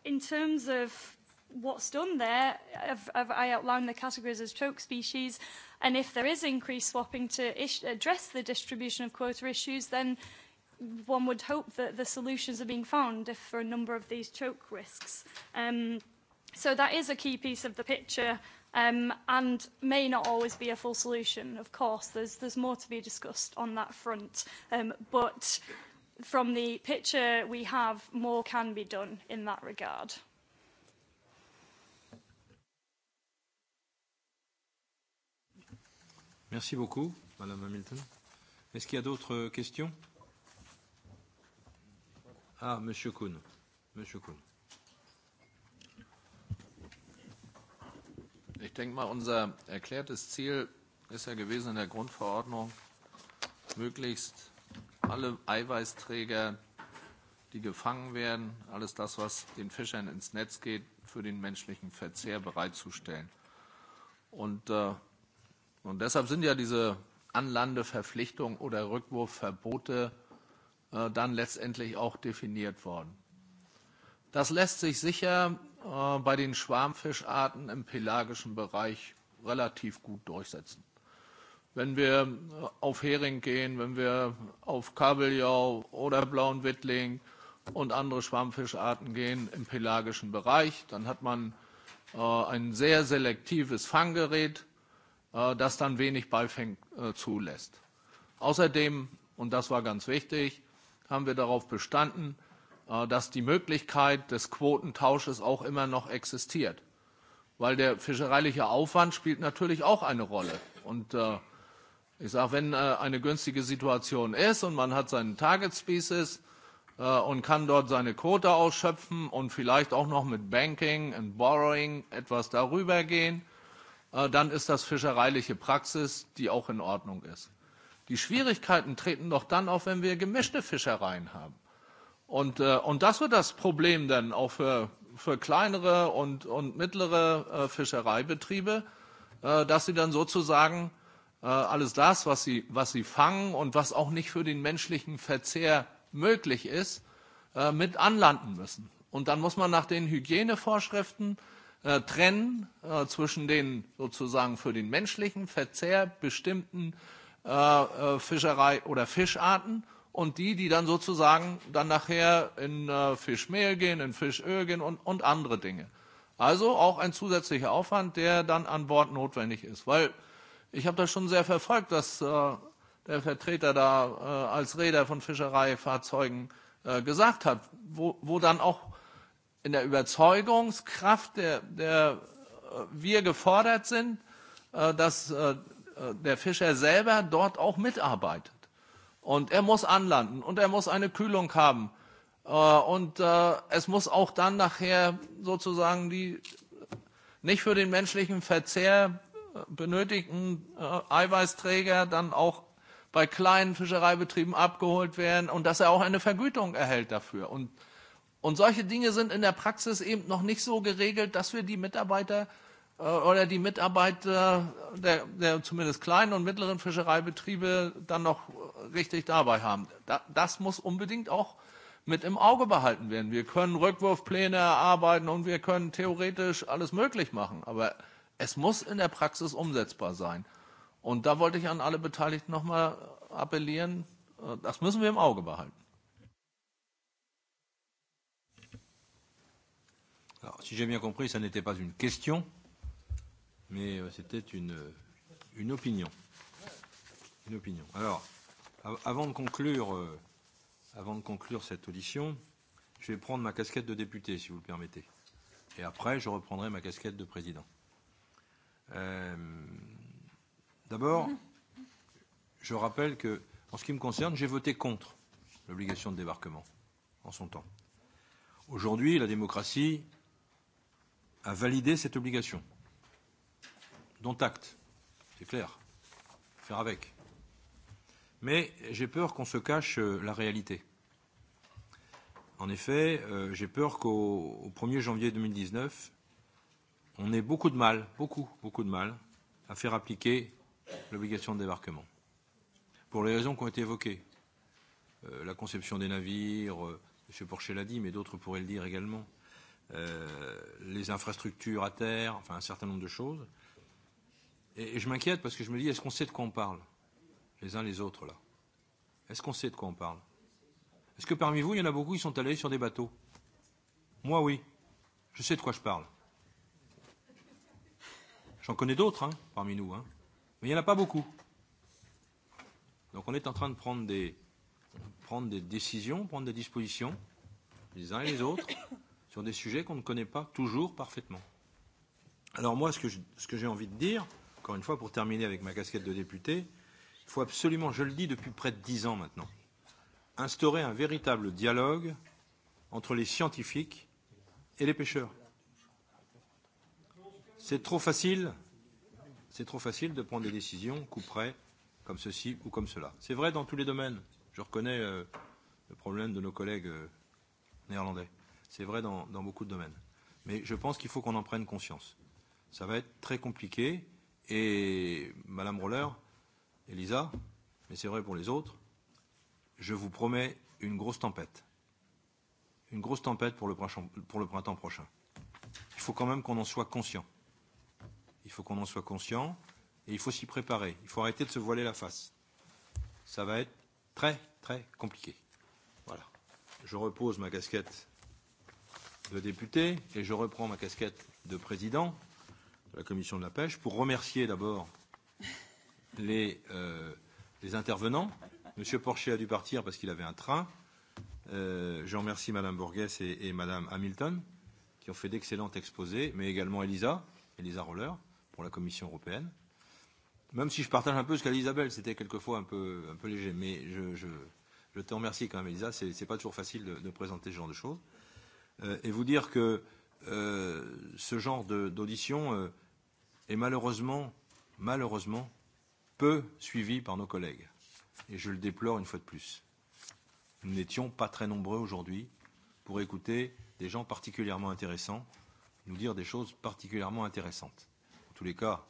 in terms of what's done there, I've, I've, I outlined the categories as choke species, and if there is increased swapping to ish, address the distribution of quota issues, then one would hope that the solutions are being found if for a number of these choke risks. Um, so that is a key piece of the picture um, and may not always be a full solution. Of course, there's, there's more to be discussed on that front, um, but from the picture we have, more can be done in that regard. Merci beaucoup, Madame Hamilton. Est-ce qu'il y a d'autres questions Ah, Monsieur Kuhn. Monsieur Kuhn. Ich denke mal, unser erklärtes Ziel ist ja gewesen in der Grundverordnung, möglichst alle Eiweißträger, die gefangen werden, alles das, was den Fischern ins Netz geht, für den menschlichen Verzehr bereitzustellen. Und äh, Und deshalb sind ja diese Anlandeverpflichtungen oder Rückwurfverbote äh, dann letztendlich auch definiert worden. Das lässt sich sicher äh, bei den Schwarmfischarten im pelagischen Bereich relativ gut durchsetzen. Wenn wir äh, auf Hering gehen, wenn wir auf Kabeljau oder blauen Wittling und andere Schwammfischarten gehen im pelagischen Bereich, dann hat man äh, ein sehr selektives Fanggerät, Äh, das dann wenig Beifang äh, zulässt. Außerdem, und das war ganz wichtig, haben wir darauf bestanden, äh, dass die Möglichkeit des Quotentausches auch immer noch existiert. Weil der fischereiliche Aufwand spielt natürlich auch eine Rolle. Und ich sage, wenn eine günstige Situation ist und man hat seinen Target Species und kann dort seine Quote ausschöpfen und vielleicht auch noch mit Banking und Borrowing etwas darüber gehen, Äh, dann ist das fischereiliche Praxis, die auch in Ordnung ist. Die Schwierigkeiten treten doch dann auf, wenn wir gemischte Fischereien haben. Und, äh, und das wird das Problem dann auch für, für kleinere und, und mittlere äh, Fischereibetriebe, dass sie dann sozusagen alles das, was sie, was sie fangen und was auch nicht für den menschlichen Verzehr möglich ist, mit anlanden müssen. Und dann muss man nach den Hygienevorschriften äh, äh, trennen äh, zwischen den sozusagen für den menschlichen Verzehr bestimmten äh, äh, Fischerei oder Fischarten und die, die dann sozusagen dann nachher in äh, Fischmehl gehen, in Fischöl gehen und, und andere Dinge. Also auch ein zusätzlicher Aufwand, der dann an Bord notwendig ist. Weil ich habe das schon sehr verfolgt, dass äh, der Vertreter da äh, als Räder von Fischereifahrzeugen äh, gesagt hat, wo, wo dann auch in der Überzeugungskraft, der, der äh, wir gefordert sind, äh, dass äh, der Fischer selber dort auch mitarbeitet. Und er muss anlanden und er muss eine Kühlung haben. Und es muss auch dann nachher sozusagen die nicht für den menschlichen Verzehr benötigten Eiweißträger dann auch bei kleinen Fischereibetrieben abgeholt werden und dass er auch eine Vergütung erhält dafür. Und äh, Und solche Dinge sind in der Praxis eben noch nicht so geregelt, dass wir die Mitarbeiter äh, oder die Mitarbeiter der, der zumindest kleinen und mittleren Fischereibetriebe dann noch richtig dabei haben. Da, das muss unbedingt auch mit im Auge behalten werden. Wir können Rückwurfpläne erarbeiten und wir können theoretisch alles möglich machen, aber es muss in der Praxis umsetzbar sein. Und da wollte ich an alle Beteiligten nochmal appellieren, äh, das müssen wir im Auge behalten. Alors, si j'ai bien compris, ça n'était pas une question, mais euh, c'était une, euh, une opinion. Une opinion. Alors, av avant de conclure, euh, avant de conclure cette audition, je vais prendre ma casquette de député, si vous le permettez. Et après, je reprendrai ma casquette de président. Euh, D'abord, je rappelle que, en ce qui me concerne, j'ai voté contre l'obligation de débarquement en son temps. Aujourd'hui, la démocratie a validé cette obligation. Dont acte, c'est clair, faire avec. Mais j'ai peur qu'on se cache euh, la réalité. En effet, euh, j'ai peur qu'au 1er janvier 2019, on ait beaucoup de mal, beaucoup, beaucoup de mal à faire appliquer l'obligation de débarquement. Pour les raisons qui ont été évoquées. Euh, la conception des navires, euh, M. Porcher l'a dit, mais d'autres pourraient le dire également. Euh, les infrastructures à terre, enfin un certain nombre de choses. Et, et je m'inquiète parce que je me dis, est-ce qu'on sait de quoi on parle Les uns les autres, là. Est-ce qu'on sait de quoi on parle Est-ce que parmi vous, il y en a beaucoup qui sont allés sur des bateaux Moi, oui. Je sais de quoi je parle. J'en connais d'autres hein, parmi nous, hein. mais il n'y en a pas beaucoup. Donc on est en train de prendre des, prendre des décisions, prendre des dispositions, les uns et les autres, sur des sujets qu'on ne connaît pas toujours parfaitement. Alors moi, ce que, j'ai envie de dire, encore une fois pour terminer avec ma casquette de député, il faut absolument, je le dis depuis près de dix ans maintenant, instaurer un véritable dialogue entre les scientifiques et les pêcheurs. C'est trop facile, c'est trop facile de prendre des décisions coup près, comme ceci ou comme cela. C'est vrai dans tous les domaines. Je reconnais euh, le problème de nos collègues euh, néerlandais. C'est vrai dans, dans beaucoup de domaines. Mais je pense qu'il faut qu'on en prenne conscience. Ça va être très compliqué. Et Madame Roller, Elisa, mais c'est vrai pour les autres, je vous promets une grosse tempête. Une grosse tempête pour le printemps, pour le printemps prochain. Il faut quand même qu'on en soit conscient. Il faut qu'on en soit conscient et il faut s'y préparer. Il faut arrêter de se voiler la face. Ça va être très, très compliqué. Voilà. Je repose ma casquette de députés, et je reprends ma casquette de président de la commission de la pêche, pour remercier d'abord les, euh, les intervenants. Monsieur Porcher a dû partir parce qu'il avait un train. Euh, je remercie Madame Borges et, et Madame Hamilton, qui ont fait d'excellents exposés, mais également Elisa, Elisa Roller, pour la Commission européenne. Même si je partage un peu ce qu'a dit Isabelle, c'était quelquefois un peu, un peu léger, mais je, je, je te remercie quand même, Elisa. Ce n'est pas toujours facile de, de présenter ce genre de choses euh, et vous dire que euh, ce genre d'audition euh, est malheureusement, malheureusement, peu suivi par nos collègues. Et je le déplore une fois de plus. Nous n'étions pas très nombreux aujourd'hui pour écouter des gens particulièrement intéressants nous dire des choses particulièrement intéressantes. En tous les cas,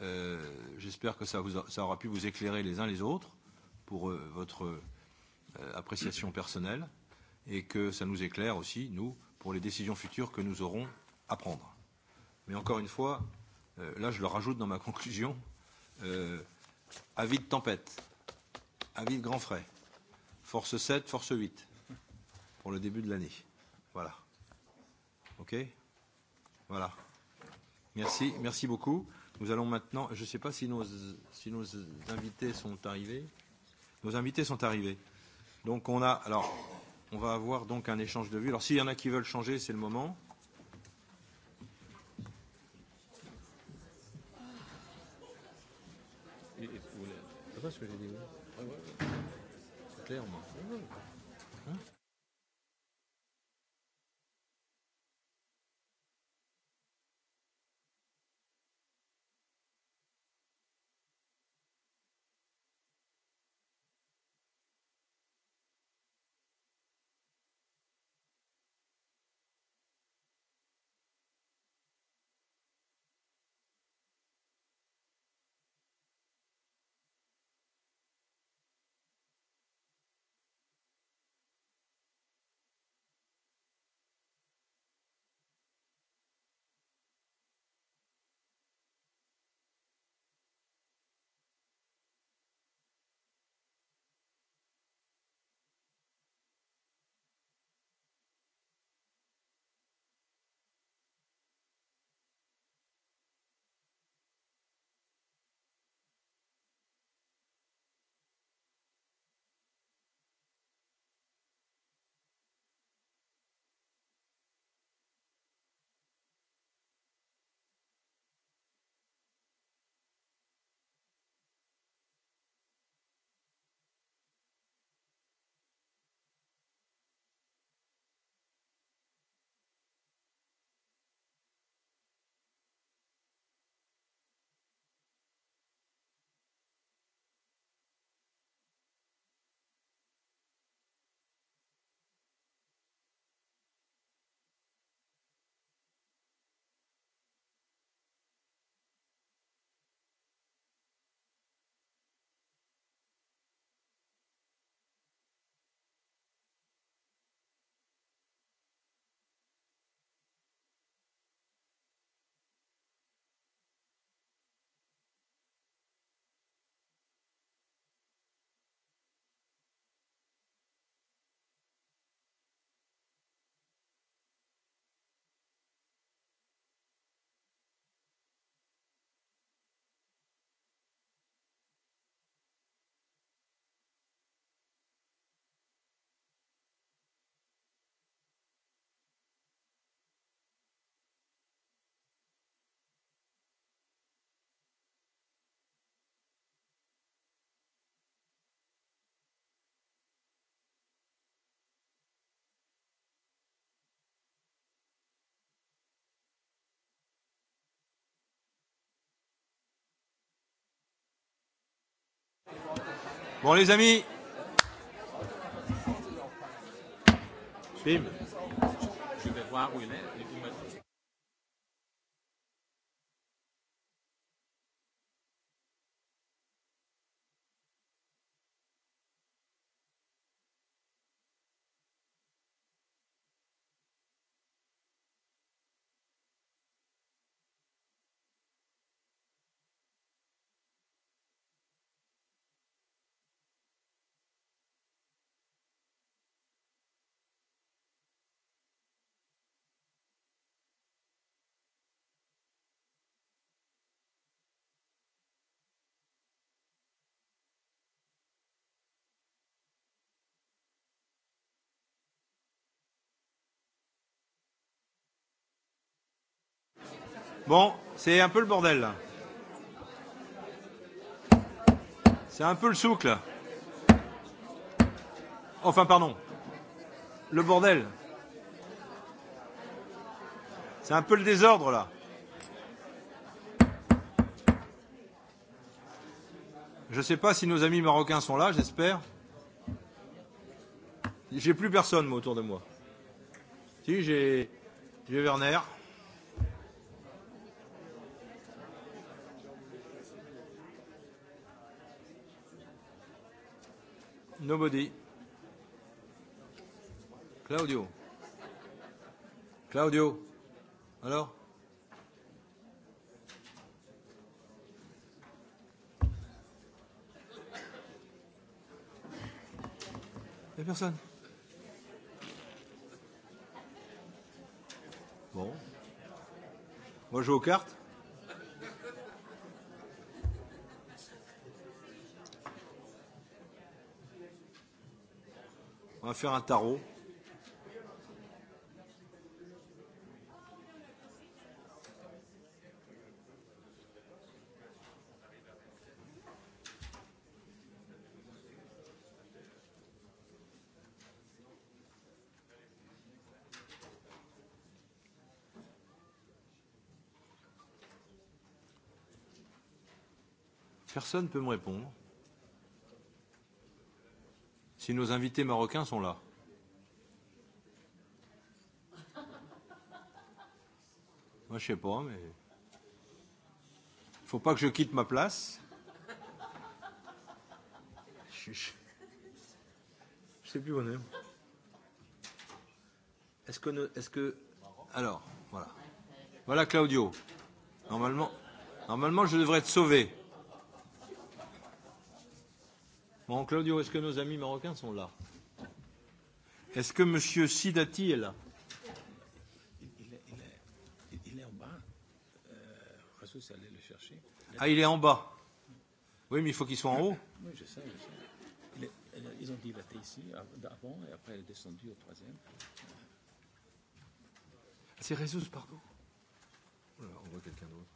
euh, j'espère que ça, vous a, ça aura pu vous éclairer les uns les autres pour euh, votre euh, appréciation personnelle et que ça nous éclaire aussi, nous, pour les décisions futures que nous aurons à prendre. Mais encore une fois, euh, là je le rajoute dans ma conclusion, euh, avis de tempête, avis de grand frais, force 7, force 8, pour le début de l'année. Voilà. OK Voilà. Merci, merci beaucoup. Nous allons maintenant, je ne sais pas si nos, si nos invités sont arrivés. Nos invités sont arrivés. Donc on a, alors On va avoir donc un échange de vues. Alors s'il y en a qui veulent changer, c'est le moment. Et, C'est pas ce que j'ai dit. Oui. Ouais, ouais. C'est clair, moi. Ouais, ouais. Bon les amis. Bim. Je vais voir où il est. Bon, c'est un peu le bordel là. C'est un peu le souk là. Enfin, pardon. Le bordel. C'est un peu le désordre là. Je ne sais pas si nos amis marocains sont là, j'espère. J'ai plus personne moi, autour de moi. Si, j'ai Werner. Nobody. Claudio. Claudio. Alors Il n'y a personne. Bon. Moi, je joue aux cartes. On va faire un tarot. Personne ne peut me répondre si nos invités marocains sont là. Moi, je sais pas, mais il faut pas que je quitte ma place. Je, je... je sais plus où on est. Est-ce que, Nous... est-ce que, alors, voilà, voilà Claudio. Normalement, normalement, je devrais être sauvé. Bon, Claudio, est-ce que nos amis marocains sont là Est-ce que M. Sidati est là il, est, il, est, il est en bas. Euh, Rassus est allé le chercher. Ah, il est en bas. Oui, mais il faut qu'il soit en haut. Oui, je sais, je sais. Il est, euh, ils ont dit qu'il était ici avant et après il est descendu au troisième. C'est Ressus, pardon. On voit quelqu'un d'autre.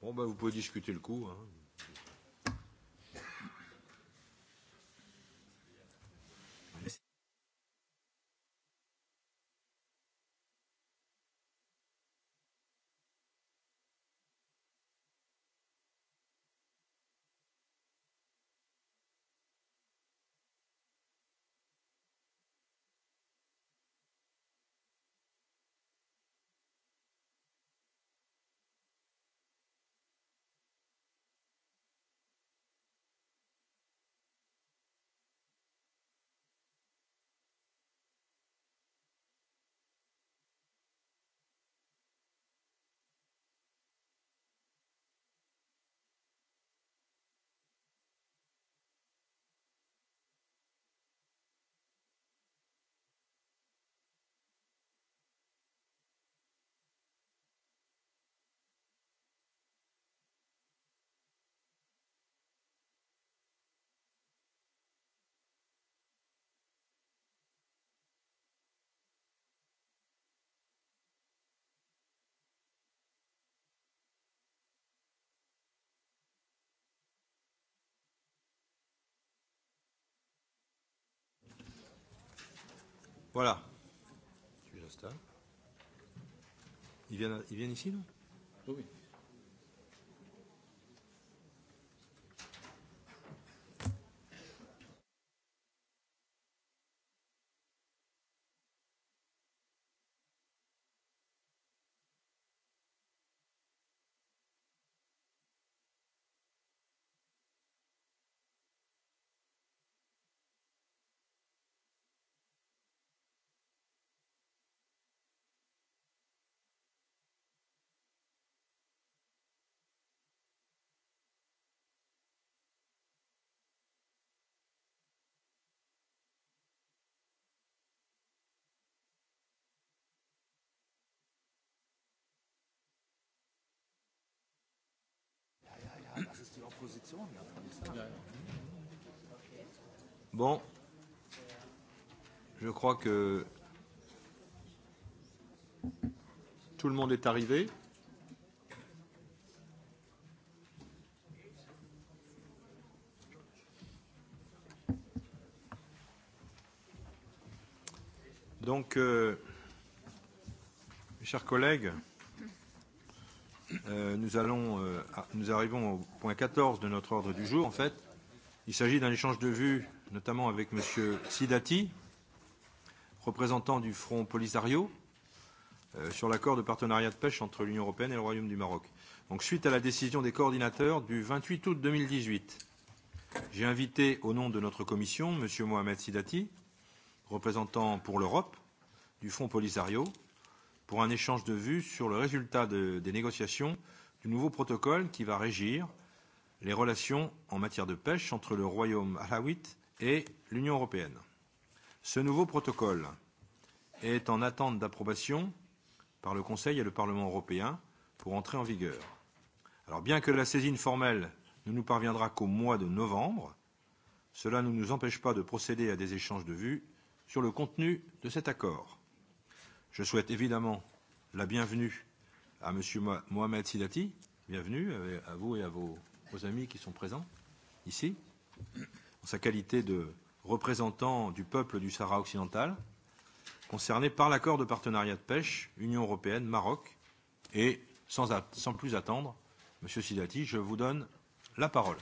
Bon, ben, vous pouvez discuter le coup. Hein. Voilà. Tu les installes. Ils viennent, ils viennent ici, non Oui. Position Bon, je crois que tout le monde est arrivé. Donc, euh, mes chers collègues, Euh, nous, allons, euh, nous arrivons au point 14 de notre ordre du jour, en fait. Il s'agit d'un échange de vues, notamment avec M. Sidati, représentant du Front Polisario, euh, sur l'accord de partenariat de pêche entre l'Union européenne et le Royaume du Maroc. Donc, suite à la décision des coordinateurs du 28 août 2018, j'ai invité au nom de notre commission M. Mohamed Sidati, représentant pour l'Europe du Front Polisario, pour un échange de vues sur le résultat de, des négociations du nouveau protocole qui va régir les relations en matière de pêche entre le Royaume alawite et l'Union européenne. Ce nouveau protocole est en attente d'approbation par le Conseil et le Parlement européen pour entrer en vigueur. Alors bien que la saisine formelle ne nous parviendra qu'au mois de novembre, cela ne nous empêche pas de procéder à des échanges de vues sur le contenu de cet accord. Je souhaite évidemment la bienvenue à M. Mohamed Sidati. Bienvenue euh, à vous et à vos, vos amis qui sont présents ici, en sa qualité de représentant du peuple du Sahara occidental, concerné par l'accord de partenariat de pêche Union européenne-Maroc. Et sans, sans plus attendre, M. Sidati, je vous donne la parole.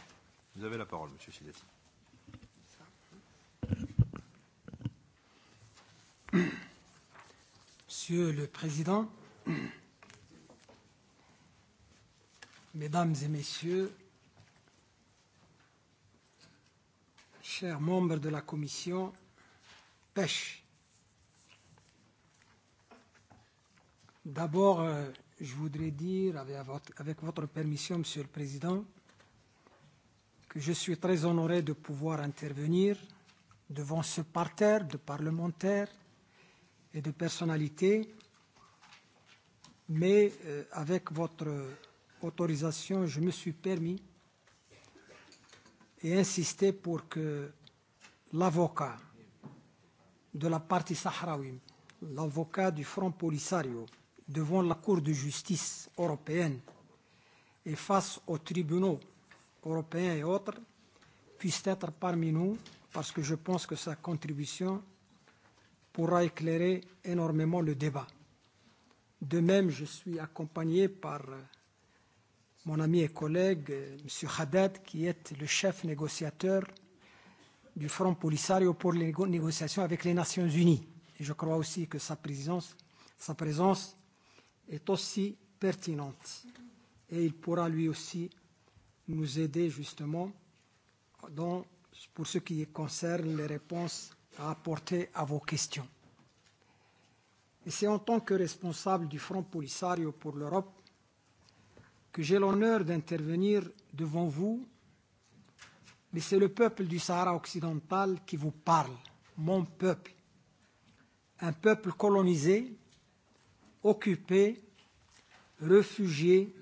Vous avez la parole, M. Sidati. Monsieur le Président, Mesdames et Messieurs, chers membres de la Commission pêche. D'abord, euh, je voudrais dire, avec votre, permission, Monsieur le Président, que je suis très honoré de pouvoir intervenir devant ce parterre de parlementaires et de personnalité, mais euh, avec votre autorisation, je me suis permis et insisté pour que l'avocat de la partie sahraoui, l'avocat du Front Polisario, devant la Cour de justice européenne et face aux tribunaux européens et autres, puisse être parmi nous, parce que je pense que sa contribution pourra éclairer énormément le débat. De même, je suis accompagné par euh, mon ami et collègue, euh, M. Haddad, qui est le chef négociateur du Front Polisario pour les négociations avec les Nations Unies. Et je crois aussi que sa, présence, sa présence est aussi pertinente. Et il pourra lui aussi nous aider justement dans, pour ce qui concerne les réponses rapportées à vos questions. Et c'est en tant que responsable du Front Polisario pour l'Europe que j'ai l'honneur d'intervenir devant vous, mais c'est le peuple du Sahara occidental qui vous parle, mon peuple, un peuple colonisé, occupé, réfugié,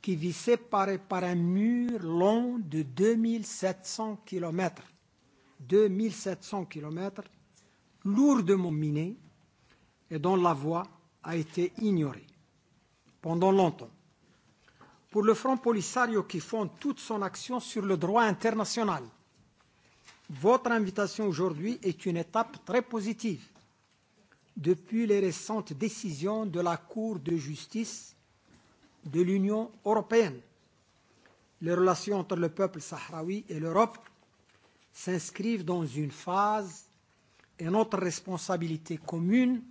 qui vit séparé par un mur long de 2700 kilomètres 2700 km lourdement minée et dont la voie a été ignorée pendant longtemps. Pour le Front Polisario qui fonde toute son action sur le droit international, votre invitation aujourd'hui est une étape très positive. Depuis les récentes décisions de la Cour de justice de l'Union européenne, les relations entre le peuple sahraoui et l'Europe s'inscrivent dans une phase et notre responsabilité commune,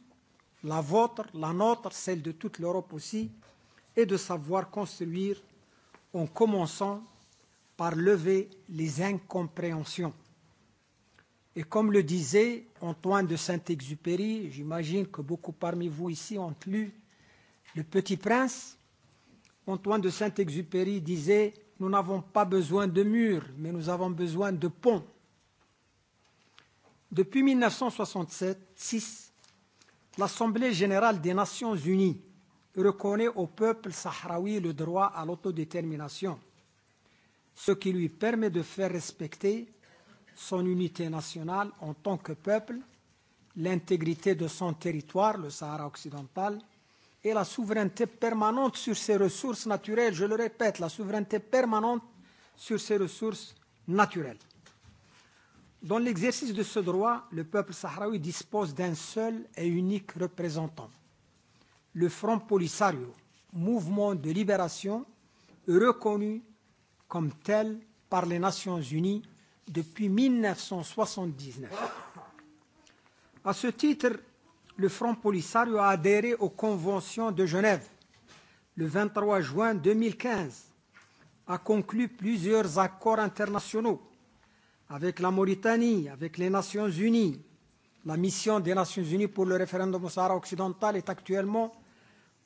la vôtre, la nôtre, celle de toute l'Europe aussi, est de savoir construire en commençant par lever les incompréhensions. Et comme le disait Antoine de Saint-Exupéry, j'imagine que beaucoup parmi vous ici ont lu Le Petit Prince, Antoine de Saint-Exupéry disait nous n'avons pas besoin de murs, mais nous avons besoin de ponts. Depuis 1967 l'Assemblée générale des Nations unies reconnaît au peuple sahraoui le droit à l'autodétermination, ce qui lui permet de faire respecter son unité nationale en tant que peuple, l'intégrité de son territoire, le Sahara occidental, et la souveraineté permanente sur ses ressources naturelles. Je le répète, la souveraineté permanente sur ses ressources naturelles. Dans l'exercice de ce droit, le peuple sahraoui dispose d'un seul et unique représentant, le Front Polisario, mouvement de libération reconnu comme tel par les Nations Unies depuis 1979. À ce titre, le Front Polisario a adhéré aux conventions de Genève le 23 juin 2015, a conclu plusieurs accords internationaux avec la Mauritanie, avec les Nations Unies. La mission des Nations Unies pour le référendum au Sahara occidental est actuellement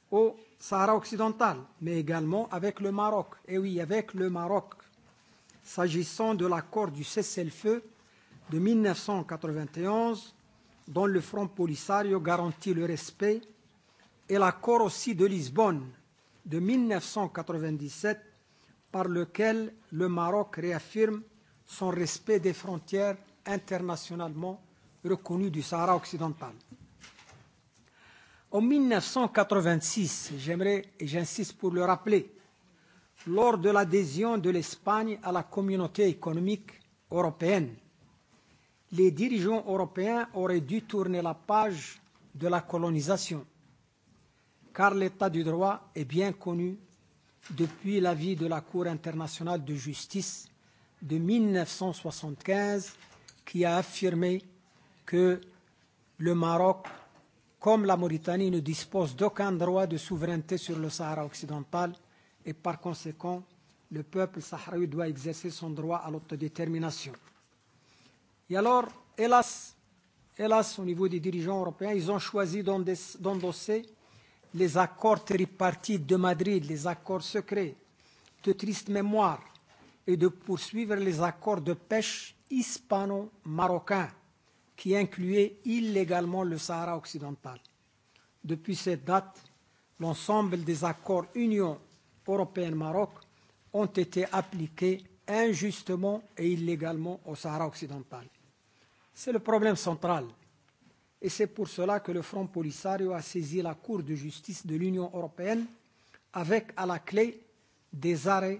au Sahara occidental, mais également avec le Maroc. Et eh oui, avec le Maroc. S'agissant de l'accord du cessez-le-feu de 1991, dont le Front Polisario garantit le respect, et l'accord aussi de Lisbonne de 1997 par lequel le Maroc réaffirme son respect des frontières internationalement reconnues du Sahara occidental. En 1986, j'aimerais et j'insiste pour le rappeler, lors de l'adhésion de l'Espagne à la communauté économique européenne, les dirigeants européens auraient dû tourner la page de la colonisation, car l'état du droit est bien connu depuis l'avis de la Cour internationale de justice de 1975 qui a affirmé que le Maroc, comme la Mauritanie, ne dispose d'aucun droit de souveraineté sur le Sahara occidental et par conséquent, le peuple sahraoui doit exercer son droit à l'autodétermination. Et alors, hélas, hélas, au niveau des dirigeants européens, ils ont choisi d'endosser les accords tripartites de Madrid, les accords secrets de triste mémoire, et de poursuivre les accords de pêche hispano-marocains qui incluaient illégalement le Sahara occidental. Depuis cette date, l'ensemble des accords Union européenne-Maroc ont été appliqués injustement et illégalement au Sahara occidental. C'est le problème central. Et c'est pour cela que le Front Polisario a saisi la Cour de justice de l'Union européenne avec à la clé des arrêts,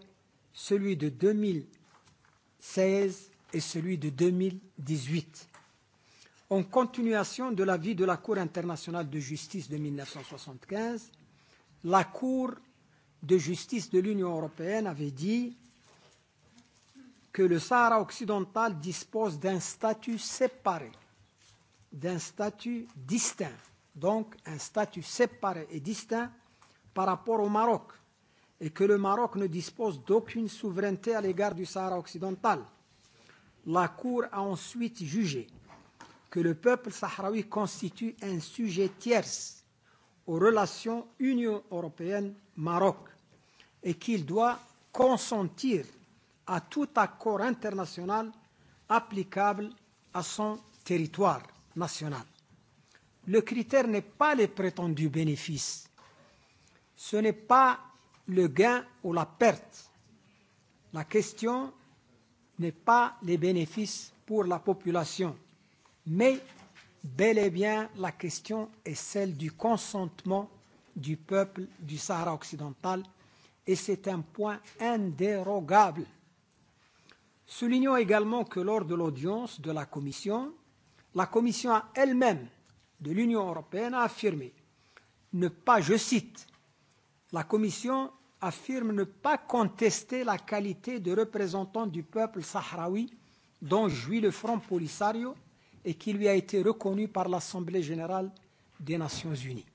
celui de 2016 et celui de 2018. En continuation de l'avis de la Cour internationale de justice de 1975, la Cour de justice de l'Union européenne avait dit que le Sahara occidental dispose d'un statut séparé, d'un statut distinct, donc un statut séparé et distinct par rapport au Maroc, et que le Maroc ne dispose d'aucune souveraineté à l'égard du Sahara occidental. La Cour a ensuite jugé que le peuple sahraoui constitue un sujet tierce aux relations Union européenne-Maroc et qu'il doit consentir à tout accord international applicable à son territoire national. Le critère n'est pas les prétendus bénéfices, ce n'est pas le gain ou la perte. La question n'est pas les bénéfices pour la population, mais bel et bien la question est celle du consentement du peuple du Sahara occidental et c'est un point indérogable. Soulignons également que lors de l'audience de la Commission, la Commission elle-même de l'Union européenne a affirmé ne pas, je cite, la Commission affirme ne pas contester la qualité de représentant du peuple sahraoui dont jouit le Front Polisario et qui lui a été reconnu par l'Assemblée générale des Nations unies.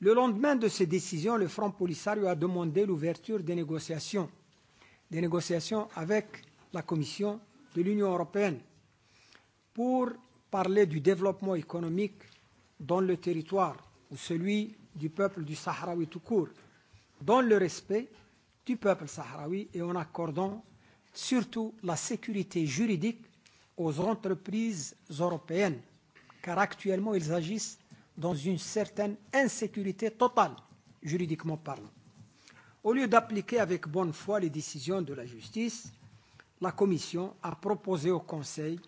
Le lendemain de ces décisions, le Front Polisario a demandé l'ouverture des négociations des négociations avec la Commission de l'Union européenne pour parler du développement économique dans le territoire ou celui du peuple du Sahraoui tout court, dans le respect du peuple sahraoui et en accordant surtout la sécurité juridique aux entreprises européennes, car actuellement ils agissent dans une certaine insécurité totale, juridiquement parlant. Au lieu d'appliquer avec bonne foi les décisions de la justice, la Commission a proposé au Conseil,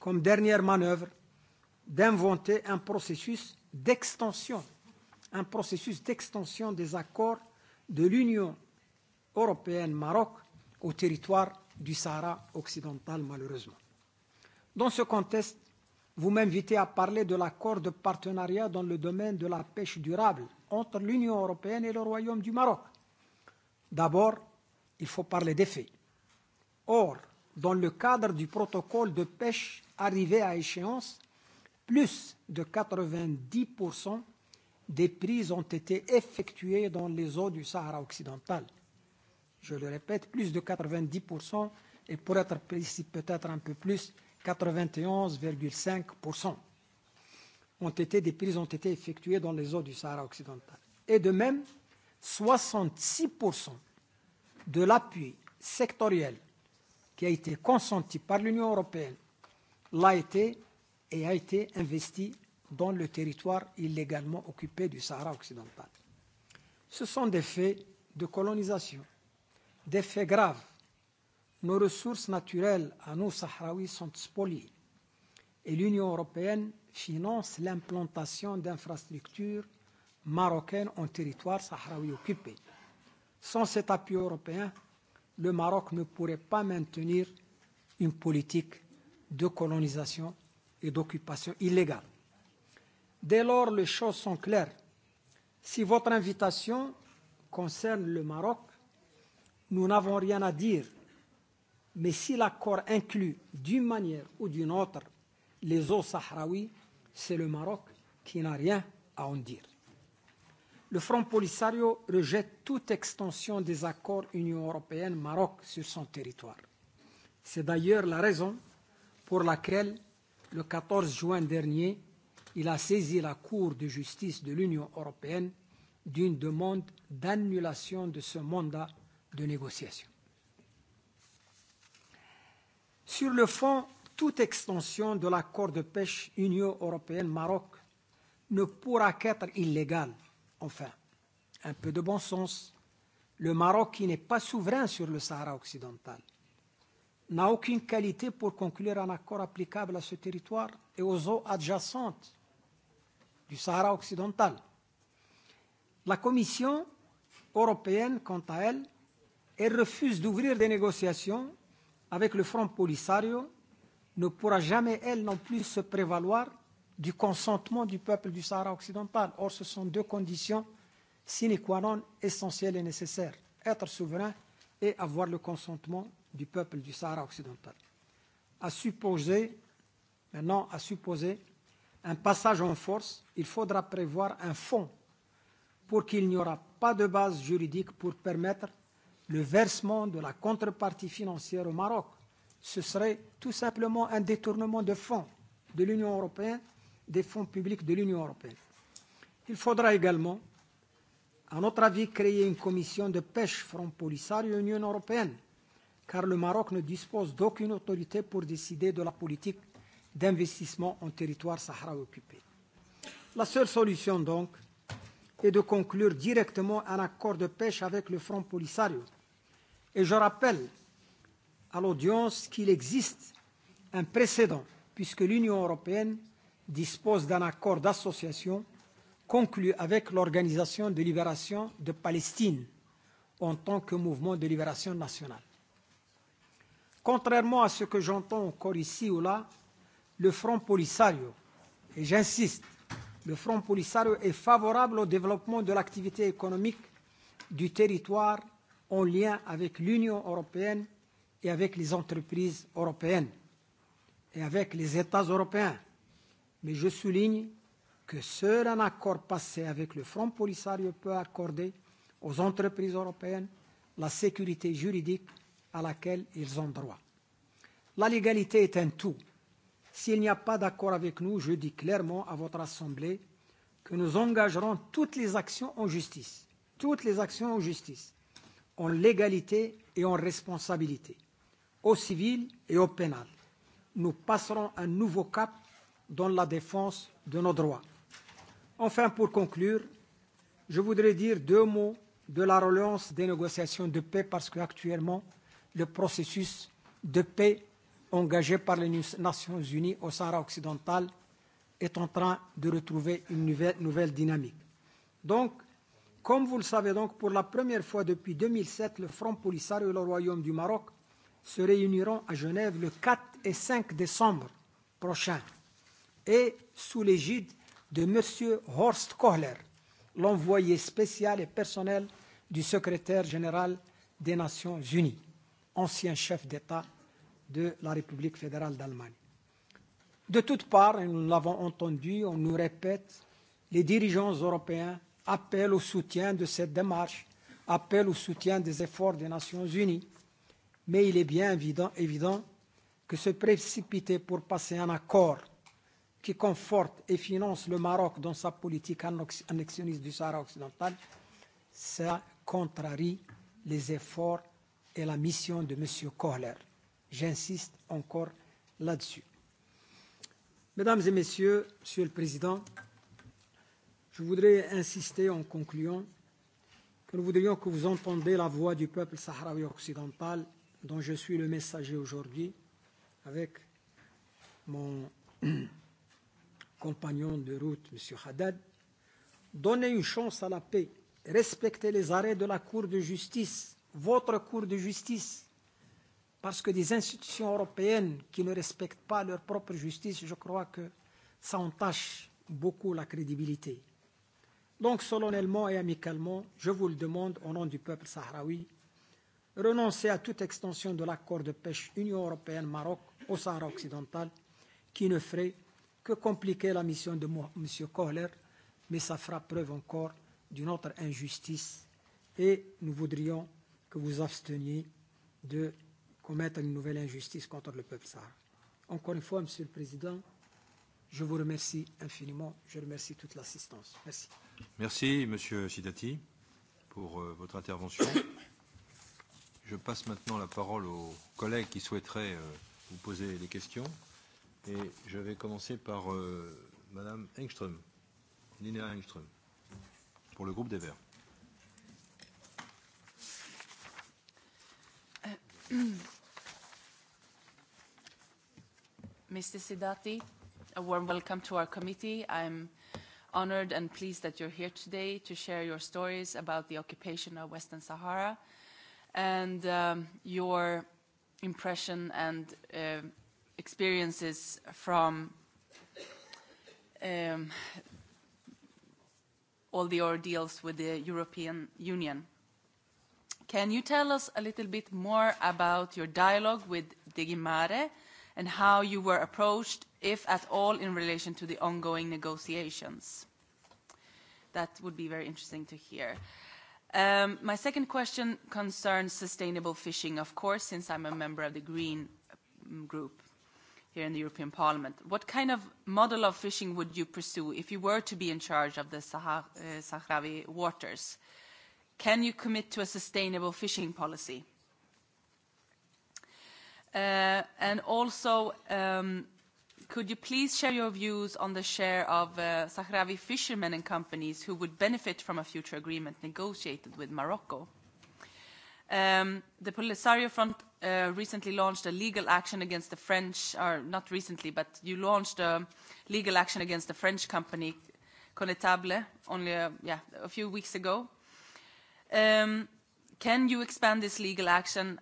comme dernière manœuvre, d'inventer un processus d'extension, un processus d'extension des accords de l'Union européenne Maroc au territoire du Sahara occidental, malheureusement. Dans ce contexte, vous m'invitez à parler de l'accord de partenariat dans le domaine de la pêche durable entre l'Union européenne et le Royaume du Maroc. D'abord, il faut parler des faits. Or, dans le cadre du protocole de pêche arrivé à échéance, plus de 90% des prises ont été effectuées dans les eaux du Sahara occidental. Je le répète, plus de 90% et pour être précis peut-être un peu plus, 91,5% ont été, des prises ont été effectuées dans les eaux du Sahara occidental. Et de même, 66% de l'appui sectoriel qui a été consenti par l'Union européenne l'a été et a été investi dans le territoire illégalement occupé du Sahara occidental. Ce sont des faits de colonisation, des faits graves. Nos ressources naturelles à nous, Sahraouis, sont spoliées et l'Union européenne finance l'implantation d'infrastructures marocaine en territoire sahraoui occupé. Sans cet appui européen, le Maroc ne pourrait pas maintenir une politique de colonisation et d'occupation illégale. Dès lors, les choses sont claires. Si votre invitation concerne le Maroc, nous n'avons rien à dire. Mais si l'accord inclut d'une manière ou d'une autre les eaux sahraouis, c'est le Maroc qui n'a rien à en dire le Front Polisario rejette toute extension des accords Union européenne-Maroc sur son territoire. C'est d'ailleurs la raison pour laquelle, le 14 juin dernier, il a saisi la Cour de justice de l'Union européenne d'une demande d'annulation de ce mandat de négociation. Sur le fond, toute extension de l'accord de pêche Union européenne-Maroc ne pourra qu'être illégale Enfin, un peu de bon sens. Le Maroc, qui n'est pas souverain sur le Sahara occidental, n'a aucune qualité pour conclure un accord applicable à ce territoire et aux eaux adjacentes du Sahara occidental. La Commission européenne, quant à elle, elle refuse d'ouvrir des négociations avec le Front Polisario, ne pourra jamais, elle non plus, se prévaloir du consentement du peuple du Sahara occidental. Or, ce sont deux conditions sine qua non essentielles et nécessaires. Être souverain et avoir le consentement du peuple du Sahara occidental. À supposer, maintenant, à supposer un passage en force, il faudra prévoir un fonds pour qu'il n'y aura pas de base juridique pour permettre le versement de la contrepartie financière au Maroc. Ce serait tout simplement un détournement de fonds de l'Union européenne des fonds publics de l'Union européenne. Il faudra également, à notre avis, créer une commission de pêche Front Polisario Union européenne, car le Maroc ne dispose d'aucune autorité pour décider de la politique d'investissement en territoire Sahara occupé. La seule solution, donc, est de conclure directement un accord de pêche avec le Front Polisario. Et je rappelle à l'audience qu'il existe un précédent, puisque l'Union européenne dispose d'un accord d'association conclu avec l'Organisation de libération de Palestine en tant que mouvement de libération nationale. Contrairement à ce que j'entends encore ici ou là, le Front Polisario, et j'insiste, le Front Polisario est favorable au développement de l'activité économique du territoire en lien avec l'Union européenne et avec les entreprises européennes et avec les États européens Mais je souligne que seul un accord passé avec le Front Polisario peut accorder aux entreprises européennes la sécurité juridique à laquelle ils ont droit. La légalité est un tout. S'il n'y a pas d'accord avec nous, je dis clairement à votre Assemblée que nous engagerons toutes les actions en justice, toutes les actions en justice, en légalité et en responsabilité, au civil et au pénal. Nous passerons un nouveau cap dans la défense de nos droits. Enfin, pour conclure, je voudrais dire deux mots de la relance des négociations de paix parce qu'actuellement, le processus de paix engagé par les Nations Unies au Sahara occidental est en train de retrouver une nouvelle, nouvelle dynamique. Donc, comme vous le savez, donc, pour la première fois depuis 2007, le Front Polisario et le Royaume du Maroc se réuniront à Genève le 4 et 5 décembre prochains et sous l'égide de M. Horst Kohler, l'envoyé spécial et personnel du secrétaire général des Nations Unies, ancien chef d'État de la République fédérale d'Allemagne. De toutes parts, nous l'avons entendu, on nous répète, les dirigeants européens appellent au soutien de cette démarche, appellent au soutien des efforts des Nations Unies. Mais il est bien évident, évident que se précipiter pour passer un accord qui conforte et finance le Maroc dans sa politique annexionniste du Sahara occidental, ça contrarie les efforts et la mission de M. Kohler. J'insiste encore là-dessus. Mesdames et Messieurs, Monsieur le Président, je voudrais insister en concluant que nous voudrions que vous entendiez la voix du peuple sahraoui occidental dont je suis le messager aujourd'hui avec mon compagnon de route, M. Haddad, donnez une chance à la paix, respectez les arrêts de la Cour de justice, votre Cour de justice, parce que des institutions européennes qui ne respectent pas leur propre justice, je crois que ça entache beaucoup la crédibilité. Donc, solennellement et amicalement, je vous le demande au nom du peuple sahraoui, renoncez à toute extension de l'accord de pêche Union européenne-Maroc au Sahara occidental qui ne ferait que compliquer la mission de M. Kohler, mais ça fera preuve encore d'une autre injustice et nous voudrions que vous absteniez de commettre une nouvelle injustice contre le peuple sahara. Encore une fois, Monsieur le Président, je vous remercie infiniment. Je remercie toute l'assistance. Merci. Merci, Monsieur Sidati, pour euh, votre intervention. Je passe maintenant la parole aux collègues qui souhaiteraient euh, vous poser des questions. Et je vais commencer par euh, Madame Engström, Linnea Engström, pour le groupe des Verts. Euh, Mr. Sedati, a warm welcome to our committee. I'm honored and pleased that you're here today to share your stories about the occupation of Western Sahara and um, your impression and uh, experiences from um, all the ordeals with the European Union. Can you tell us a little bit more about your dialogue with Digimare and how you were approached, if at all, in relation to the ongoing negotiations? That would be very interesting to hear. Um, my second question concerns sustainable fishing, of course, since I'm a member of the Green Group here in the European Parliament. What kind of model of fishing would you pursue if you were to be in charge of the Sahar uh, Sahrawi waters? Can you commit to a sustainable fishing policy? Uh, and also, um, could you please share your views on the share of uh, Sahrawi fishermen and companies who would benefit from a future agreement negotiated with Morocco? Um, the Polisario Front Uh, recently launched a legal action against the French, or not recently, but you launched a legal action against the French company Connetable only a, uh, yeah, a few weeks ago. Um, can you expand this legal action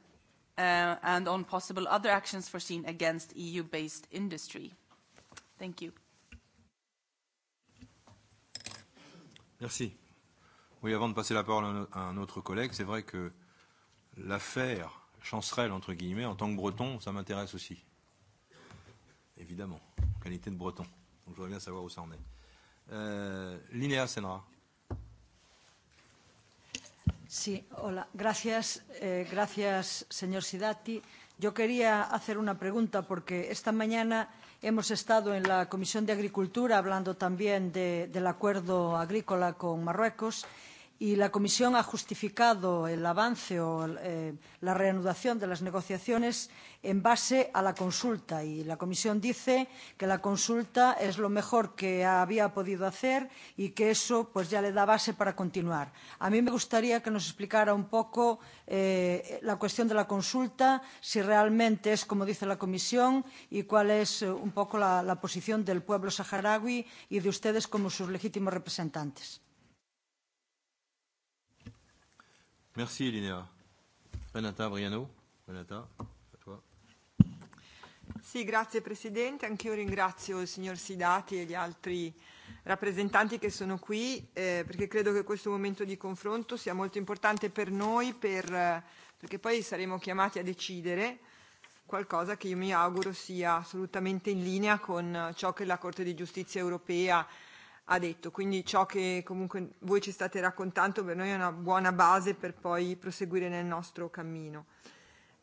uh, and on possible other actions foreseen against EU-based industry? Thank you. Merci. Oui, avant de passer la parole à, un autre collègue, c'est vrai que l'affaire chancerelle, entre guillemets, en tant que breton, ça m'intéresse aussi. Évidemment, en qualité de breton. Donc je voudrais bien savoir où ça en est. Euh, Linéa Senra. Sí, hola. Gracias, eh, gracias, señor Sidati. Yo quería hacer una pregunta porque esta mañana hemos estado en la Comisión de Agricultura hablando también de, del acuerdo agrícola con Marruecos y la Comisión ha justificado el avance o eh, la reanudación de las negociaciones en base a la consulta. Y la Comisión dice que la consulta es lo mejor que había podido hacer y que eso pues, ya le da base para continuar. A mí me gustaría que nos explicara un poco eh, la cuestión de la consulta, si realmente es como dice la Comisión y cuál es eh, un poco la, la posición del pueblo saharaui y de ustedes como sus legítimos representantes. Merci, Elinéa. Renata Briano. Renata, a toi. Sì, grazie Presidente. Anch'io ringrazio il signor Sidati e gli altri rappresentanti che sono qui eh, perché credo che questo momento di confronto sia molto importante per noi per, eh, perché poi saremo chiamati a decidere qualcosa che io mi auguro sia assolutamente in linea con ciò che la Corte di giustizia europea ha detto. Quindi ciò che comunque voi ci state raccontando per noi è una buona base per poi proseguire nel nostro cammino.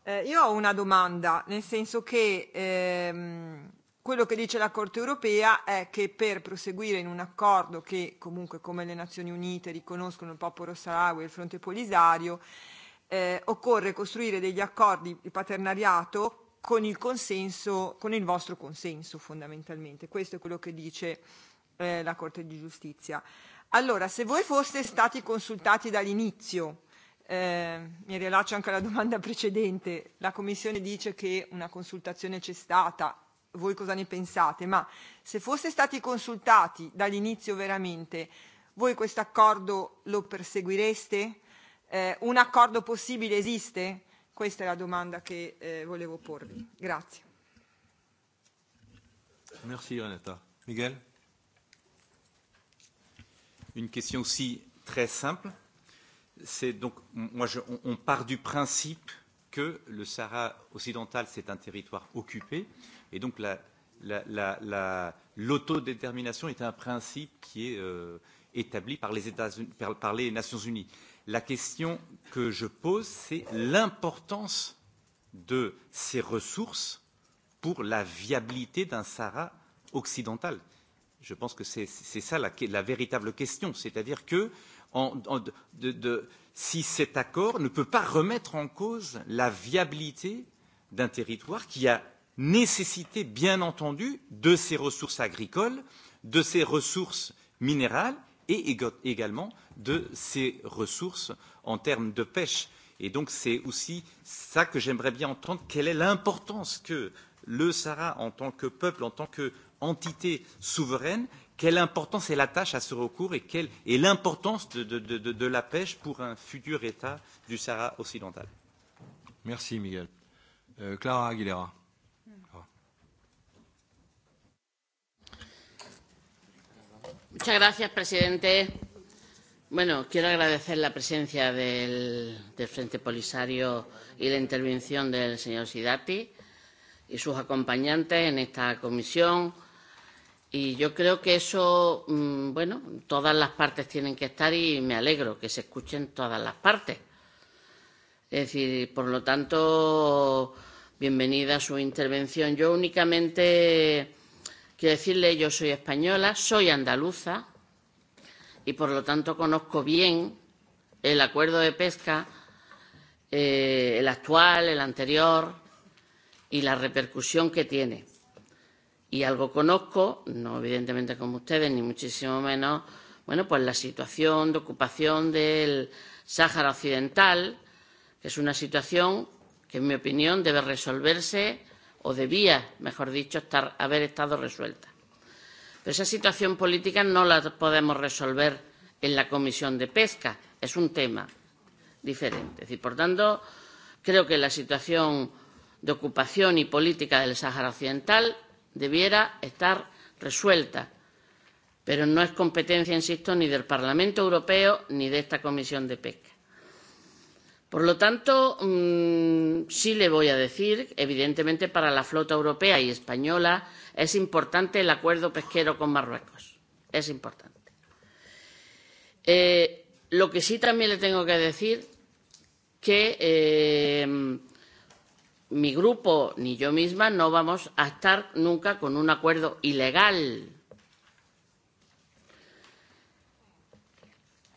Eh, io ho una domanda, nel senso che ehm, quello che dice la Corte europea è che per proseguire in un accordo che comunque come le Nazioni Unite riconoscono il popolo Sarawi e il fronte polisario, eh, occorre costruire degli accordi di paternariato con il consenso, con il vostro consenso fondamentalmente. Questo è quello che dice eh, la Corte di Giustizia. Allora, se voi foste stati consultati dall'inizio, eh, mi rilascio anche alla domanda precedente, la Commissione dice che una consultazione c'è stata, voi cosa ne pensate, ma se foste stati consultati dall'inizio veramente, voi questo accordo lo perseguireste? Eh, un accordo possibile esiste? Questa è la domanda che eh, volevo porvi. Grazie. Merci Renata. Miguel? une question aussi très simple. C'est donc, moi, je, on, on part du principe que le Sahara occidental, c'est un territoire occupé, et donc la, l'autodétermination la, la, la, est un principe qui est euh, établi par les, États par, par les Nations Unies. La question que je pose, c'est l'importance de ces ressources pour la viabilité d'un Sahara occidental. Je pense que c'est ça la, la véritable question, c'est-à-dire que en, en, de, de, si cet accord ne peut pas remettre en cause la viabilité d'un territoire qui a nécessité, bien entendu, de ses ressources agricoles, de ses ressources minérales et également de ses ressources en termes de pêche. Et donc c'est aussi ça que j'aimerais bien entendre, quelle est l'importance que le Sahara, en tant que peuple, en tant que entité souveraine, quelle importance elle attache à ce recours et, quelle, est l'importance de, de, de, de la pêche pour un futur État du Sahara occidental. Merci Miguel. Euh, Clara Aguilera. Ah. Muchas gracias, presidente, bueno, quiero agradecer la presencia del, del Frente Polisario y la intervención del señor Sidati y sus acompañantes en esta comisión Y yo creo que eso, mmm, bueno, todas las partes tienen que estar y me alegro que se escuchen todas las partes. Es decir, por lo tanto, bienvenida a su intervención. Yo únicamente quiero decirle, yo soy española, soy andaluza y por lo tanto conozco bien el acuerdo de pesca, eh, el actual, el anterior y la repercusión que tiene y algo conozco, no evidentemente como ustedes, ni muchísimo menos, bueno, pues la situación de ocupación del Sáhara Occidental, que es una situación que, en mi opinión, debe resolverse o debía, mejor dicho, estar, haber estado resuelta. Pero esa situación política no la podemos resolver en la Comisión de Pesca, es un tema diferente. Es decir, por tanto, creo que la situación de ocupación y política del Sáhara Occidental debiera estar resuelta, pero no es competencia, insisto, ni del Parlamento Europeo ni de esta Comisión de Pesca. Por lo tanto, mmm, sí le voy a decir, evidentemente para la flota europea y española es importante el acuerdo pesquero con Marruecos. Es importante. Eh, lo que sí también le tengo que decir que eh, mi grupo ni yo misma no vamos a estar nunca con un acuerdo ilegal.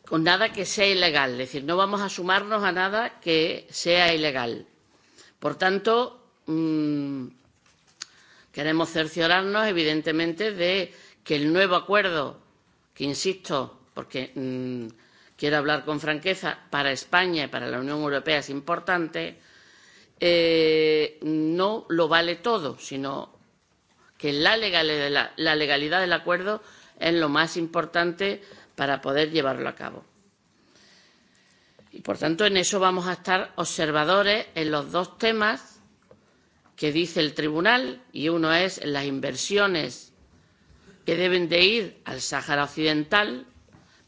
Con nada que sea ilegal. Es decir, no vamos a sumarnos a nada que sea ilegal. Por tanto, mmm, queremos cerciorarnos, evidentemente, de que el nuevo acuerdo, que insisto, porque mmm, quiero hablar con franqueza, para España y para la Unión Europea es importante, eh, no lo vale todo, sino que la legalidad, la, la legalidad del acuerdo es lo más importante para poder llevarlo a cabo. Y por tanto, en eso vamos a estar observadores en los dos temas que dice el tribunal, y uno es las inversiones que deben de ir al Sáhara Occidental,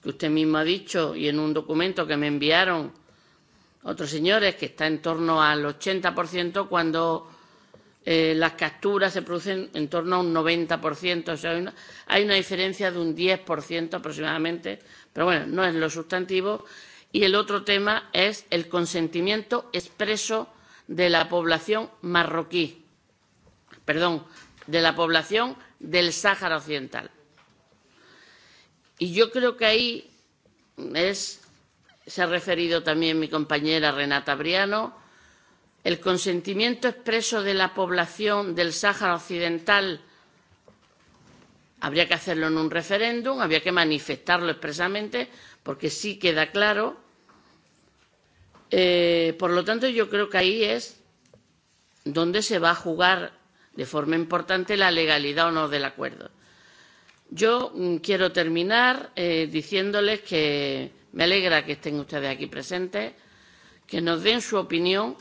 que usted mismo ha dicho y en un documento que me enviaron otros señores que está en torno al 80% cuando eh, las capturas se producen en torno a un 90%. O sea, hay una, hay una diferencia de un 10% aproximadamente, pero bueno, no es lo sustantivo. Y el otro tema es el consentimiento expreso de la población marroquí, perdón, de la población del Sáhara Occidental. Y yo creo que ahí es se ha referido también mi compañera Renata Briano, el consentimiento expreso de la población del Sáhara Occidental habría que hacerlo en un referéndum, habría que manifestarlo expresamente, porque sí queda claro. Eh, por lo tanto, yo creo que ahí es donde se va a jugar de forma importante la legalidad o no del acuerdo. Yo mm, quiero terminar eh, diciéndoles que Me alegra que estén ustedes aquí presentes, que nos den su opinión,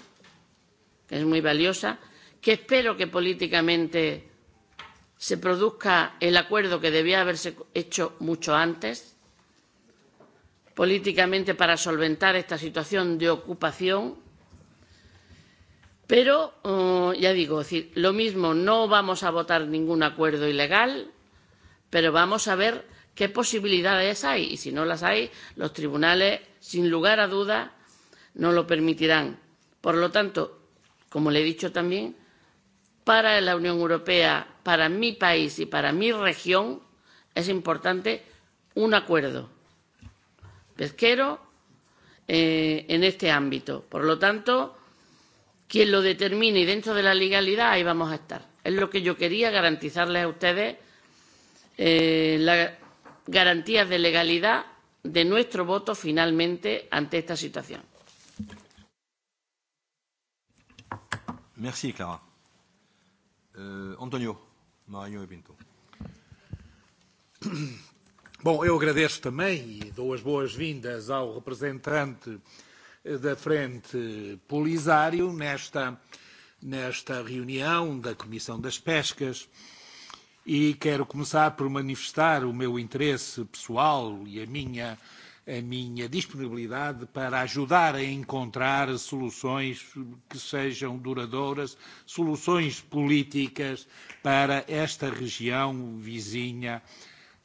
que es muy valiosa, que espero que políticamente se produzca el acuerdo que debía haberse hecho mucho antes, políticamente para solventar esta situación de ocupación. Pero, eh, ya digo, decir, lo mismo, no vamos a votar ningún acuerdo ilegal, pero vamos a ver qué posibilidades hay y si no las hay, los tribunales, sin lugar a dudas, no lo permitirán. Por lo tanto, como le he dicho también, para la Unión Europea, para mi país y para mi región es importante un acuerdo pesquero eh, en este ámbito. Por lo tanto, quien lo determine y dentro de la legalidad, ahí vamos a estar. Es lo que yo quería garantizarles a ustedes eh, la garantías de legalidad de nuestro voto finalmente ante esta situación. Merci, Clara. Uh, Antonio Mario e Pinto. Bom, eu agradeço também e dou as boas-vindas ao representante da Frente Polisário nesta, nesta reunião da Comissão das Pescas. Uh, e quero começar por manifestar o meu interesse pessoal e a minha, a minha disponibilidade para ajudar a encontrar soluções que sejam duradouras, soluções políticas para esta região vizinha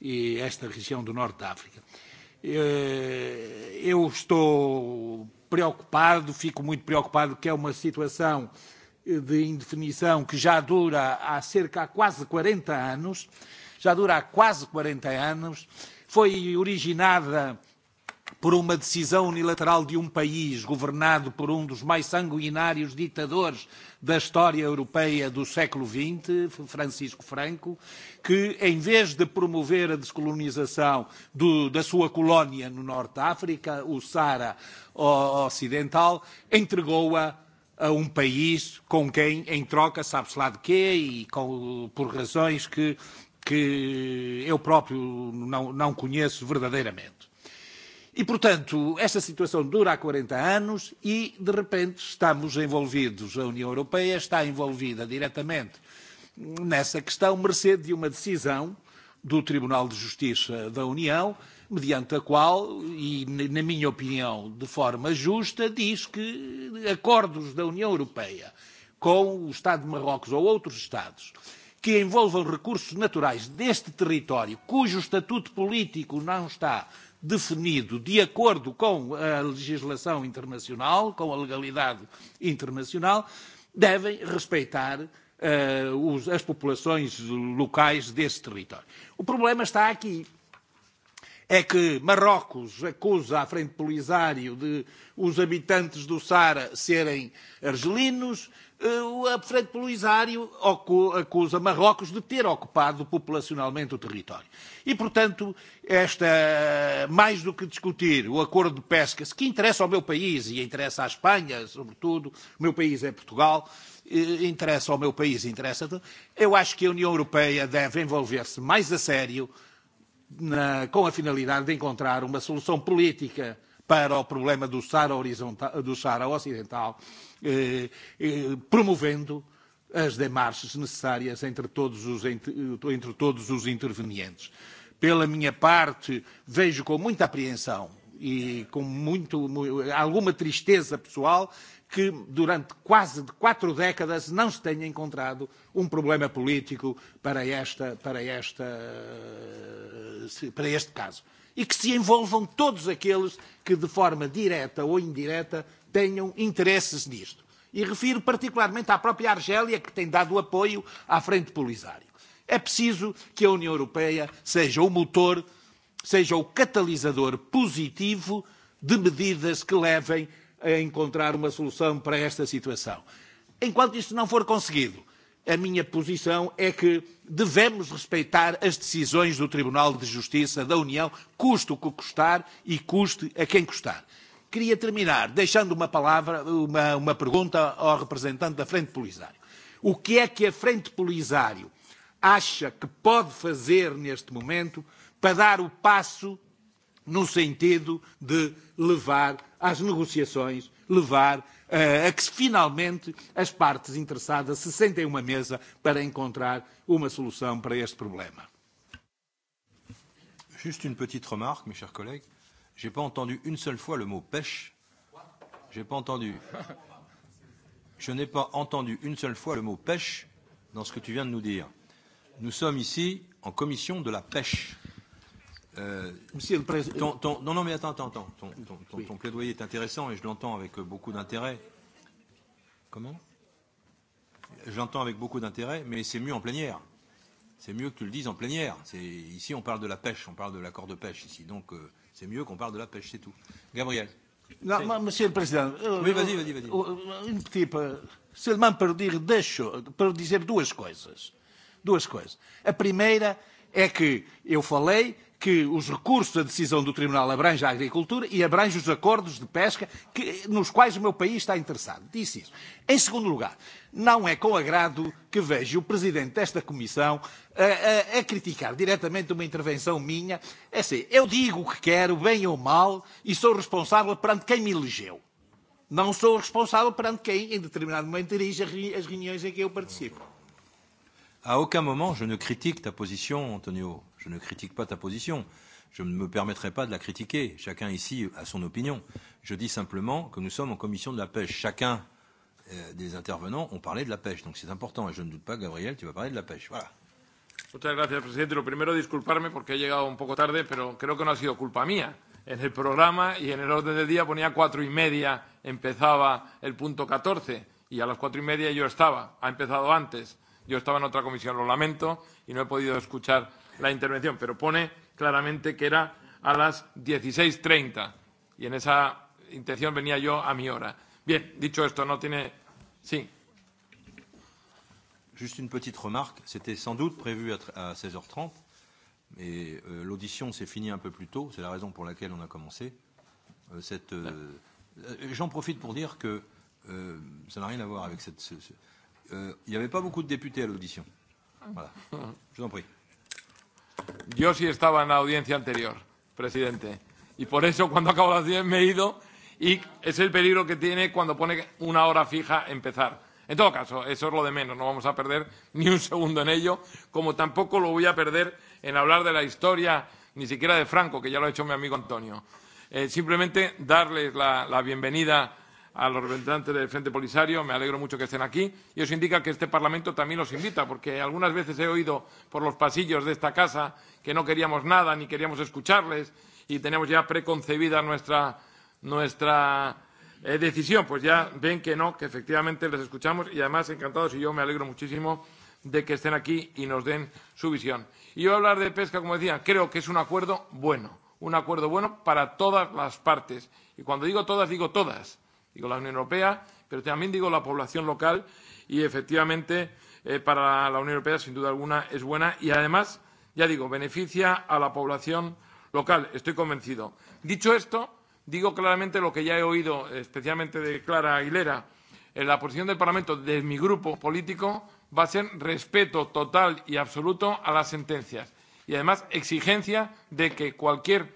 e esta região do Norte da África. Eh, eu estou preocupado, fico muito preocupado que é uma situação de indefinição que já dura há cerca há quase 40 anos, já dura há quase 40 anos, foi originada por uma decisão unilateral de um país governado por um dos mais sanguinários ditadores da história europeia do século XX, Francisco Franco, que, em vez de promover a descolonização do, da sua colónia no Norte de África, o Sara Ocidental, entregou-a a um país com quem, em troca, sabe-se lá de quê e com, por razões que, que eu próprio não, não conheço verdadeiramente. E, portanto, esta situação dura há 40 anos e, de repente, estamos envolvidos, a União Europeia está envolvida diretamente nessa questão, mercê de uma decisão do Tribunal de Justiça da União, mediante a qual, e na minha opinião de forma justa, diz que acordos da União Europeia com o Estado de Marrocos ou outros Estados que envolvam recursos naturais deste território, cujo estatuto político não está definido de acordo com a legislação internacional, com a legalidade internacional, devem respeitar uh, os, as populações locais desse território. O problema está aqui é que Marrocos acusa a Frente Polisário de os habitantes do Sara serem argelinos, eh, a Frente Polisário acusa Marrocos de ter ocupado populacionalmente o território. E, portanto, esta, mais do que discutir o acordo de pescas, que interessa ao meu país e interessa à Espanha, sobretudo, o meu país é Portugal, eh, interessa ao meu país, interessa. Eu acho que a União Europeia deve envolver-se mais a sério na, com a finalidade de encontrar uma solução política para o problema do Sahara, horizontal, do Sahara Ocidental, eh, eh, promovendo as demarches necessárias entre todos, os, entre, entre todos os intervenientes. Pela minha parte, vejo com muita apreensão e com muito, muito, alguma tristeza pessoal que durante quase quatro décadas não se tenha encontrado um problema político para, esta, para, esta, eh, para este caso. E que se envolvam todos aqueles que, de forma direta ou indireta, tenham interesses nisto. E refiro particularmente à própria Argélia, que tem dado apoio à Frente Polisário. É preciso que a União Europeia seja o motor, seja o catalisador positivo de medidas que levem a encontrar uma solução para esta situação. Enquanto isto não for conseguido, a minha posição é que devemos respeitar as decisões do Tribunal de Justiça da União, custe o que custar e custe a quem custar. Queria terminar deixando uma palavra, uma, uma pergunta ao representante da Frente Polisário. O que é que a Frente Polisário acha que pode fazer neste momento para dar o passo no sentido de levar às negociações, levar uh, a que finalmente as partes interessadas se sentem uma mesa para encontrar uma solução para este problema. Juste une petite remarque, mes chers collègues. J'ai pas entendu une seule fois le mot pêche. J'ai pas entendu. Je n'ai pas entendu une seule fois le mot pêche dans ce que tu viens de nous dire. Nous sommes ici en commission de la pêche. Euh, Monsieur le Président. Ton, euh, ton, non, non, mais attends, attends, attends. Ton, ton, ton, oui. ton plaidoyer est intéressant et je l'entends avec beaucoup d'intérêt. Comment Je l'entends avec beaucoup d'intérêt, mais c'est mieux en plénière. C'est mieux que tu le dises en plénière. Ici, on parle de la pêche, on parle de l'accord de pêche ici. Donc, euh, c'est mieux qu'on parle de la pêche, c'est tout. Gabriel. Non, ma, monsieur le Président. Euh, Oui, vas-y, vas-y, vas-y. Euh, euh Un petit peu, seulement pour dire, dizer, choses, pour dire deux choses. Deux choses. La première est que je parlais que os recursos da decisão do Tribunal abrange a agricultura e abrange os acordos de pesca que, nos quais o meu país está interessado. Disse isso. Em segundo lugar, não é com agrado que vejo o Presidente desta Comissão a, a, a criticar diretamente uma intervenção minha. É assim, eu digo o que quero, bem ou mal, e sou responsável perante quem me elegeu. Não sou responsável perante quem, em determinado momento, dirige as reuniões em que eu participo. A aucun moment je ne critique ta position, Antonio. Je ne critique pas ta position. Je ne me permettrai pas de la critiquer. Chacun ici a son opinion. Je dis simplement que nous sommes en commission de la pêche. Chacun euh, des intervenants ont parlé de la pêche. Donc c'est important. Et je ne doute pas, Gabriel, tu vas parler de la pêche. Voilà. Muchas gracias, presidente. Lo primero, disculparme porque he llegado un poco tarde, pero creo que no ha sido culpa mía. En el programa y en el orden del día ponía cuatro y media, empezaba el punto 14 y a las cuatro y media yo estaba. Ha empezado antes. Yo estaba en otra comisión, lo lamento, y no he podido escuchar la intervención, pero pone claramente que era a las 16.30 y en esa intención venía yo a mi hora. Bien, dicho esto, no tiene. Sí. Juste une petite remarque. C'était sans doute prévu à, 16h30, mais euh, l'audition s'est finie un peu plus tôt. C'est la raison pour laquelle on a commencé. Euh, euh, euh, J'en profite pour dire que euh, ça n'a rien à voir avec cette. Ce, ce, euh, il n'y avait pas beaucoup de députés à l'audition. Voilà. Je vous en prie. Yo sí estaba en la audiencia anterior, presidente. Y por eso cuando acabo las 10 me he ido y es el peligro que tiene cuando pone una hora fija empezar. En todo caso, eso es lo de menos, no vamos a perder ni un segundo en ello, como tampoco lo voy a perder en hablar de la historia, ni siquiera de Franco, que ya lo ha hecho mi amigo Antonio. Eh, simplemente darles la, la bienvenida a los representantes del Frente Polisario, me alegro mucho que estén aquí, y eso indica que este Parlamento también los invita, porque algunas veces he oído por los pasillos de esta casa que no queríamos nada, ni queríamos escucharles, y tenemos ya preconcebida nuestra, nuestra eh, decisión. Pues ya ven que no, que efectivamente les escuchamos, y además encantados, y yo me alegro muchísimo de que estén aquí y nos den su visión. Y yo voy a hablar de pesca, como decía, creo que es un acuerdo bueno, un acuerdo bueno para todas las partes. Y cuando digo todas, digo todas digo la Unión Europea, pero también digo la población local y efectivamente eh, para la Unión Europea sin duda alguna es buena y además, ya digo, beneficia a la población local, estoy convencido. Dicho esto, digo claramente lo que ya he oído especialmente de Clara Aguilera, en la posición del Parlamento de mi grupo político va a ser respeto total y absoluto a las sentencias y además exigencia de que cualquier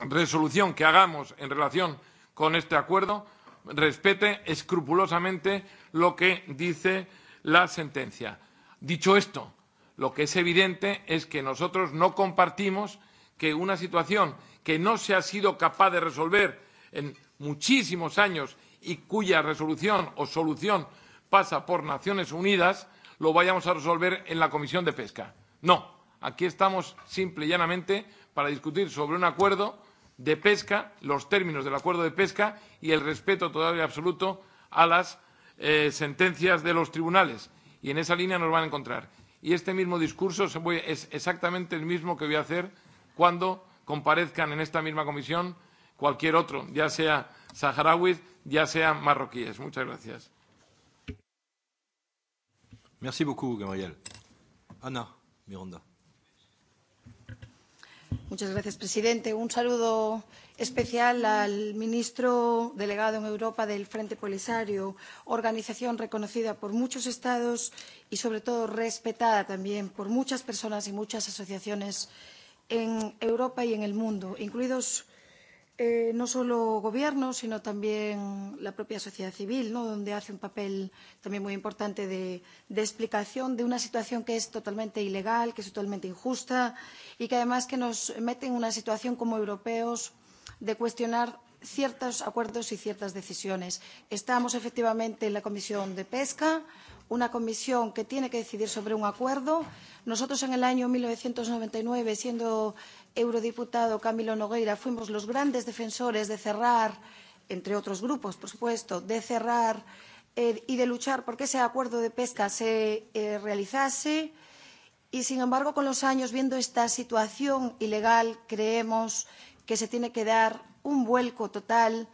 resolución que hagamos en relación con este acuerdo respete escrupulosamente lo que dice la sentencia. Dicho esto, lo que es evidente es que nosotros no compartimos que una situación que no se ha sido capaz de resolver en muchísimos años y cuya resolución o solución pasa por Naciones Unidas, lo vayamos a resolver en la Comisión de Pesca. No, aquí estamos simple y llanamente para discutir sobre un acuerdo de pesca, los términos del acuerdo de pesca y el respeto total y absoluto a las eh, sentencias de los tribunales. Y en esa línea nos van a encontrar. Y este mismo discurso se voy, es exactamente el mismo que voy a hacer cuando comparezcan en esta misma comisión cualquier otro, ya sea saharauis, ya sea marroquíes. Muchas gracias. Merci beaucoup, Gabriel. Ana Miranda. Señor presidente, un saludo especial al ministro delegado en Europa del Frente Polisario, organización reconocida por muchos estados y, sobre todo, respetada también por muchas personas y muchas asociaciones en Europa y en el mundo, incluidos eh, no solo gobierno, sino también la propia sociedad civil, ¿no? donde hace un papel también muy importante de, de explicación de una situación que es totalmente ilegal, que es totalmente injusta y que además que nos mete en una situación como europeos de cuestionar ciertos acuerdos y ciertas decisiones. Estamos efectivamente en la Comisión de Pesca, una comisión que tiene que decidir sobre un acuerdo. Nosotros en el año 1999, siendo eurodiputado Camilo Nogueira fuimos los grandes defensores de cerrar, entre otros grupos, por supuesto, de cerrar eh, y de luchar porque ese acuerdo de pesca se eh, realizase. Y, sin embargo, con los años, viendo esta situación ilegal, creemos que se tiene que dar un vuelco total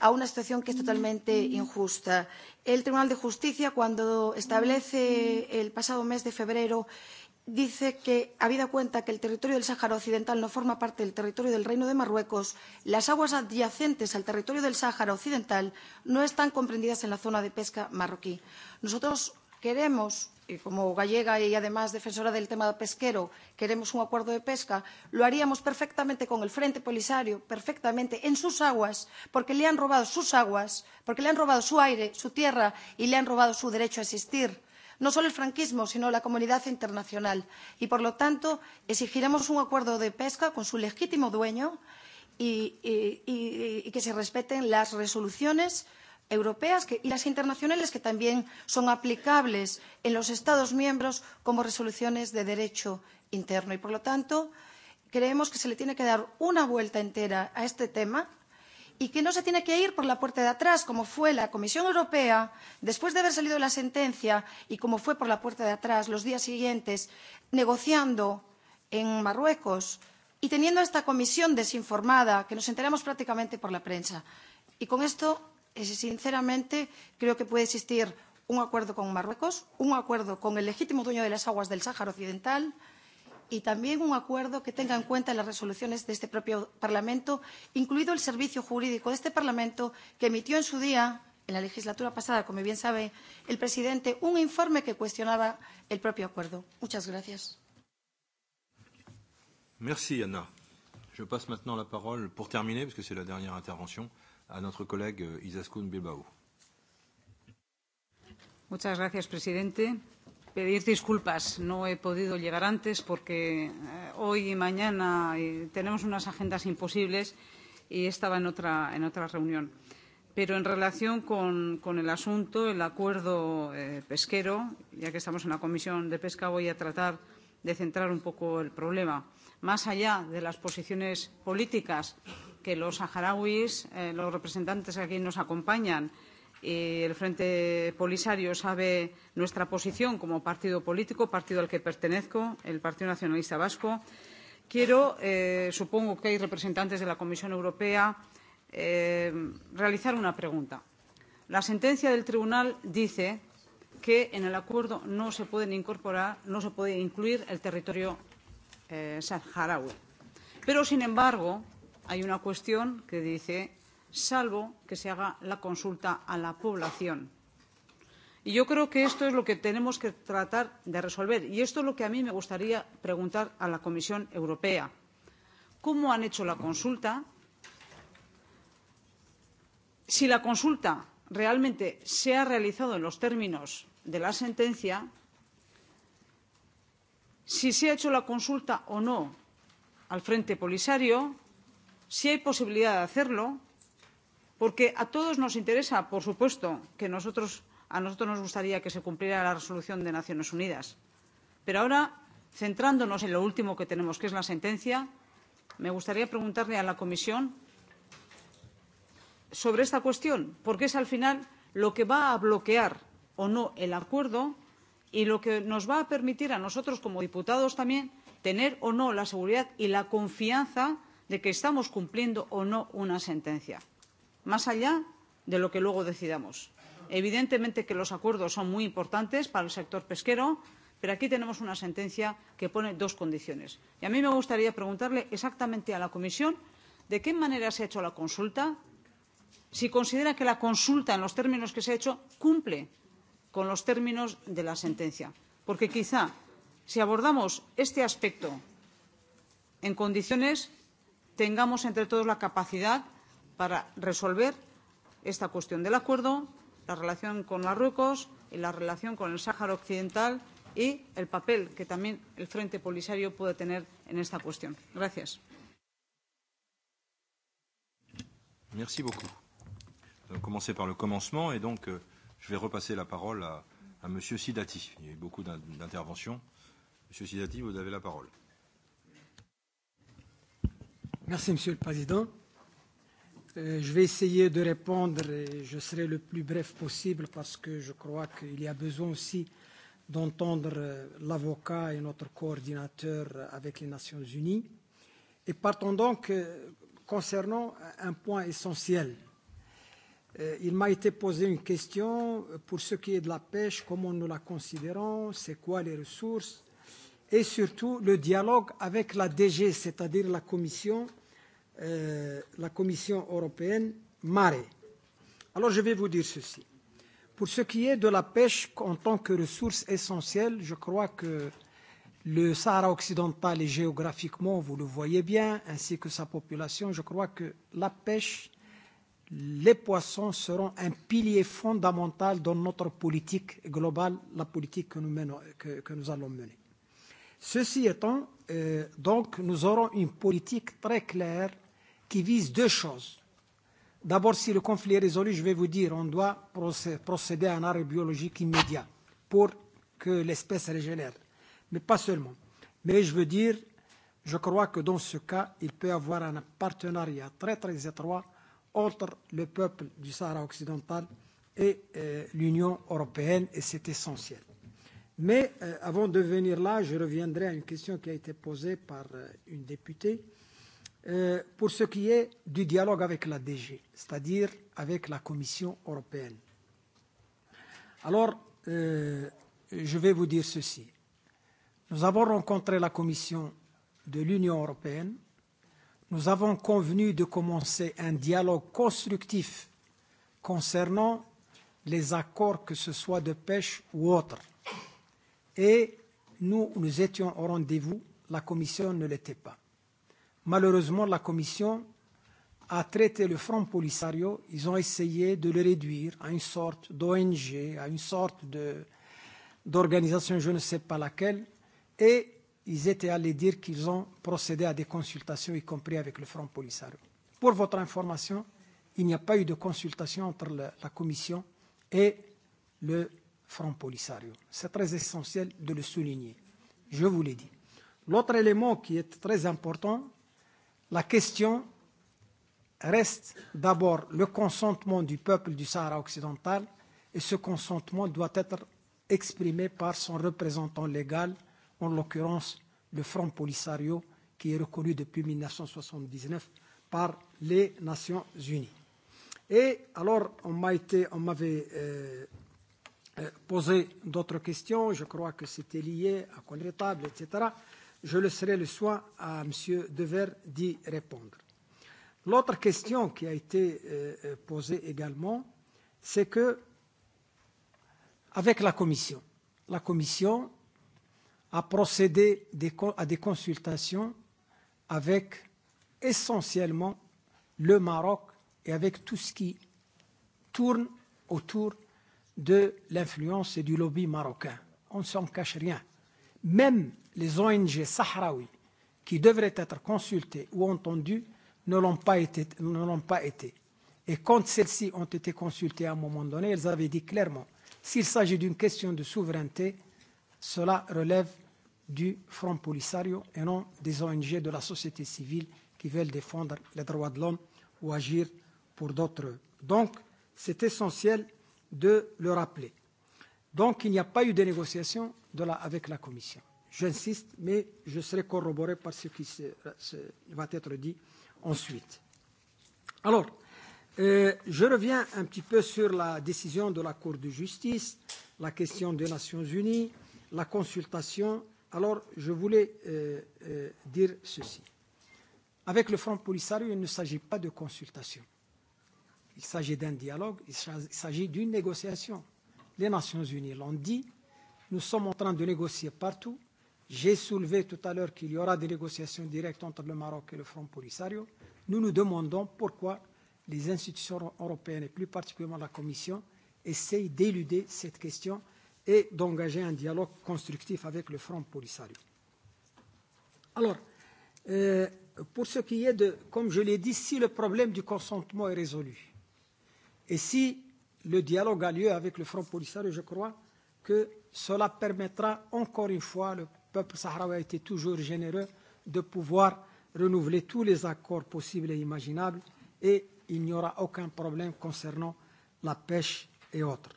a una situación que es totalmente injusta. El Tribunal de Justicia, cuando establece el pasado mes de febrero dice que, habida cuenta que el territorio del Sáhara Occidental no forma parte del territorio del Reino de Marruecos, las aguas adyacentes al territorio del Sáhara Occidental no están comprendidas en la zona de pesca marroquí. Nosotros queremos, y como gallega y además defensora del tema pesquero, queremos un acuerdo de pesca, lo haríamos perfectamente con el Frente Polisario, perfectamente en sus aguas, porque le han robado sus aguas, porque le han robado su aire, su tierra y le han robado su derecho a existir no solo el franquismo, sino la comunidad internacional. Y, por lo tanto, exigiremos un acuerdo de pesca con su legítimo dueño y, y, y, y que se respeten las resoluciones europeas que, y las internacionales que también son aplicables en los Estados miembros como resoluciones de derecho interno. Y, por lo tanto, creemos que se le tiene que dar una vuelta entera a este tema y que no se tiene que ir por la puerta de atrás, como fue la Comisión Europea, después de haber salido la sentencia y como fue por la puerta de atrás los días siguientes, negociando en Marruecos y teniendo a esta comisión desinformada, que nos enteramos prácticamente por la prensa. Y con esto, eh, sinceramente, creo que puede existir un acuerdo con Marruecos, un acuerdo con el legítimo dueño de las aguas del Sáhara Occidental, y también un acuerdo que tenga en cuenta las resoluciones de este propio Parlamento, incluido el servicio jurídico de este Parlamento, que emitió en su día, en la legislatura pasada, como bien sabe el presidente, un informe que cuestionaba el propio acuerdo. Muchas gracias. Merci, Anna. Je passe maintenant la parole, pour terminer, parce que c'est la dernière intervention, à notre collègue Isaskun Bilbao. Muchas gracias, presidente pedir disculpas. No he podido llegar antes porque eh, hoy y mañana eh, tenemos unas agendas imposibles y estaba en otra, en otra reunión. Pero en relación con, con el asunto, el acuerdo eh, pesquero, ya que estamos en la Comisión de Pesca, voy a tratar de centrar un poco el problema. Más allá de las posiciones políticas que los saharauis, eh, los representantes que aquí nos acompañan, eh, el Frente Polisario sabe nuestra posición como partido político, partido al que pertenezco, el Partido Nacionalista Vasco. Quiero, eh, supongo que hay representantes de la Comisión Europea, eh, realizar una pregunta. La sentencia del tribunal dice que en el acuerdo no se puede incorporar, no se puede incluir el territorio eh, saharaui. Pero, sin embargo, hay una cuestión que dice salvo que se haga la consulta a la población. Y yo creo que esto es lo que tenemos que tratar de resolver. Y esto es lo que a mí me gustaría preguntar a la Comisión Europea. ¿Cómo han hecho la consulta? Si la consulta realmente se ha realizado en los términos de la sentencia, si se ha hecho la consulta o no al Frente Polisario, si hay posibilidad de hacerlo, porque a todos nos interesa, por supuesto, que nosotros, a nosotros nos gustaría que se cumpliera la resolución de Naciones Unidas. Pero ahora, centrándonos en lo último que tenemos, que es la sentencia, me gustaría preguntarle a la Comisión sobre esta cuestión, porque es al final lo que va a bloquear o no el acuerdo y lo que nos va a permitir a nosotros como diputados también tener o no la seguridad y la confianza de que estamos cumpliendo o no una sentencia más allá de lo que luego decidamos. Evidentemente que los acuerdos son muy importantes para el sector pesquero, pero aquí tenemos una sentencia que pone dos condiciones. Y a mí me gustaría preguntarle exactamente a la Comisión de qué manera se ha hecho la consulta, si considera que la consulta, en los términos que se ha hecho, cumple con los términos de la sentencia. Porque quizá, si abordamos este aspecto en condiciones, tengamos entre todos la capacidad para resolver esta cuestión del acuerdo, la relación con Marruecos y la relación con el Sáhara Occidental y el papel que también el Frente Polisario puede tener en esta cuestión. Gracias. Merci beaucoup. Nous avons par le commencement et donc euh, je vais repasser la parole à, à Monsieur Sidati. Il y a eu beaucoup d'interventions. Monsieur Sidati, vous avez la parole. Merci, Monsieur le Président. Euh, je vais essayer de répondre et je serai le plus bref possible parce que je crois qu'il y a besoin aussi d'entendre euh, l'avocat et notre coordinateur avec les Nations Unies. Et partons donc euh, concernant un point essentiel. Il m'a été posé une question pour ce qui est de la pêche, comment nous la considérons, c'est quoi les ressources, et surtout le dialogue avec la DG, c'est-à-dire la Commission Euh, la Commission européenne marée. Alors je vais vous dire ceci. Pour ce qui est de la pêche en tant que ressource essentielle, je crois que le Sahara occidental et géographiquement, vous le voyez bien, ainsi que sa population, je crois que la pêche, les poissons seront un pilier fondamental dans notre politique globale, la politique que nous, menons, que, que nous allons mener. Ceci étant, euh, donc, nous aurons une politique très claire qui vise deux choses. D'abord, si le conflit est résolu, je vais vous dire, on doit procéder à un arrêt biologique immédiat pour que l'espèce régénère. Mais pas seulement. Mais je veux dire, je crois que dans ce cas, il peut y avoir un partenariat très très étroit entre le peuple du Sahara occidental et euh, l'Union européenne, et c'est essentiel. Mais euh, avant de venir là, je reviendrai à une question qui a été posée par euh, une députée euh, pour ce qui est du dialogue avec la DG, c'est-à-dire avec la Commission européenne. Alors, euh, je vais vous dire ceci. Nous avons rencontré la Commission de l'Union européenne. Nous avons convenu de commencer un dialogue constructif concernant les accords, que ce soit de pêche ou autres Et nous, nous étions au rendez-vous, la commission ne l'était pas. Malheureusement, la commission a traité le Front Polisario, ils ont essayé de le réduire à une sorte d'ONG, à une sorte d'organisation, je ne sais pas laquelle, et ils étaient allés dire qu'ils ont procédé à des consultations, y compris avec le Front Polisario. Pour votre information, il n'y a pas eu de consultation entre la, la Commission et le Front Polisario. C'est très essentiel de le souligner. Je vous l'ai dit. L'autre élément qui est très important, la question reste d'abord le consentement du peuple du Sahara occidental et ce consentement doit être exprimé par son représentant légal, en l'occurrence le Front Polisario qui est reconnu depuis 1979 par les Nations Unies. Et alors, on on m'avait euh, posé d'autres questions. Je crois que c'était lié à Conretable, etc. Je laisserai le soin à M. Dever d'y répondre. L'autre question qui a été euh, euh, posée également, c'est que, avec la Commission, la Commission a procédé des, à des consultations avec essentiellement le Maroc et avec tout ce qui tourne autour de l'influence et du lobby marocain. On ne s'en cache rien. Même les ONG sahraouis qui devraient être consultées ou entendues ne l'ont pas Ne l'ont pas été. Et quand celles-ci ont été consultées à un moment donné, elles avaient dit clairement, s'il s'agit d'une question de souveraineté, cela relève du Front Polisario et non des ONG de la société civile qui veulent défendre les droits de l'homme ou agir pour d'autres. Donc, c'est essentiel de le rappeler. Donc il n'y a pas eu de négociation de la, avec la Commission. J'insiste, mais je serai corroboré par ce qui se, se, va être dit ensuite. Alors, euh, je reviens un petit peu sur la décision de la Cour de justice, la question des Nations Unies, la consultation. Alors, je voulais euh, euh, dire ceci. Avec le Front Polisario, il ne s'agit pas de consultation. Il s'agit d'un dialogue, il s'agit d'une négociation. Les Nations Unies l'ont dit, nous sommes en train de négocier partout. J'ai soulevé tout à l'heure qu'il y aura des négociations directes entre le Maroc et le Front Polisario. Nous nous demandons pourquoi les institutions européennes, et plus particulièrement la Commission, essayent d'éluder cette question et d'engager un dialogue constructif avec le Front Polisario. Alors, euh, pour ce qui est de, comme je l'ai dit, si le problème du consentement est résolu, euh, Et si le dialogue a lieu avec le Front Polisario, je crois que cela permettra encore une fois, le peuple sahraoui a été toujours généreux, de pouvoir renouveler tous les accords possibles et imaginables et il n'y aura aucun problème concernant la pêche et autres.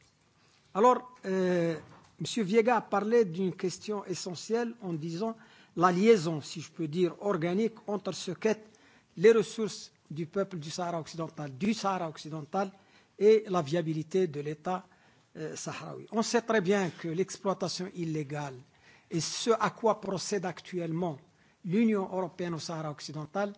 Alors, euh, M. Viega a parlé d'une question essentielle en disant la liaison, si je peux dire, organique entre ce qu'est les ressources du peuple du Sahara occidental, du Sahara occidental et la viabilité de l'État euh, sahraoui. On sait très bien que l'exploitation illégale et ce à quoi procède actuellement l'Union européenne au Sahara occidental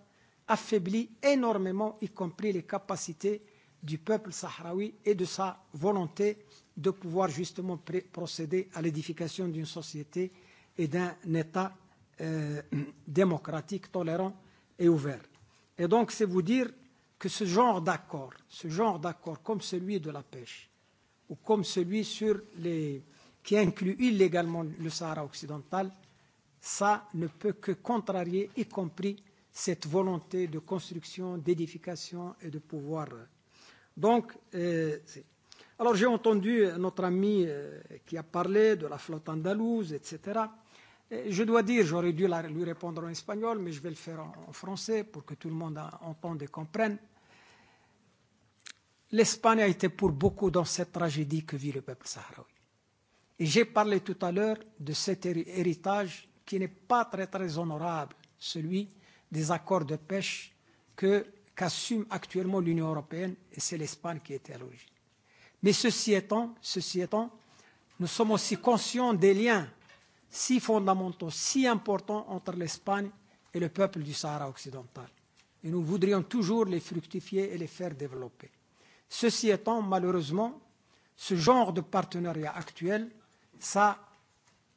affaiblit énormément, y compris les capacités du peuple sahraoui et de sa volonté de pouvoir justement procéder à l'édification d'une société et d'un État euh, démocratique, tolérant et ouvert. Et donc, c'est vous dire que ce genre d'accord, ce genre d'accord comme celui de la pêche, ou comme celui sur les, qui inclut illégalement le Sahara occidental, ça ne peut que contrarier, y compris cette volonté de construction, d'édification et de pouvoir. Donc, euh, alors j'ai entendu notre ami euh, qui a parlé de la flotte andalouse, etc. Je dois dire, j'aurais dû la, lui répondre en espagnol, mais je vais le faire en, en français pour que tout le monde entende et comprenne. L'Espagne a été pour beaucoup dans cette tragédie que vit le peuple sahraoui. Et j'ai parlé tout à l'heure de cet héritage qui n'est pas très très honorable, celui des accords de pêche que, qu'assume actuellement l'Union européenne, et c'est l'Espagne qui était à l'origine. Mais ceci étant, ceci étant, nous sommes aussi conscients des liens si fondamentaux, si importants entre l'Espagne et le peuple du Sahara occidental. Et nous voudrions toujours les fructifier et les faire développer. Ceci étant, malheureusement, ce genre de partenariat actuel, ça,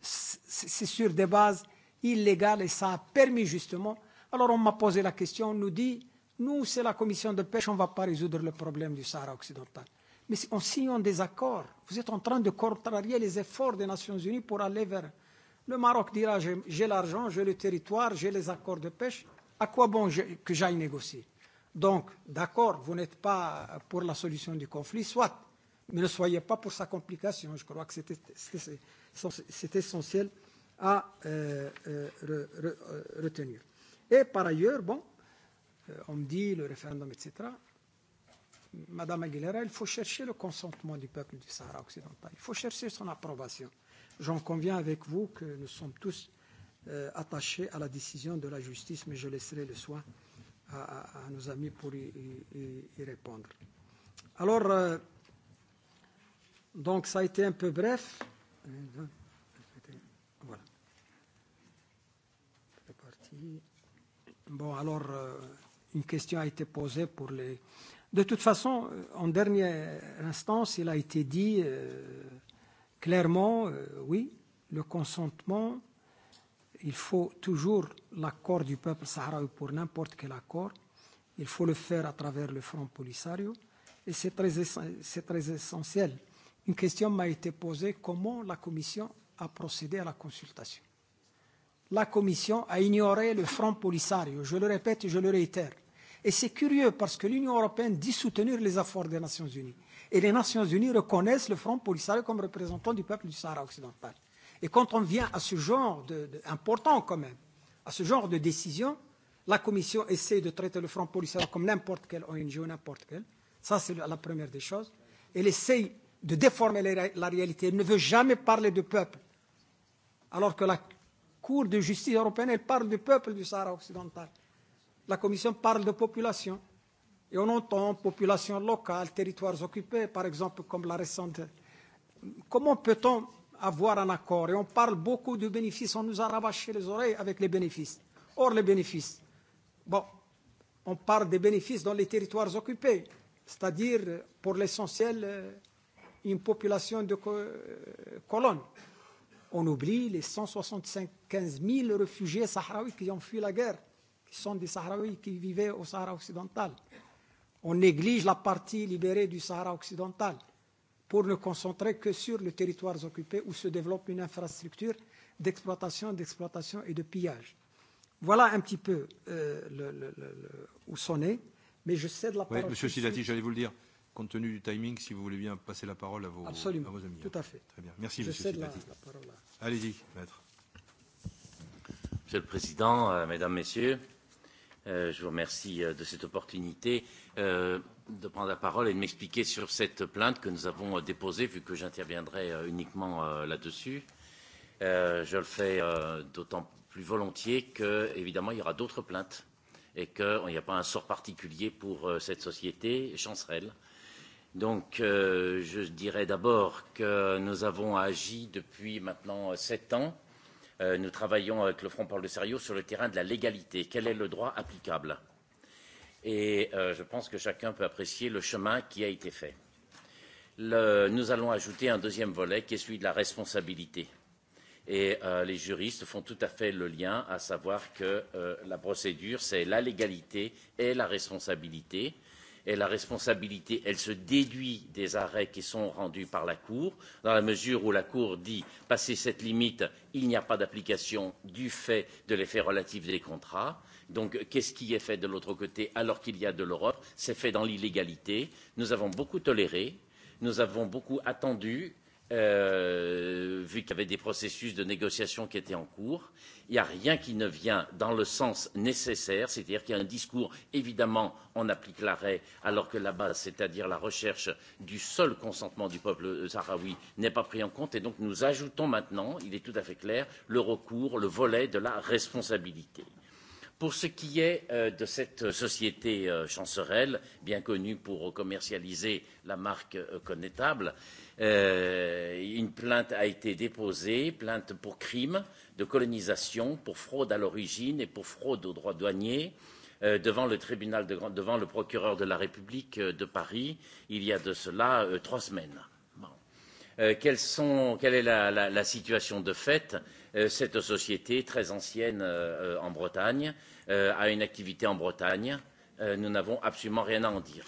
c'est sur des bases illégales et ça a permis justement. Alors on m'a posé la question, on nous dit, nous, c'est la commission de pêche, on ne va pas résoudre le problème du Sahara occidental. Mais en signant des accords, vous êtes en train de contrarier les efforts des Nations Unies pour aller vers le Maroc dira j'ai l'argent, j'ai le territoire, j'ai les accords de pêche. À quoi bon je, que j'aille négocier Donc, d'accord, vous n'êtes pas pour la solution du conflit, soit, mais ne soyez pas pour sa complication. Je crois que c'est essentiel à euh, euh, re, re, euh, retenir. Et par ailleurs, bon, euh, on dit le référendum, etc. Madame Aguilera, il faut chercher le consentement du peuple du Sahara occidental. Il faut chercher son approbation. J'en conviens avec vous que nous sommes tous euh, attachés à la décision de la justice, mais je laisserai le soin à, à, à nos amis pour y, y, y répondre. Alors, euh, donc ça a été un peu bref. Voilà. C'est parti. Bon, alors, euh, une question a été posée pour les... De toute façon, euh, en dernière instance, il a été dit... Euh, Clairement, euh, oui, le consentement, il faut toujours l'accord du peuple sahraoui pour n'importe quel accord. Il faut le faire à travers le Front Polisario. Et c'est très, très essentiel. Une question m'a été posée, comment la Commission a procédé à la consultation La Commission a ignoré le Front Polisario. Je le répète et je le réitère. Et c'est curieux parce que l'Union européenne dit soutenir les efforts des Nations unies. Et les Nations Unies reconnaissent le Front Polisario comme représentant du peuple du Sahara occidental. Et quand on vient à ce genre de, de important quand même, à ce genre de décision, la Commission essaie de traiter le Front Polisario comme n'importe quelle ONG ou n'importe quelle. Ça, c'est la première des choses. Elle essaie de déformer la, la réalité. Elle ne veut jamais parler de peuple. Alors que la Cour de justice européenne, elle parle du peuple du Sahara occidental. La Commission parle de population. Et on entend population locale, territoires occupés, par exemple, comme la récente. Comment peut-on avoir un accord Et on parle beaucoup de bénéfices, on nous a rabâché les oreilles avec les bénéfices. Or, les bénéfices. Bon, on parle des bénéfices dans les territoires occupés, c'est-à-dire, pour l'essentiel, euh, une population de euh, colonnes. On oublie les 175 000 réfugiés sahraouis qui ont fui la guerre, qui sont des sahraouis qui vivaient au Sahara occidental on néglige la partie libérée du Sahara occidental pour ne concentrer que sur les territoires occupés où se développe une infrastructure d'exploitation, d'exploitation et de pillage. Voilà un petit peu euh, le, le, le, le, où s'en est, mais je cède la parole. Oui, monsieur Sidati, j'allais vous le dire, compte tenu du timing, si vous voulez bien passer la parole à vos, Absolument, à vos amis. tout à fait. Très bien. Merci, je monsieur cède Sidati. La, la à... Allez-y, maître. Monsieur le Président, euh, Mesdames, Messieurs, Euh, je vous remercie euh, de cette opportunité euh, de prendre la parole et de m'expliquer sur cette plainte que nous avons déposée, vu que j'interviendrai uniquement là-dessus. Je le fais d'autant plus volontiers que, évidemment, il y aura d'autres plaintes et qu'il n'y a pas un sort particulier pour cette société chancerelle. Donc, je dirais d'abord que nous avons agi depuis maintenant sept ans Euh, nous travaillons avec le Front pour le Sérieux sur le terrain de la légalité. Quel est le droit applicable Et euh, je pense que chacun peut apprécier le chemin qui a été fait. Le, nous allons ajouter un deuxième volet qui est celui de la responsabilité. Et euh, les juristes font tout à fait le lien, à savoir que euh, la procédure, c'est la légalité et la responsabilité. Euh, et la responsabilité, elle se déduit des arrêts qui sont rendus par la Cour, dans la mesure où la Cour dit passer cette limite, il n'y a pas d'application du fait de l'effet relatif des contrats. Donc, qu'est-ce qui est fait de l'autre côté alors qu'il y a de l'Europe C'est fait dans l'illégalité. Nous avons beaucoup toléré, nous avons beaucoup attendu Euh, vu qu'il y avait des processus de négociation qui étaient en cours. Il n'y a rien qui ne vient dans le sens nécessaire, c'est-à-dire qu'il y a un discours, évidemment, on applique l'arrêt, alors que la base, c'est-à-dire la recherche du seul consentement du peuple sahraoui, n'est pas pris en compte. Et donc nous ajoutons maintenant, il est tout à fait clair, le recours, le volet de la responsabilité. Euh, Pour ce qui est euh, de cette euh, société euh, chancerelle, bien connue pour commercialiser la marque connétable, une plainte a été déposée, plainte pour crime de colonisation, pour fraude à l'origine et pour fraude aux droits douaniers devant le tribunal, de, devant le procureur de la République de Paris, il y a de cela trois semaines. Bon. quelles sont, quelle est la, la, la situation de fait euh, Euh, cette société très ancienne euh, euh, en Bretagne euh, a une activité en Bretagne. Euh, nous n'avons absolument rien à en dire.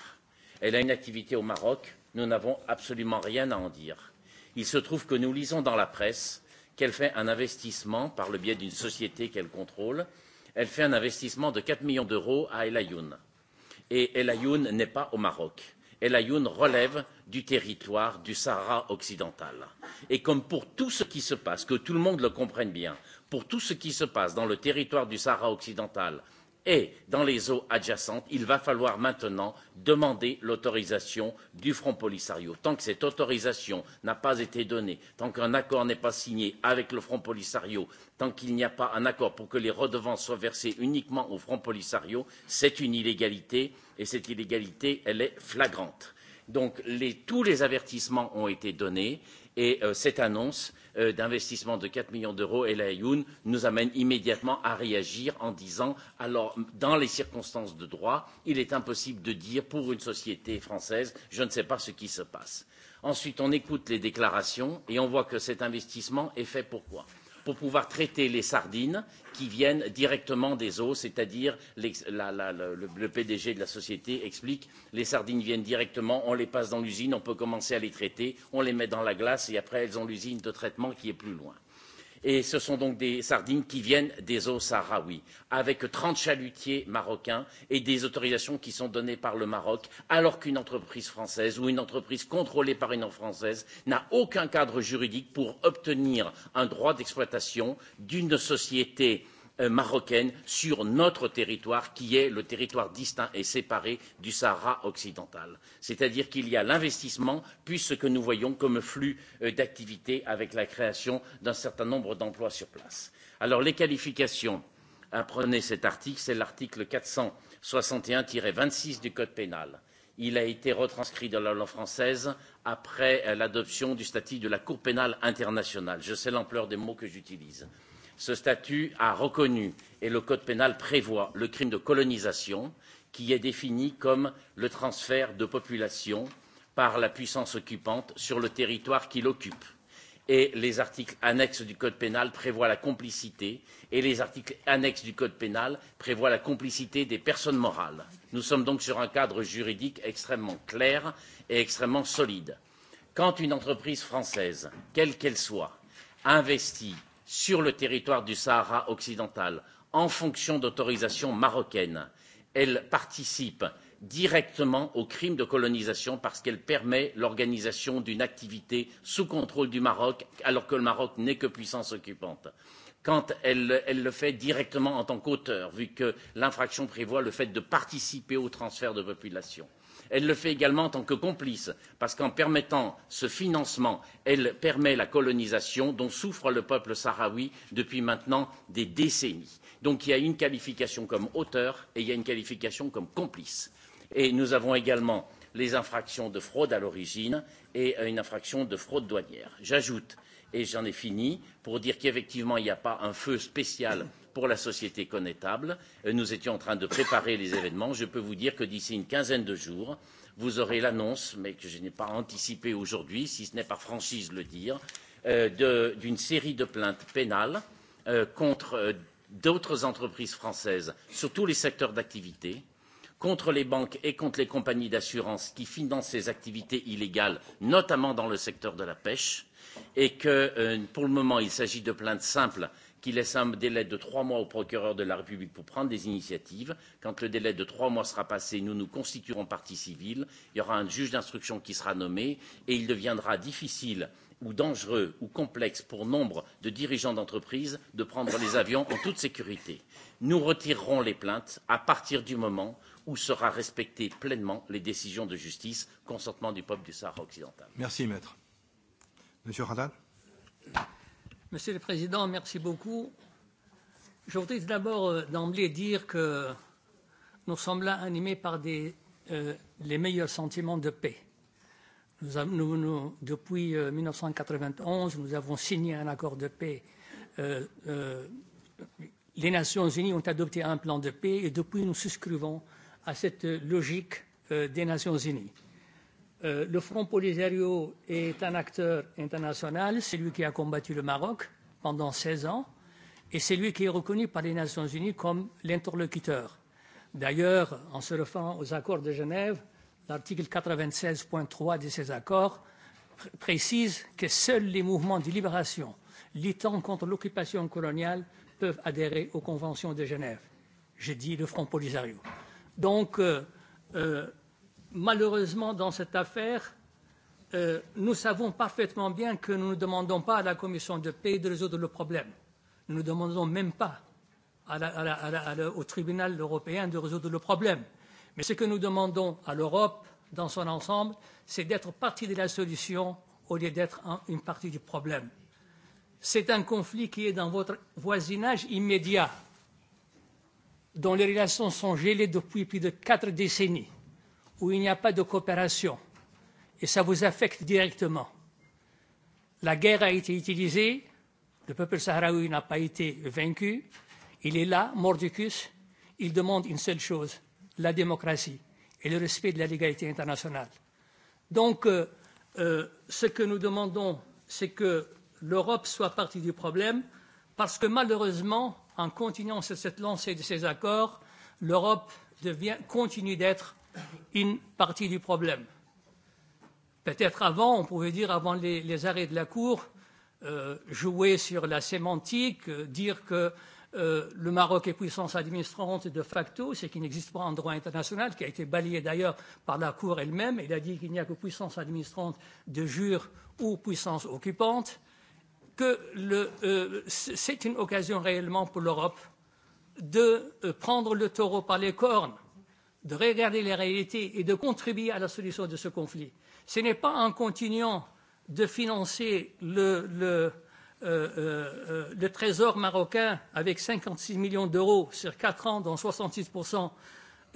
Elle a une activité au Maroc. Nous n'avons absolument rien à en dire. Il se trouve que nous lisons dans la presse qu'elle fait un investissement par le biais d'une société qu'elle contrôle. Elle fait un investissement de 4 millions d'euros à El Ayoun. Et El Ayoun n'est pas au Maroc el Ayoun relève du territoire du Sahara occidental. Et comme pour tout ce qui se passe, que tout le monde le comprenne bien, pour tout ce qui se passe dans le territoire du Sahara occidental et dans les eaux adjacentes, il va falloir maintenant demander l'autorisation du Front Polisario. Tant que cette autorisation n'a pas été donnée, tant qu'un accord n'est pas signé avec le Front Polisario, tant qu'il n'y a pas un accord pour que les redevances soient versées uniquement au Front Polisario, c'est une illégalité et cette illégalité, elle est flagrante. Donc les, tous les avertissements ont été donnés Et euh, cette annonce euh, d'investissement de 4 millions d'euros, El Ayoun, nous amène immédiatement à réagir en disant alors, dans les circonstances de droit, il est impossible de dire pour une société française, je ne sais pas ce qui se passe. Ensuite, on écoute les déclarations et on voit que cet investissement est fait pourquoi pour pouvoir traiter les sardines qui viennent directement des eaux, c'est-à-dire le, le PDG de la société explique les sardines viennent directement, on les passe dans l'usine, on peut commencer à les traiter, on les met dans la glace et après elles ont l'usine de traitement qui est plus loin. Et ce sont donc des sardines qui viennent des eaux sahraouies, avec 30 chalutiers marocains et des autorisations qui sont données par le Maroc, alors qu'une entreprise française ou une entreprise contrôlée par une française n'a aucun cadre juridique pour obtenir un droit d'exploitation d'une société euh, Euh, marocaine sur notre territoire qui est le territoire distinct et séparé du Sahara occidental. C'est-à-dire qu'il y a l'investissement puis ce que nous voyons comme flux euh, d'activité avec la création d'un certain nombre d'emplois sur place. Alors les qualifications, apprenez cet article, c'est l'article 461-26 du Code pénal. Il a été retranscrit dans la loi française après euh, l'adoption du statut de la Cour pénale internationale. Je sais l'ampleur des mots que j'utilise. Ce statut a reconnu et le Code pénal prévoit le crime de colonisation qui est défini comme le transfert de population par la puissance occupante sur le territoire qu'il occupe. Et les articles annexes du Code pénal prévoient la complicité et les articles annexes du Code pénal prévoient la complicité des personnes morales. Nous sommes donc sur un cadre juridique extrêmement clair et extrêmement solide. Quand une entreprise française, quelle qu'elle soit, investit sur le territoire du Sahara occidental en fonction d'autorisations marocaines. Elle participe directement au crime de colonisation parce qu'elle permet l'organisation d'une activité sous contrôle du Maroc alors que le Maroc n'est que puissance occupante. Quand elle, elle le fait directement en tant qu'auteur, vu que l'infraction prévoit le fait de participer au transfert de population. Elle le fait également en tant que complice, parce qu'en permettant ce financement, elle permet la colonisation dont souffre le peuple sahraoui depuis maintenant des décennies. Donc il y a une qualification comme auteur et il y a une qualification comme complice. Et nous avons également les infractions de fraude à l'origine et une infraction de fraude douanière. J'ajoute Et j'en ai fini pour dire qu'effectivement, il n'y a pas un feu spécial pour la société connétable. Euh, nous étions en train de préparer les événements. Je peux vous dire que d'ici une quinzaine de jours, vous aurez l'annonce, mais que je n'ai pas anticipé aujourd'hui, si ce n'est par franchise le dire, euh, d'une série de plaintes pénales euh, contre euh, d'autres entreprises françaises sur tous les secteurs d'activité, contre les banques et contre les compagnies d'assurance qui financent ces activités illégales, notamment dans le secteur de la pêche et que euh, pour le moment il s'agit de plaintes simples qui laissent un délai de trois mois au procureur de la République pour prendre des initiatives. Quand le délai de trois mois sera passé, nous nous constituerons partie civile, il y aura un juge d'instruction qui sera nommé et il deviendra difficile ou dangereux ou complexe pour nombre de dirigeants d'entreprise de prendre les avions en toute sécurité. Nous retirerons les plaintes à partir du moment où sera respectée pleinement les décisions de justice, consentement du peuple du Sahara occidental. Merci, maître. Monsieur Haddad. Monsieur le Président, merci beaucoup. Je voudrais d'abord euh, d'emblée dire que nous sommes là animés par des, euh, les meilleurs sentiments de paix. Nous, nous, nous, depuis 1991, euh, nous avons signé un accord de paix. Euh, euh, les Nations Unies ont adopté un plan de paix et depuis, nous souscrivons à cette logique euh, des Nations Unies. Euh, le Front Polisario est un acteur international, c'est lui qui a combattu le Maroc pendant 16 ans, et c'est lui qui est reconnu par les Nations Unies comme l'interlocuteur. D'ailleurs, en se référant aux accords de Genève, l'article 96.3 de ces accords pr précise que seuls les mouvements de libération luttant contre l'occupation coloniale peuvent adhérer aux conventions de Genève. J'ai dit le Front Polisario. Donc, euh, euh, malheureusement, dans cette affaire, euh, nous savons parfaitement bien que nous ne demandons pas à la Commission de paix de résoudre le problème. Nous ne demandons même pas à la, à la, à la, à la, au tribunal européen de résoudre le problème. Mais ce que nous demandons à l'Europe, dans son ensemble, c'est d'être partie de la solution au lieu d'être une partie du problème. C'est un conflit qui est dans votre voisinage immédiat, dont les relations sont gelées depuis plus de quatre décennies où il n'y a pas de coopération, et ça vous affecte directement. La guerre a été utilisée, le peuple sahraoui n'a pas été vaincu, il est là, mordicus, il demande une seule chose, la démocratie et le respect de la légalité internationale. Donc, euh, euh, ce que nous demandons, c'est que l'Europe soit partie du problème, parce que malheureusement, en continuant sur cette lancée de ces accords, l'Europe continue d'être une partie du problème. Peut-être avant, on pouvait dire, avant les, les arrêts de la Cour, euh, jouer sur la sémantique, euh, dire que euh, le Maroc est puissance administrante de facto, ce qui n'existe pas en droit international, qui a été balayé d'ailleurs par la Cour elle-même. Il a dit qu'il n'y a que puissance administrante de jure ou puissance occupante, que le, euh, c'est une occasion réellement pour l'Europe de euh, prendre le taureau par les cornes de regarder les réalités et de contribuer à la solution de ce conflit. Ce n'est pas en continuant de financer le, le, euh, euh, euh le trésor marocain avec 56 millions d'euros sur 4 ans, dont 66%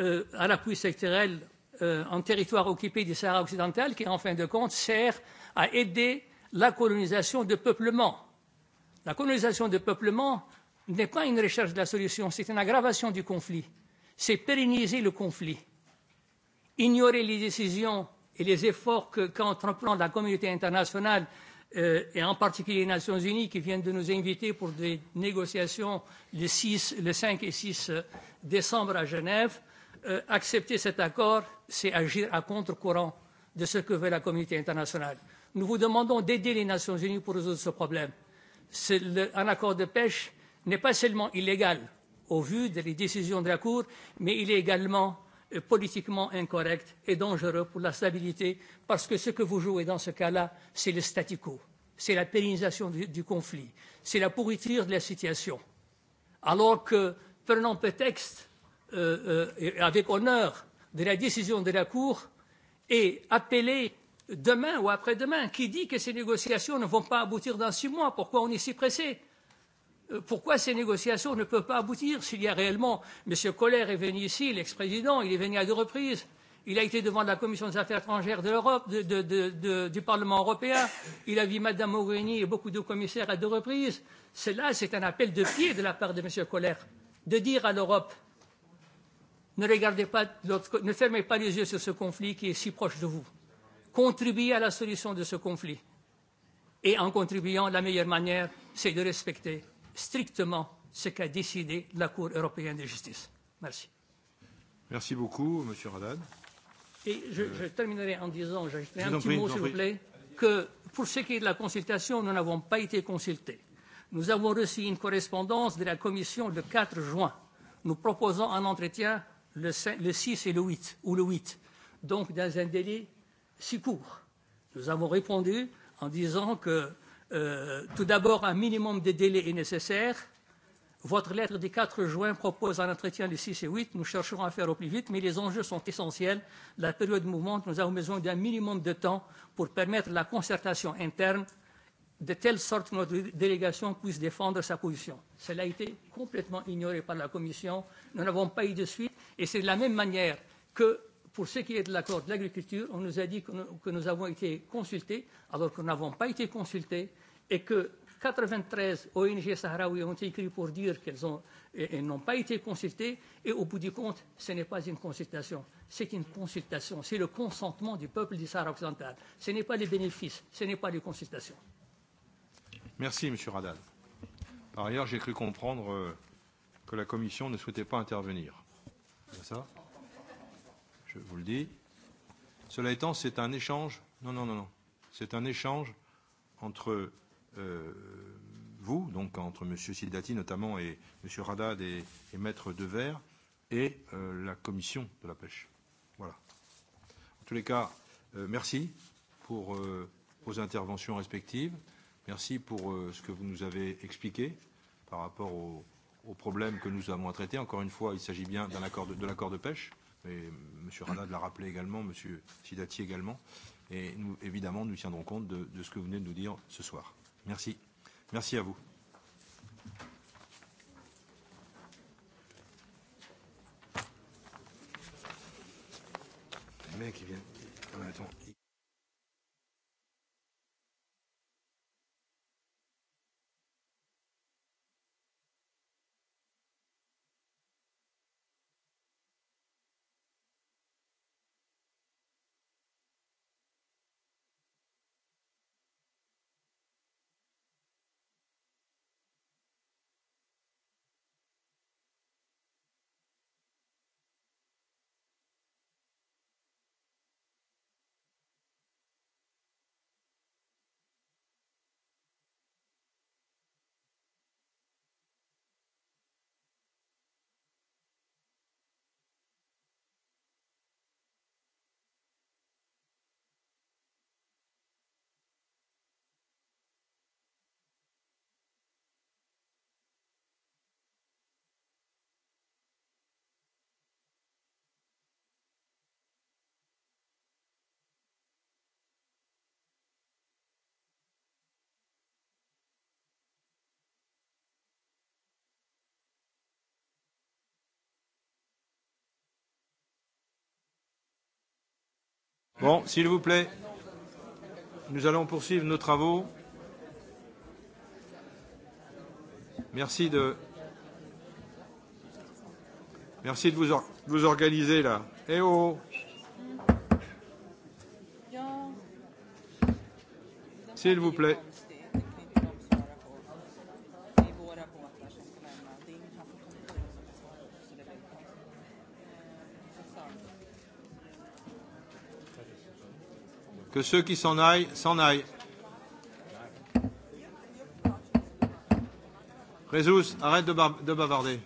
euh, à l'appui sectoriel euh, en territoire occupé du Sahara occidental, qui en fin de compte sert à aider la colonisation de peuplement. La colonisation de peuplement n'est pas une recherche de la solution, c'est une aggravation du conflit c'est pérenniser le conflit, ignorer les décisions et les efforts qu'entreprend qu la communauté internationale euh, et en particulier les Nations Unies qui viennent de nous inviter pour des négociations le, 6, le 5 et 6 euh, décembre à Genève, euh, accepter cet accord, c'est agir à contre-courant de ce que veut la communauté internationale. Nous vous demandons d'aider les Nations Unies pour résoudre ce problème. Le, un accord de pêche n'est pas seulement illégal, au vu des décisions de la Cour, mais il est également euh, politiquement incorrect et dangereux pour la stabilité, parce que ce que vous jouez dans ce cas-là, c'est le statu quo, c'est la pérennisation du, du conflit, c'est la pourriture de la situation. Alors que, prenant prétexte, euh, euh, avec honneur, de la décision de la Cour et appeler demain ou après-demain qui dit que ces négociations ne vont pas aboutir dans six mois, pourquoi on est si pressé Euh, pourquoi ces négociations ne peuvent pas aboutir s'il y a réellement M. Collère est venu ici, l'ex-président, il est venu à deux reprises. Il a été devant la commission des affaires étrangères de l'Europe, de, de, de, de, du Parlement européen. Il a vu Mme Mogherini et beaucoup de commissaires à deux reprises. Cela, c'est un appel de pied de la part de M. Collère de dire à l'Europe ne regardez pas, ne fermez pas les yeux sur ce conflit qui est si proche de vous. Contribuez à la solution de ce conflit. Et en contribuant, la meilleure manière, c'est de respecter strictement ce qu'a décidé la Cour européenne de justice. Merci. Merci beaucoup, Monsieur Radan. Et je, euh... je terminerai en disant, j'ajouterai un petit prie, mot, s'il vous plaît, prie. que pour ce qui est de la consultation, nous n'avons pas été consultés. Nous avons reçu une correspondance de la Commission le 4 juin. Nous proposons un entretien le, 5, le 6 et le 8, ou le 8, donc dans un délai si court. Nous avons répondu en disant que Euh, tout d'abord, un minimum de délai est nécessaire. Votre lettre du 4 juin propose un entretien les 6 et 8. Nous chercherons à faire au plus vite, mais les enjeux sont essentiels. La période mouvante, nous avons besoin d'un minimum de temps pour permettre la concertation interne, de telle sorte que notre délégation puisse défendre sa position. Cela a été complètement ignoré par la Commission. Nous n'avons pas eu de suite. Et c'est de la même manière que Pour ce qui est de l'accord de l'agriculture, on nous a dit que nous, que nous avons été consultés, alors que nous n'avons pas été consultés, et que 93 ONG sahraouis ont écrit pour dire qu'elles ont, et, et n'ont pas été consultées, et au bout du compte, ce n'est pas une consultation, c'est une consultation, c'est le consentement du peuple du Sahara occidental. Ce n'est pas les bénéfices, ce n'est pas les consultations. Merci, M. Radal. Par ailleurs, j'ai cru comprendre euh, que la Commission ne souhaitait pas intervenir. C'est ça je vous le dis. Cela étant, c'est un échange. Non, non, non, non. C'est un échange entre euh, vous, donc entre M. Sildati notamment et M. Radad et, et Maître Devers et euh, la commission de la pêche. Voilà. En tous les cas, euh, merci pour euh, vos interventions respectives. Merci pour euh, ce que vous nous avez expliqué par rapport aux au problèmes que nous avons à traiter. Encore une fois, il s'agit bien accord de, de l'accord de pêche et M. Rada l'a rappelé également, M. Sidati également. Et nous, évidemment, nous tiendrons compte de, de ce que vous venez de nous dire ce soir. Merci. Merci à vous. Les mecs, ils viennent. Ah, attends. Bon, s'il vous plaît, nous allons poursuivre nos travaux. Merci de, merci de vous, or, de vous organiser là. Eh oh S'il vous plaît. ceux qui s'en aillent, s'en aillent. Résus, arrête de, ba de bavarder.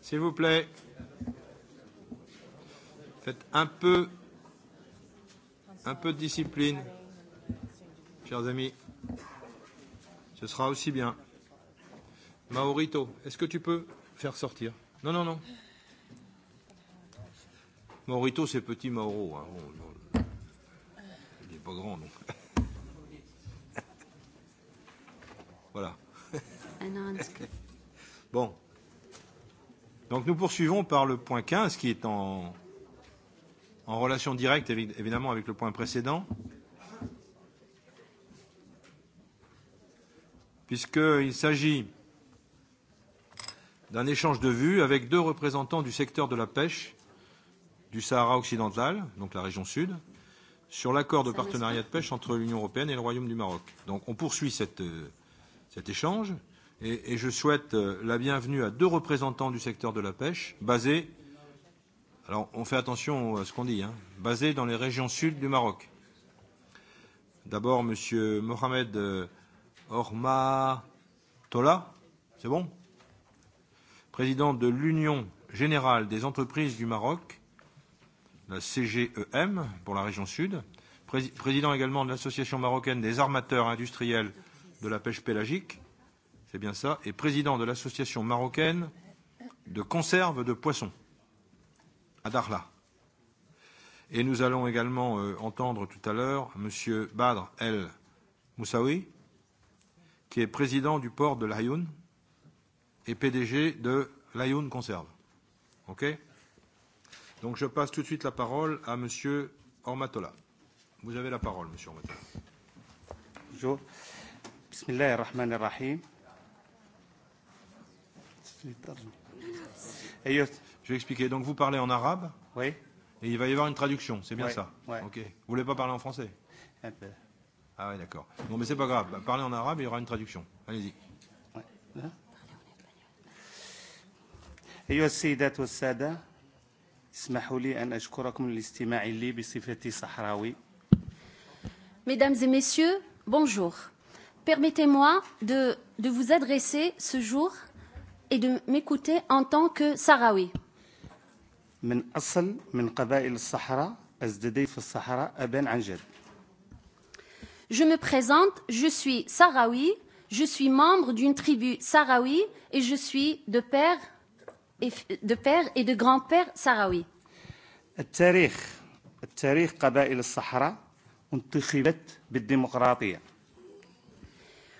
S'il vous plaît, faites un peu, un peu de discipline, chers amis. Ce sera aussi bien. Maurito, est-ce que tu peux faire sortir Non, non, non. Maurito, c'est petit Mauro. Hein. Bon, oh, bon, il n'est pas grand, non. voilà. bon. Donc nous poursuivons par le point 15 qui est en, en relation directe évidemment avec le point précédent. Puisqu'il s'agit d'un échange de vues avec deux représentants du secteur de la pêche du Sahara occidental, donc la région sud, sur l'accord de partenariat de pêche entre l'Union européenne et le Royaume du Maroc. Donc on poursuit cette, euh, cet échange et, et je souhaite euh, la bienvenue à deux représentants du secteur de la pêche basés, alors on fait attention à ce qu'on dit, hein, basés dans les régions sud du Maroc. D'abord, Monsieur Mohamed euh, Orma Tola, c'est bon président de l'Union générale des entreprises du Maroc, la CGEM pour la région sud, président également de l'Association marocaine des armateurs industriels de la pêche pélagique, c'est bien ça, et président de l'Association marocaine de conserve de poissons à Darla. Et nous allons également euh, entendre tout à l'heure M. Badr El Moussaoui, qui est président du port de l'Ayoun, et PDG de Lyon Conserve. OK Donc je passe tout de suite la parole à monsieur Ormatola. Vous avez la parole monsieur Ormatola. Bonjour. Bismillah ar-Rahman ar-Rahim. Je vais expliquer. Donc vous parlez en arabe Oui. Et il va y avoir une traduction, c'est bien oui. ça Oui. OK. Vous voulez pas parler en français Un peu. Ah oui, d'accord. Bon, mais c'est pas grave. Parlez en arabe et il y aura une traduction. Allez-y. Ouais. أيها السيدات والسادة اسمحوا لي أن أشكركم للاستماع لي بصفتي صحراوي Mesdames et messieurs, bonjour. Permettez-moi de, de vous adresser ce jour et de m'écouter en tant que Sahraoui. من أصل من قبائل الصحراء أزددي في الصحراء أبان عن جد. Je me présente, je suis Sahraoui, je suis membre d'une tribu Sahraoui et je suis de père de père et de grand-père sahraoui.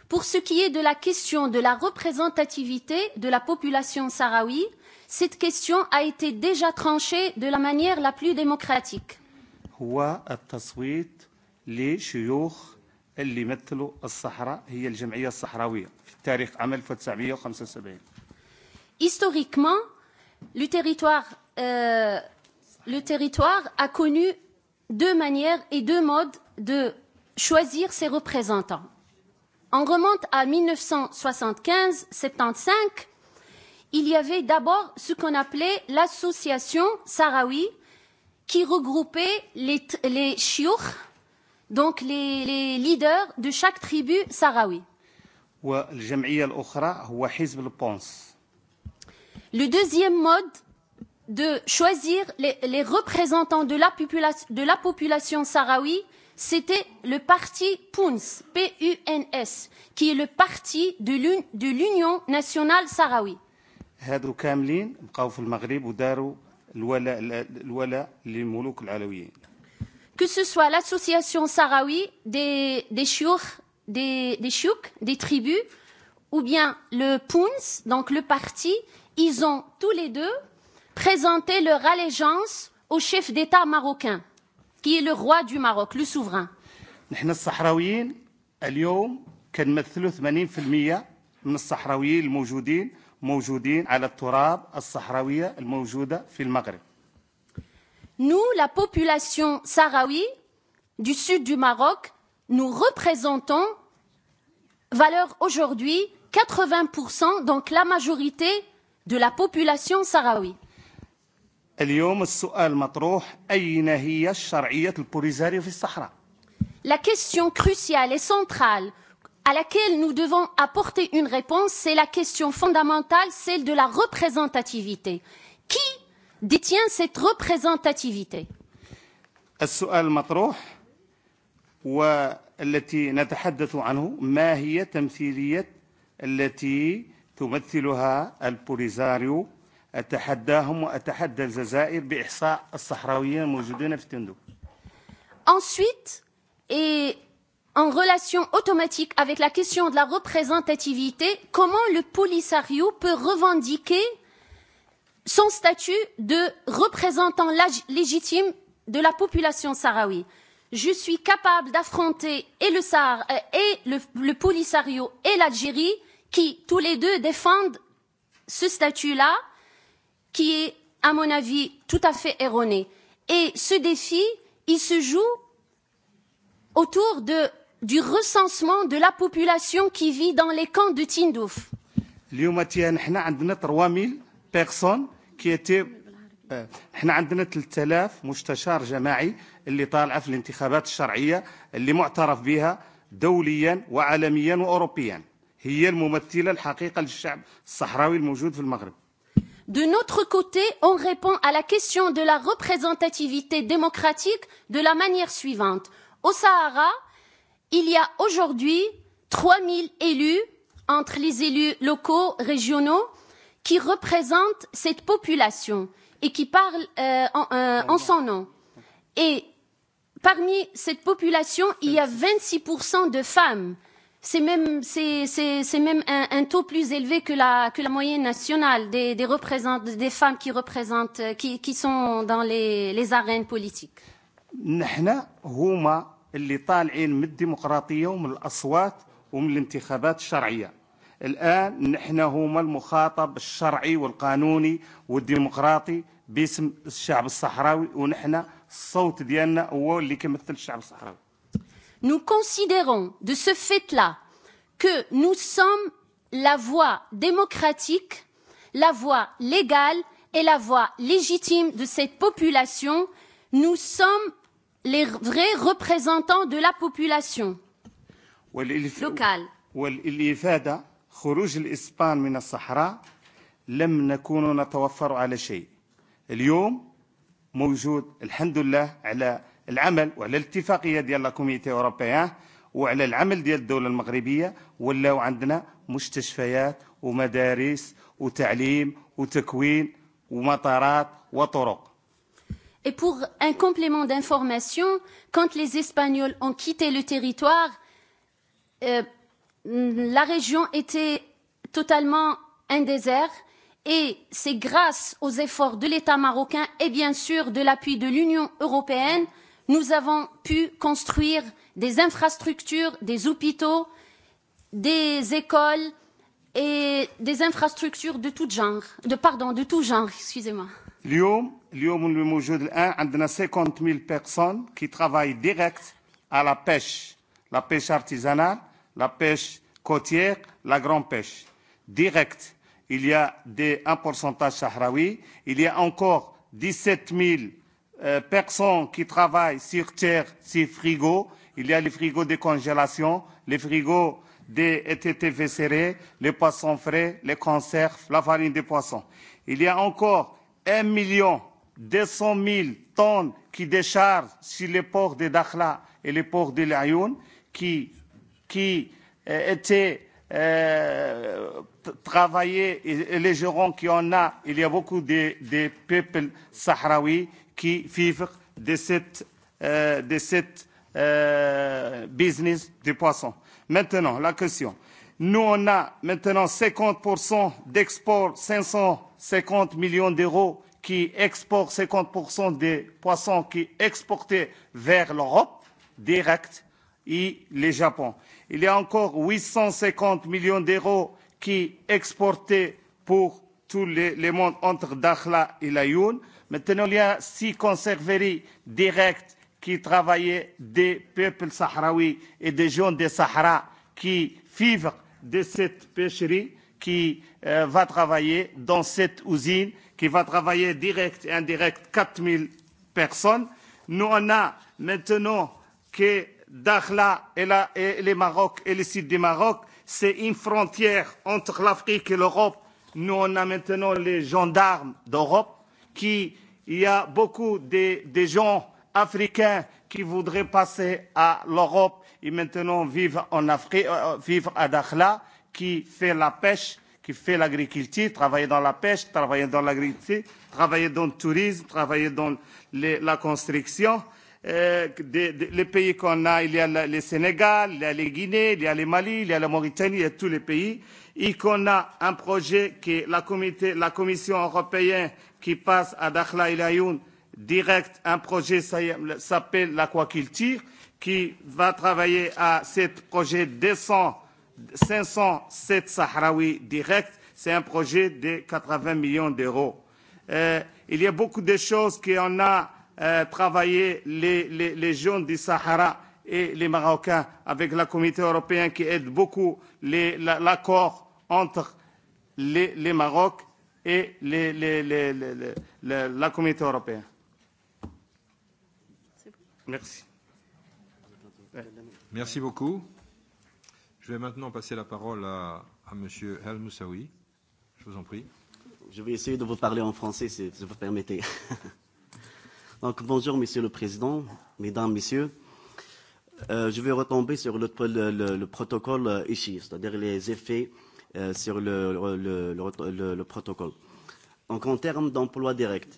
Pour ce qui est de la question de la représentativité de la population sahraoui, cette question a été déjà tranchée de la manière la plus démocratique. Historiquement, le territoire, euh, le territoire a connu deux manières et deux modes de choisir ses représentants. On remonte à 1975-75. Il y avait d'abord ce qu'on appelait l'association Sahraoui, qui regroupait les, les chiouch, donc les, les leaders de chaque tribu sahraoui. Et la هو le deuxième mode, de choisir les, les représentants de la, popula de la population sahraoui, c'était le parti PUNS, P-U-N-S, qui est le parti de l'Union nationale sahraoui. هادو كاملين بقاو في المغرب وداروا الولاء الولاء للملوك العلويين. Que ce soit l'association sahraoui des des chiouk des des chiouk, des tribus, ou bien le PUNS, donc le parti ils ont tous les deux présenté leur allégeance au chef d'État marocain, qui est le roi du Maroc, le souverain. نحن الصحراويين اليوم كنمثلوا 80% من الصحراويين الموجودين موجودين على التراب الصحراوية الموجودة في المغرب. Nous, la population sahraoui du sud du Maroc, nous représentons, valeur aujourd'hui, 80%, donc la majorité de la population sahraoui. La question cruciale et centrale à laquelle nous devons apporter une réponse, c'est la question fondamentale, celle de la représentativité. Qui détient cette représentativité التي نتحدث عنه ما هي تمثيلية التي تمثلها البوليزاريو أتحداهم وأتحدى الجزائر بإحصاء الصحراويين الموجودين في تندو. Ensuite, et en relation automatique avec la question de la représentativité, comment le Polisario peut revendiquer son statut de représentant légitime de la population sahraoui. Je suis capable d'affronter et le Sahara et le, le Polisario et l'Algérie qui, tous les deux, défendent ce statut-là, qui est, à mon avis, tout à fait erroné. Et ce défi, il se joue autour de, du recensement de la population qui vit dans les camps de Tindouf. اليوم تيان حنا عندنا 3000 بيرسون كي تي حنا عندنا 3000 مستشار جماعي اللي طالعه في الانتخابات الشرعيه اللي معترف بها دوليا وعالميا واوروبيا هي الممثلة الحقيقة للشعب الصحراوي الموجود في المغرب De notre côté, on répond à la question de la représentativité démocratique de la manière suivante. Au Sahara, il y a aujourd'hui 3000 élus entre les élus locaux, régionaux, qui représentent cette population et qui parlent euh, en, euh, en son nom. Et parmi cette population, il y a 26% de femmes c'est même, c'est, c'est, c'est même un, un taux plus élevé que la, que la moyenne nationale des, des, représentent, des femmes qui, représentent, qui, qui sont dans les, les arènes politiques. نحن هما اللي طالعين من الديمقراطيه ومن الاصوات ومن الانتخابات الشرعيه الان نحن هما المخاطب الشرعي والقانوني والديمقراطي باسم الشعب الصحراوي ونحن الصوت ديالنا هو اللي كيمثل الشعب الصحراوي nous considérons de ce fait là que nous sommes la voie démocratique la voie légale et la voie légitime de cette population nous sommes les vrais représentants de la population locale. لم نكون نتوفر على شيء اليوم موجود الحمد لله على العمل وعلى الاتفاقيه ديال لا كوميتي اوروبيان وعلى العمل ديال الدوله المغربيه ولاو عندنا مستشفيات ومدارس وتعليم وتكوين ومطارات وطرق Et pour un complément d'information, quand les Espagnols ont quitté le territoire, euh, la région était totalement un désert et c'est grâce aux efforts de l'État marocain et bien sûr de l'appui de l'Union européenne nous avons pu construire des infrastructures, des hôpitaux, des écoles et des infrastructures de tout genre, de pardon, de tout genre, excusez-moi. اليوم اليوم اللي موجود الان عندنا 50000 بيرسون كي ترافاي ديريكت على لا بيش لا بيش ارتيزانال لا بيش كوتيير لا غران بيش ديريكت il y a des, un pourcentage sahraoui il y a encore 17000 Euh, personnes qui travaillent sur Terre, sur frigo. Il y a les frigos de congélation, les frigos des ETT viscérés, les poissons frais, les conserves, la farine de poisson. Il y a encore 1 million 200 000 tonnes qui déchargent sur les ports de Dakhla et les ports de Laayoun qui, qui euh, étaient euh, travaillés et, et les gérants qui en a. Il y a beaucoup de, de peuples sahraouis qui vivent de cette, euh, de cette euh, business du poisson. Maintenant, la question. Nous, on a maintenant 50% d'export, 550 millions d'euros qui exportent 50% des poissons qui exportaient vers l'Europe direct et le Japon. Il y a encore 850 millions d'euros qui exportaient pour tous les, les mondes entre Dakhla et Layoun. Maintenant, il y a six conserveries directes qui travaillaient des peuples sahraouis et des gens des Sahara qui vivent de cette pêcherie, qui euh, va travailler dans cette usine, qui va travailler direct et indirect 4000 personnes. Nous, on a maintenant que Dakhla et, la, et les Maroc et le sud du Maroc, c'est une frontière entre l'Afrique et l'Europe. Nous, on a maintenant les gendarmes d'Europe qui Il y a beaucoup de, de gens africains qui voudraient passer à l'Europe et maintenant vivre en Afrique, euh, euh vivre à Dakhla, qui fait la pêche, qui fait l'agriculture, travailler dans la pêche, travailler dans l'agriculture, travailler dans le tourisme, travailler dans les, la construction euh, des, des, les pays qu'on a, il y a le Sénégal, il y a les Guinées, il y a le Mali, il y a la Mauritanie, il y a tous les pays, et qu'on a un projet que la, comité, la Commission européenne qui passe à Dakhla et Ayoun direct, un projet s'appelle l'aquaculture, qui va travailler à ce projet de 100, 507 Sahraouis directs. C'est un projet de 80 millions d'euros. Euh, il y a beaucoup de choses qu'on a euh, travailler les, les, les jeunes du Sahara et les Marocains avec la communauté européenne qui aide beaucoup l'accord la, entre les, les Maroc et les, les, les, les, les, les, la communauté européenne. Merci. Merci beaucoup. Je vais maintenant passer la parole à, à M. El Moussaoui. Je vous en prie. Je vais essayer de vous parler en français, si vous permettez. Donc, bonjour, Monsieur le Président, Mesdames, Messieurs. Euh, je vais retomber sur le, le, le, le protocole euh, ICHI, c'est-à-dire les effets euh, sur le, le, le, le, le protocole. Donc, en termes d'emplois directs,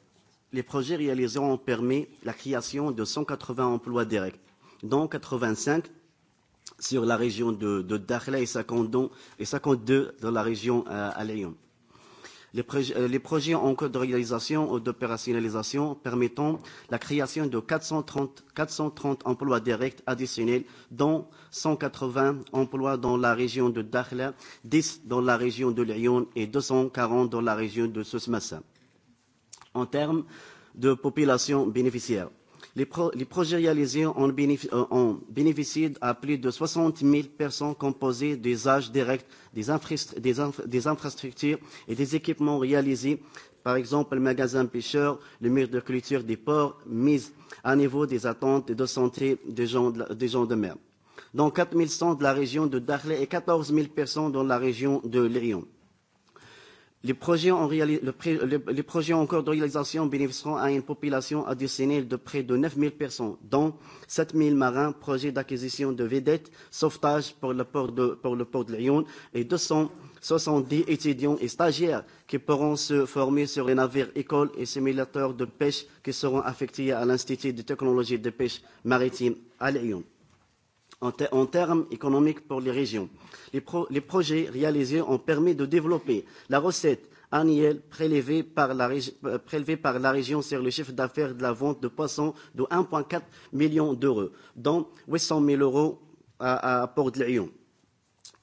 les projets réalisés ont permis la création de 180 emplois directs, dont 85 sur la région de, de Dakhla et 52, dans la région euh, Aléum les, proj euh, les projets en cours de réalisation ou d'opérationnalisation permettant la création de 430, 430 emplois directs additionnels, dont 180 emplois dans la région de Dakhla, 10 dans la région de Lyon et 240 dans la région de Sosmassa. En termes de population bénéficiaire, Les, pro les projets réalisés ont, bénéfic euh, ont bénéficié à plus de 60 000 personnes composées des âges directs, des, infra des, infra des infrastructures et des équipements réalisés par exemple le magasin pêcheur, le mur de culture des ports, mise à niveau des attentes de santé des gens de, la, des gens de mer, dont 100 de la région de Darley et 14 000 personnes dans la région de Lyon. Les projets, en réalis, le pré, les projets en cours de réalisation bénéficieront à une population additionnelle de près de 9 000 personnes, dont 7 000 marins, projets d'acquisition de vedettes, sauvetage pour le port de, pour le port de Lyon et 270 étudiants et stagiaires qui pourront se former sur les navires écoles et simulateurs de pêche qui seront affectés à l'Institut de technologie de pêche maritime à Lyon en, ter en termes économiques pour les régions. Les, pro les projets réalisés ont permis de développer la recette annuelle prélevée par la, euh, prélevée par la région sur le chiffre d'affaires de la vente de poissons de 1,4 million d'euros, dont 800 000 euros à, à Port-de-Lyon.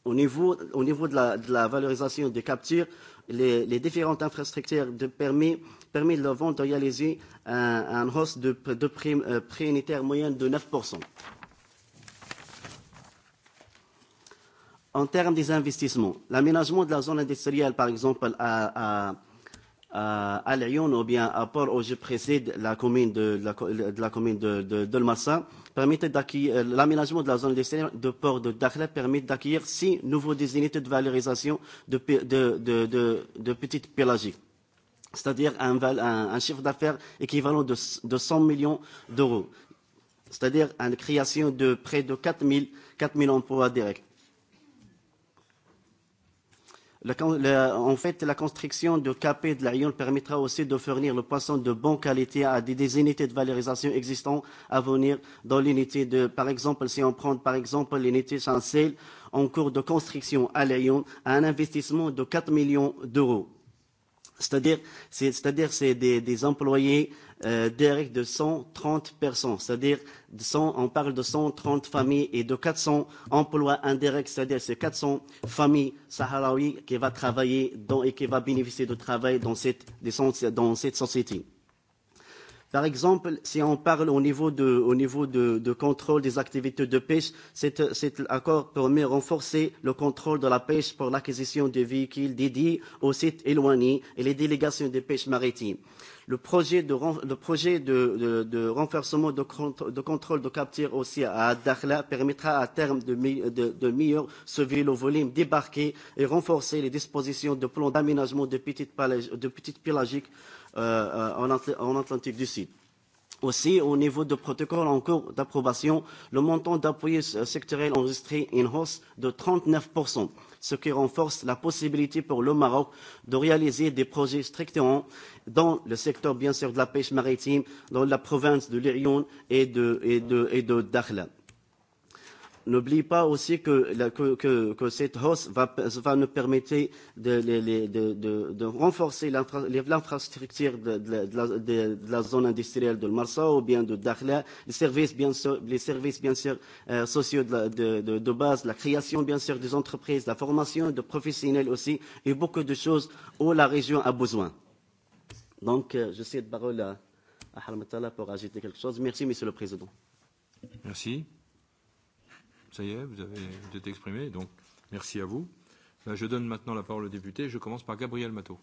Au niveau, au niveau de, la, de la valorisation des captures, les, les différentes infrastructures de permis permettent de la vente de réaliser un, un hausse de, de prix, euh, prix unitaire moyen de 9 en termes des investissements. L'aménagement de la zone industrielle, par exemple, à, à, à, à Lyon ou bien à Port, où je précède la commune de, de la, de la commune de, de, de Massa, permettait d'acquérir euh, l'aménagement de la zone industrielle de Port de Dakhla permet d'acquérir six nouveaux des unités de valorisation de, de, de, de, de petites pélagies. C'est-à-dire un, un, un chiffre d'affaires équivalent de, de 100 millions d'euros. C'est-à-dire une création de près de 4 000, 4 000 emplois directs. La, la, en fait, la construction de capé de l'aïon permettra aussi de fournir le poisson de bonne qualité à des, des unités de valorisation existantes à venir dans l'unité de, par exemple, si on prend par exemple l'unité chancel en cours de construction à l'aïon, à un investissement de 4 millions d'euros. C'est-à-dire, c'est, à dire cest à dire c'est des, des employés euh, direct de 130 personnes, c'est-à-dire on parle de 130 familles et de 400 emplois indirects, c'est-à-dire ces 400 familles sahraouis qui vont travailler dans, et qui vont bénéficier de travail dans cette, dans cette société. Par exemple, si on parle au niveau de, au niveau de, de contrôle des activités de pêche, cet, cet accord permet de renforcer le contrôle de la pêche pour l'acquisition de véhicules dédiés aux sites éloignés et les délégations de pêche maritime. Le projet de, le projet de, de, de renforcement de, de contrôle de capture aussi à Dakhla permettra à terme de, de, de mieux surveiller le volume débarqué et renforcer les dispositions de plan d'aménagement de petites, de petites pélagiques Euh, euh, en, Atl en Atlantique du Sud. Aussi, au niveau de protocole en cours d'approbation, le montant d'appui sectoriel enregistré est en hausse de 39%, ce qui renforce la possibilité pour le Maroc de réaliser des projets strictement dans le secteur, bien sûr, de la pêche maritime, dans la province de Lyon et de, et de, et de Dakhla. N'oublie pas aussi que, la, que, que, que cette hausse va, va nous permettre de, de, de, de, de renforcer l'infrastructure de, de, de, de, de la zone industrielle de Marsa ou bien de Dakhla, les services bien sûr, les services, bien sûr euh, sociaux de, de, de, de base, la création bien sûr des entreprises, la formation de professionnels aussi et beaucoup de choses où la région a besoin. Donc euh, je cède la parole à, à Halmatala pour ajouter quelque chose. Merci Monsieur le Président. Merci. Ça y est, vous avez vous êtes exprimé, donc merci à vous. Ben, je donne maintenant la parole au député. Je commence par Gabriel Mato.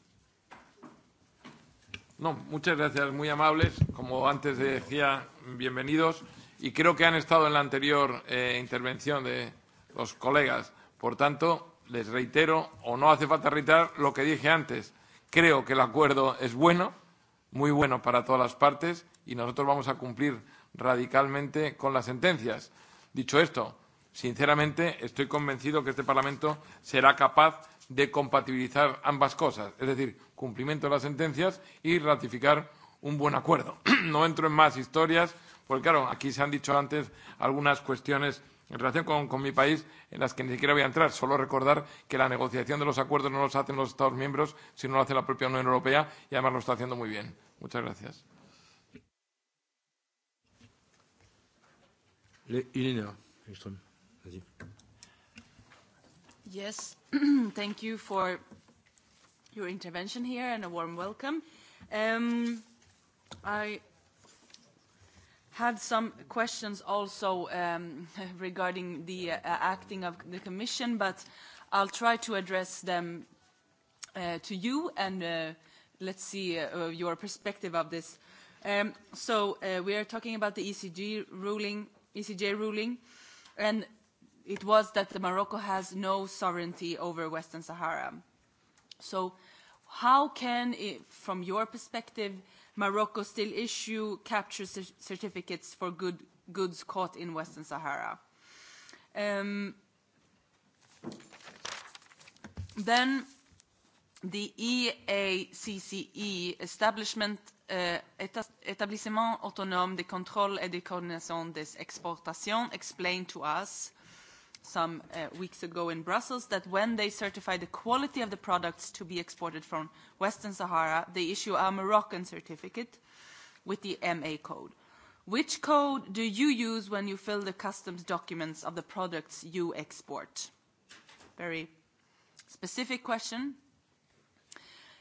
No, muchas gracias, muy amables. Como antes decía, bienvenidos. Y creo que han estado en la anterior eh, intervención de los colegas. Por tanto, les reitero, o no hace falta reiterar lo que dije antes. Creo que el acuerdo es bueno, muy bueno para todas las partes, y nosotros vamos a cumplir radicalmente con las sentencias. Dicho esto, Sinceramente, estoy convencido que este Parlamento será capaz de compatibilizar ambas cosas, es decir, cumplimiento de las sentencias y ratificar un buen acuerdo. No entro en más historias, porque claro, aquí se han dicho antes algunas cuestiones en relación con, con mi país en las que ni siquiera voy a entrar. Solo recordar que la negociación de los acuerdos no los hacen los Estados miembros, sino lo hace la propia Unión Europea y además lo está haciendo muy bien. Muchas gracias. Le, Irina vas Yes, thank you for your intervention here and a warm welcome. Um, I had some questions also um, regarding the uh, acting of the Commission, but I'll try to address them uh, to you and uh, let's see uh, your perspective of this. Um, so uh, we are talking about the ECG ruling, ECJ ruling, and it was that Morocco has no sovereignty over Western Sahara. So how can, it, from your perspective, Morocco still issue capture certificates for good, goods caught in Western Sahara? Um, then the EACCE, e Establishment uh, Établissement Autonome de Contrôle et de Coordination des Exportations, explained to us some uh, weeks ago in Brussels that when they certify the quality of the products to be exported from Western Sahara, they issue a Moroccan certificate with the MA code. Which code do you use when you fill the customs documents of the products you export? Very specific question.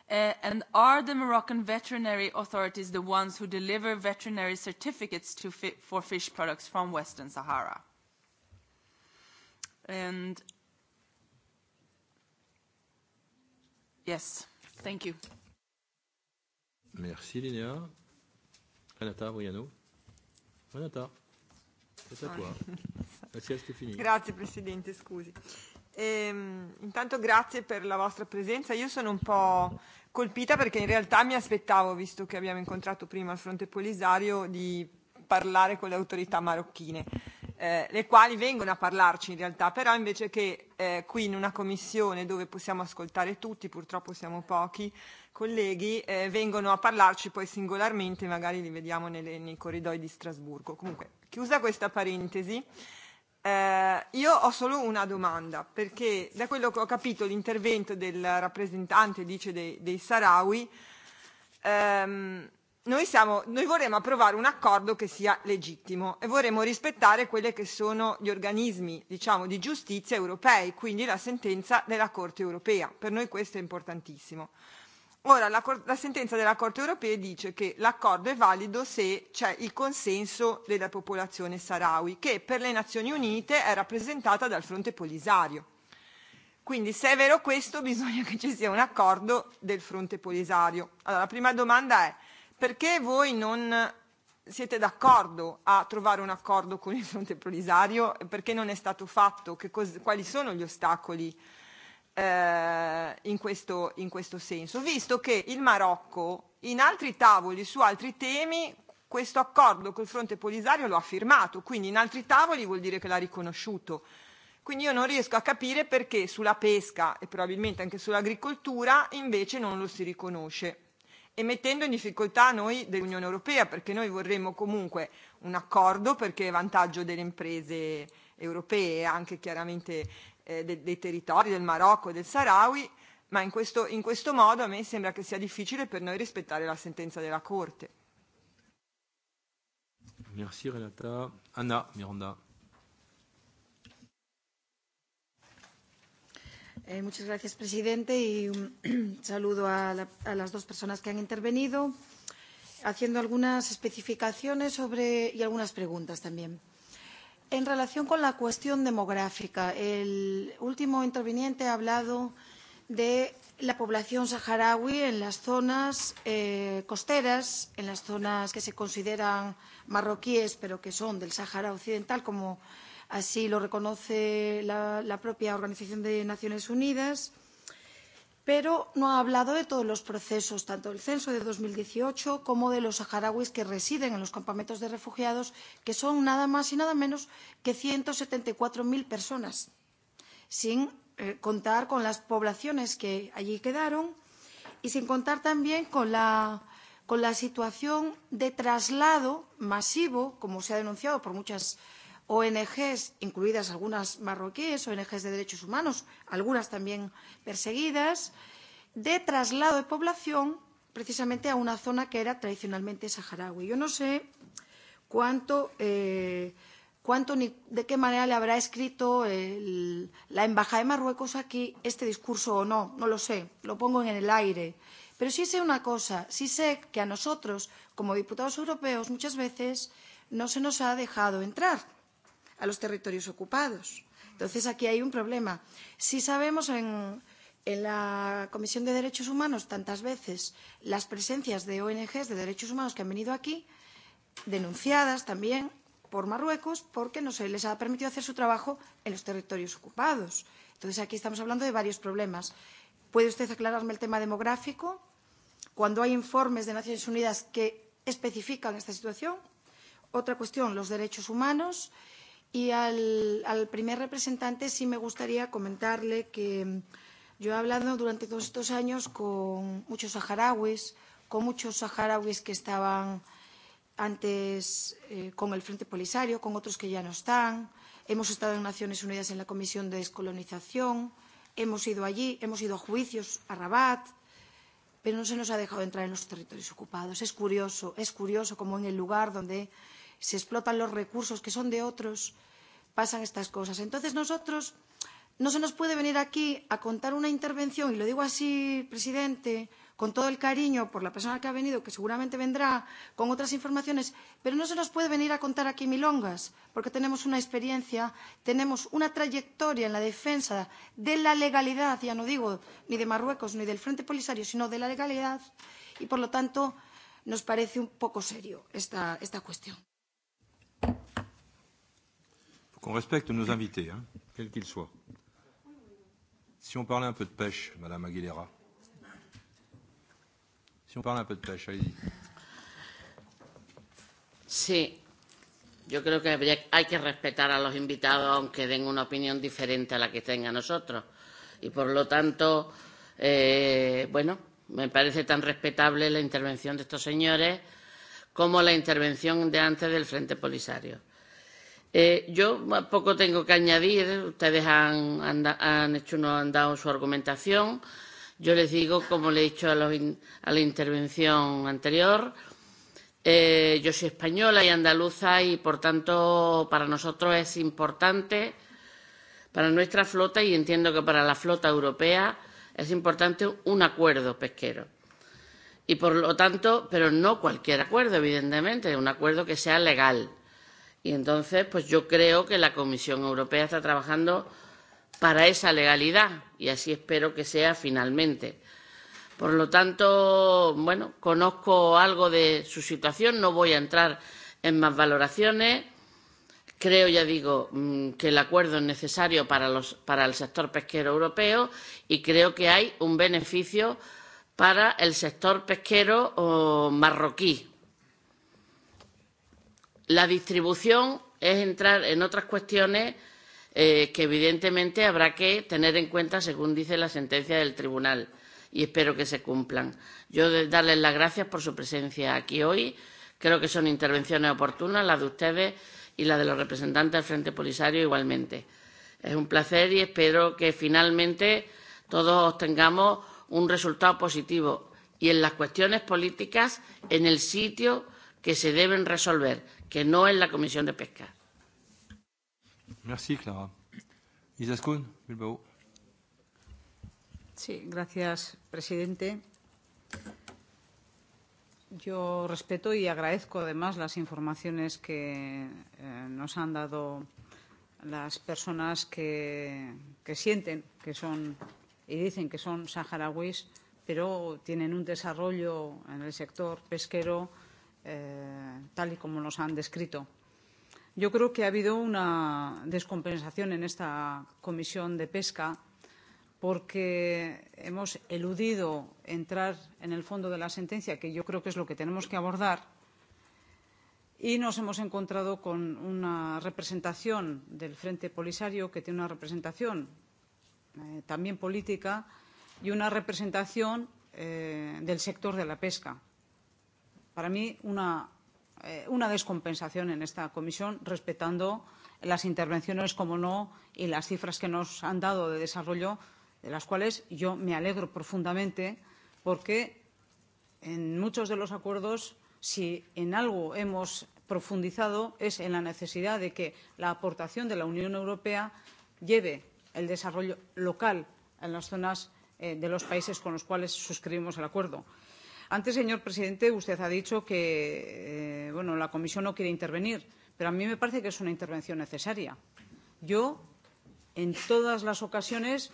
Uh, and are the Moroccan veterinary authorities the ones who deliver veterinary certificates to fi for fish products from Western Sahara? And yes, thank you. Merci Linéa. Renata Briano. Renata, c'est a toi. La sieste Grazie Presidente, scusi. E, intanto grazie per la vostra presenza. Io sono un po' colpita perché in realtà mi aspettavo, visto che abbiamo incontrato prima il fronte polisario, di parlare con le autorità marocchine eh, le quali vengono a parlarci in realtà, però invece che eh, qui in una commissione dove possiamo ascoltare tutti, purtroppo siamo pochi colleghi, eh, vengono a parlarci poi singolarmente, magari li vediamo nelle, nei corridoi di Strasburgo. Comunque, chiusa questa parentesi, eh, io ho solo una domanda, perché da quello che ho capito l'intervento del rappresentante, dice, dei, dei Sarawi, ehm, noi, siamo, noi vorremmo approvare un accordo che sia legittimo e vorremmo rispettare quelli che sono gli organismi diciamo, di giustizia europei, quindi la sentenza della Corte europea. Per noi questo è importantissimo. Ora, la, la sentenza della Corte europea dice che l'accordo è valido se c'è il consenso della popolazione sarawi, che per le Nazioni Unite è rappresentata dal fronte polisario. Quindi se è vero questo bisogna che ci sia un accordo del fronte polisario. Allora la prima domanda è perché voi non siete d'accordo a trovare un accordo con il fronte Polisario e Perché non è stato fatto? Che cos- quali sono gli ostacoli eh, in, questo, in questo senso? Visto che il Marocco in altri tavoli su altri temi questo accordo col fronte polisario lo ha firmato, quindi in altri tavoli vuol dire che l'ha riconosciuto. Quindi io non riesco a capire perché sulla pesca e probabilmente anche sull'agricoltura invece non lo si riconosce e mettendo in difficoltà noi dell'Unione Europea, perché noi vorremmo comunque un accordo perché è vantaggio delle imprese europee, anche chiaramente eh, de- dei territori del Marocco, e del Sahrawi, ma in questo, in questo modo a me sembra che sia difficile per noi rispettare la sentenza della Corte. Merci Renata. Anna Miranda. Eh, muchas gracias, presidente, y un saludo a, la, a las dos personas que han intervenido, haciendo algunas especificaciones sobre, y algunas preguntas también. En relación con la cuestión demográfica, el último interviniente ha hablado de la población saharaui en las zonas eh, costeras, en las zonas que se consideran marroquíes, pero que son del Sahara Occidental, como Así lo reconoce la, la propia Organización de Naciones Unidas, pero no ha hablado de todos los procesos, tanto del censo de 2018 como de los saharauis que residen en los campamentos de refugiados, que son nada más y nada menos que 174.000 personas, sin eh, contar con las poblaciones que allí quedaron y sin contar también con la, con la situación de traslado masivo, como se ha denunciado por muchas ONGs, incluidas algunas marroquíes, ONGs de derechos humanos, algunas también perseguidas, de traslado de población precisamente a una zona que era tradicionalmente saharaui. Yo no sé cuánto, eh, cuánto ni de qué manera le habrá escrito el, la Embajada de Marruecos aquí este discurso o no, no lo sé, lo pongo en el aire. Pero sí sé una cosa, sí sé que a nosotros, como diputados europeos, muchas veces no se nos ha dejado entrar a los territorios ocupados. Entonces, aquí hay un problema. Si sabemos en, en la Comisión de Derechos Humanos tantas veces las presencias de ONGs de derechos humanos que han venido aquí, denunciadas también por Marruecos, porque no se les ha permitido hacer su trabajo en los territorios ocupados. Entonces, aquí estamos hablando de varios problemas. ¿Puede usted aclararme el tema demográfico? Cuando hay informes de Naciones Unidas que especifican esta situación. Otra cuestión, los derechos humanos. Y al, al primer representante sí me gustaría comentarle que yo he hablado durante todos estos años con muchos saharauis, con muchos saharauis que estaban antes eh, con el Frente Polisario, con otros que ya no están. Hemos estado en Naciones Unidas en la Comisión de Descolonización, hemos ido allí, hemos ido a juicios, a Rabat, pero no se nos ha dejado entrar en los territorios ocupados. Es curioso, es curioso como en el lugar donde se explotan los recursos que son de otros, pasan estas cosas. Entonces nosotros no se nos puede venir aquí a contar una intervención, y lo digo así, presidente, con todo el cariño por la persona que ha venido, que seguramente vendrá con otras informaciones, pero no se nos puede venir a contar aquí milongas, porque tenemos una experiencia, tenemos una trayectoria en la defensa de la legalidad, ya no digo ni de Marruecos ni del Frente Polisario, sino de la legalidad, y por lo tanto nos parece un poco serio esta, esta cuestión qu'on respecte nos invités, hein, quels qu'ils soient. Si on parlait un peu de pêche, Madame Aguilera. Si on parlait un peu de pêche, allez-y. Sí, yo creo que hay que respetar a los invitados aunque den una opinión diferente a la que tenga nosotros. Y por lo tanto, eh, bueno, me parece tan respetable la intervención de estos señores como la intervención de antes del Frente Polisario. Eh, yo poco tengo que añadir. Ustedes han, han, han hecho uno, han dado su argumentación. Yo les digo, como le he dicho a, los in, a la intervención anterior, eh, yo soy española y andaluza y, por tanto, para nosotros es importante, para nuestra flota y entiendo que para la flota europea, es importante un acuerdo pesquero. Y por lo tanto, pero no cualquier acuerdo, evidentemente, un acuerdo que sea legal Y entonces, pues yo creo que la Comisión Europea está trabajando para esa legalidad y así espero que sea finalmente. Por lo tanto, bueno, conozco algo de su situación, no voy a entrar en más valoraciones. Creo, ya digo, mm, que el acuerdo es necesario para, los, para el sector pesquero europeo y creo que hay un beneficio para el sector pesquero marroquí. La distribución es entrar en otras cuestiones eh, que evidentemente habrá que tener en cuenta según dice la sentencia del tribunal y espero que se cumplan. Yo darles las gracias por su presencia aquí hoy. Creo que son intervenciones oportunas, las de ustedes y las de los representantes del Frente Polisario igualmente. Es un placer y espero que finalmente todos obtengamos un resultado positivo y en las cuestiones políticas en el sitio que se deben resolver que no en la Comisión de Pesca. Merci, Clara. Izaskun, Bilbao. Sí, gracias, presidente. Yo respeto y agradezco además las informaciones que eh, nos han dado las personas que, que sienten que son y dicen que son saharauis, pero tienen un desarrollo en el sector pesquero eh, Eh, tal y como nos han descrito. Yo creo que ha habido una descompensación en esta comisión de pesca porque hemos eludido entrar en el fondo de la sentencia, que yo creo que es lo que tenemos que abordar, y nos hemos encontrado con una representación del Frente Polisario, que tiene una representación eh, también política, y una representación eh, del sector de la pesca para mí una, eh, una descompensación en esta comisión, respetando las intervenciones, como no, y las cifras que nos han dado de desarrollo, de las cuales yo me alegro profundamente, porque en muchos de los acuerdos, si en algo hemos profundizado, es en la necesidad de que la aportación de la Unión Europea lleve el desarrollo local en las zonas eh, de los países con los cuales suscribimos el acuerdo. Antes, señor presidente, usted ha dicho que eh, bueno, la Comisión no quiere intervenir, pero a mí me parece que es una intervención necesaria. Yo, en todas las ocasiones,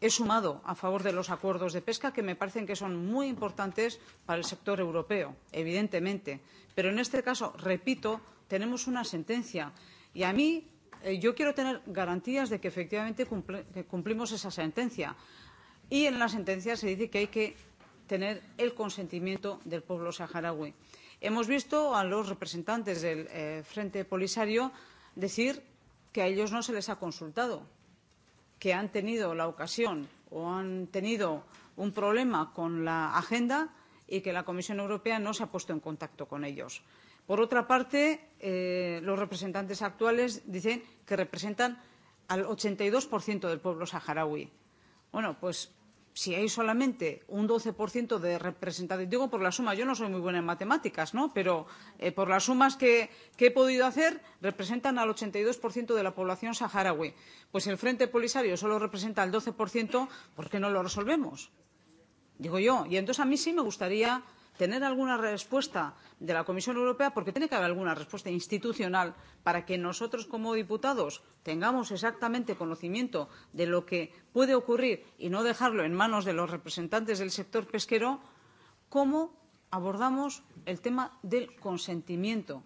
he sumado a favor de los acuerdos de pesca que me parecen que son muy importantes para el sector europeo, evidentemente. Pero en este caso, repito, tenemos una sentencia y a mí eh, yo quiero tener garantías de que efectivamente cumple, que cumplimos esa sentencia. Y en la sentencia se dice que hay que tener el consentimiento del pueblo saharaui. Hemos visto a los representantes del eh, Frente Polisario decir que a ellos no se les ha consultado, que han tenido la ocasión o han tenido un problema con la agenda y que la Comisión Europea no se ha puesto en contacto con ellos. Por otra parte, eh, los representantes actuales dicen que representan al 82% del pueblo saharaui. Bueno, pues si hay solamente un 12% de representación, digo por la suma, yo no soy muy buena en matemáticas, ¿no? Pero eh, por las sumas que, que he podido hacer, representan al 82% de la población saharaui. Pues el Frente Polisario solo representa el 12%, ¿por qué no lo resolvemos? Digo yo. Y entonces a mí sí me gustaría tener alguna respuesta de la Comisión Europea, porque tiene que haber alguna respuesta institucional para que nosotros como diputados tengamos exactamente conocimiento de lo que puede ocurrir y no dejarlo en manos de los representantes del sector pesquero, cómo abordamos el tema del consentimiento.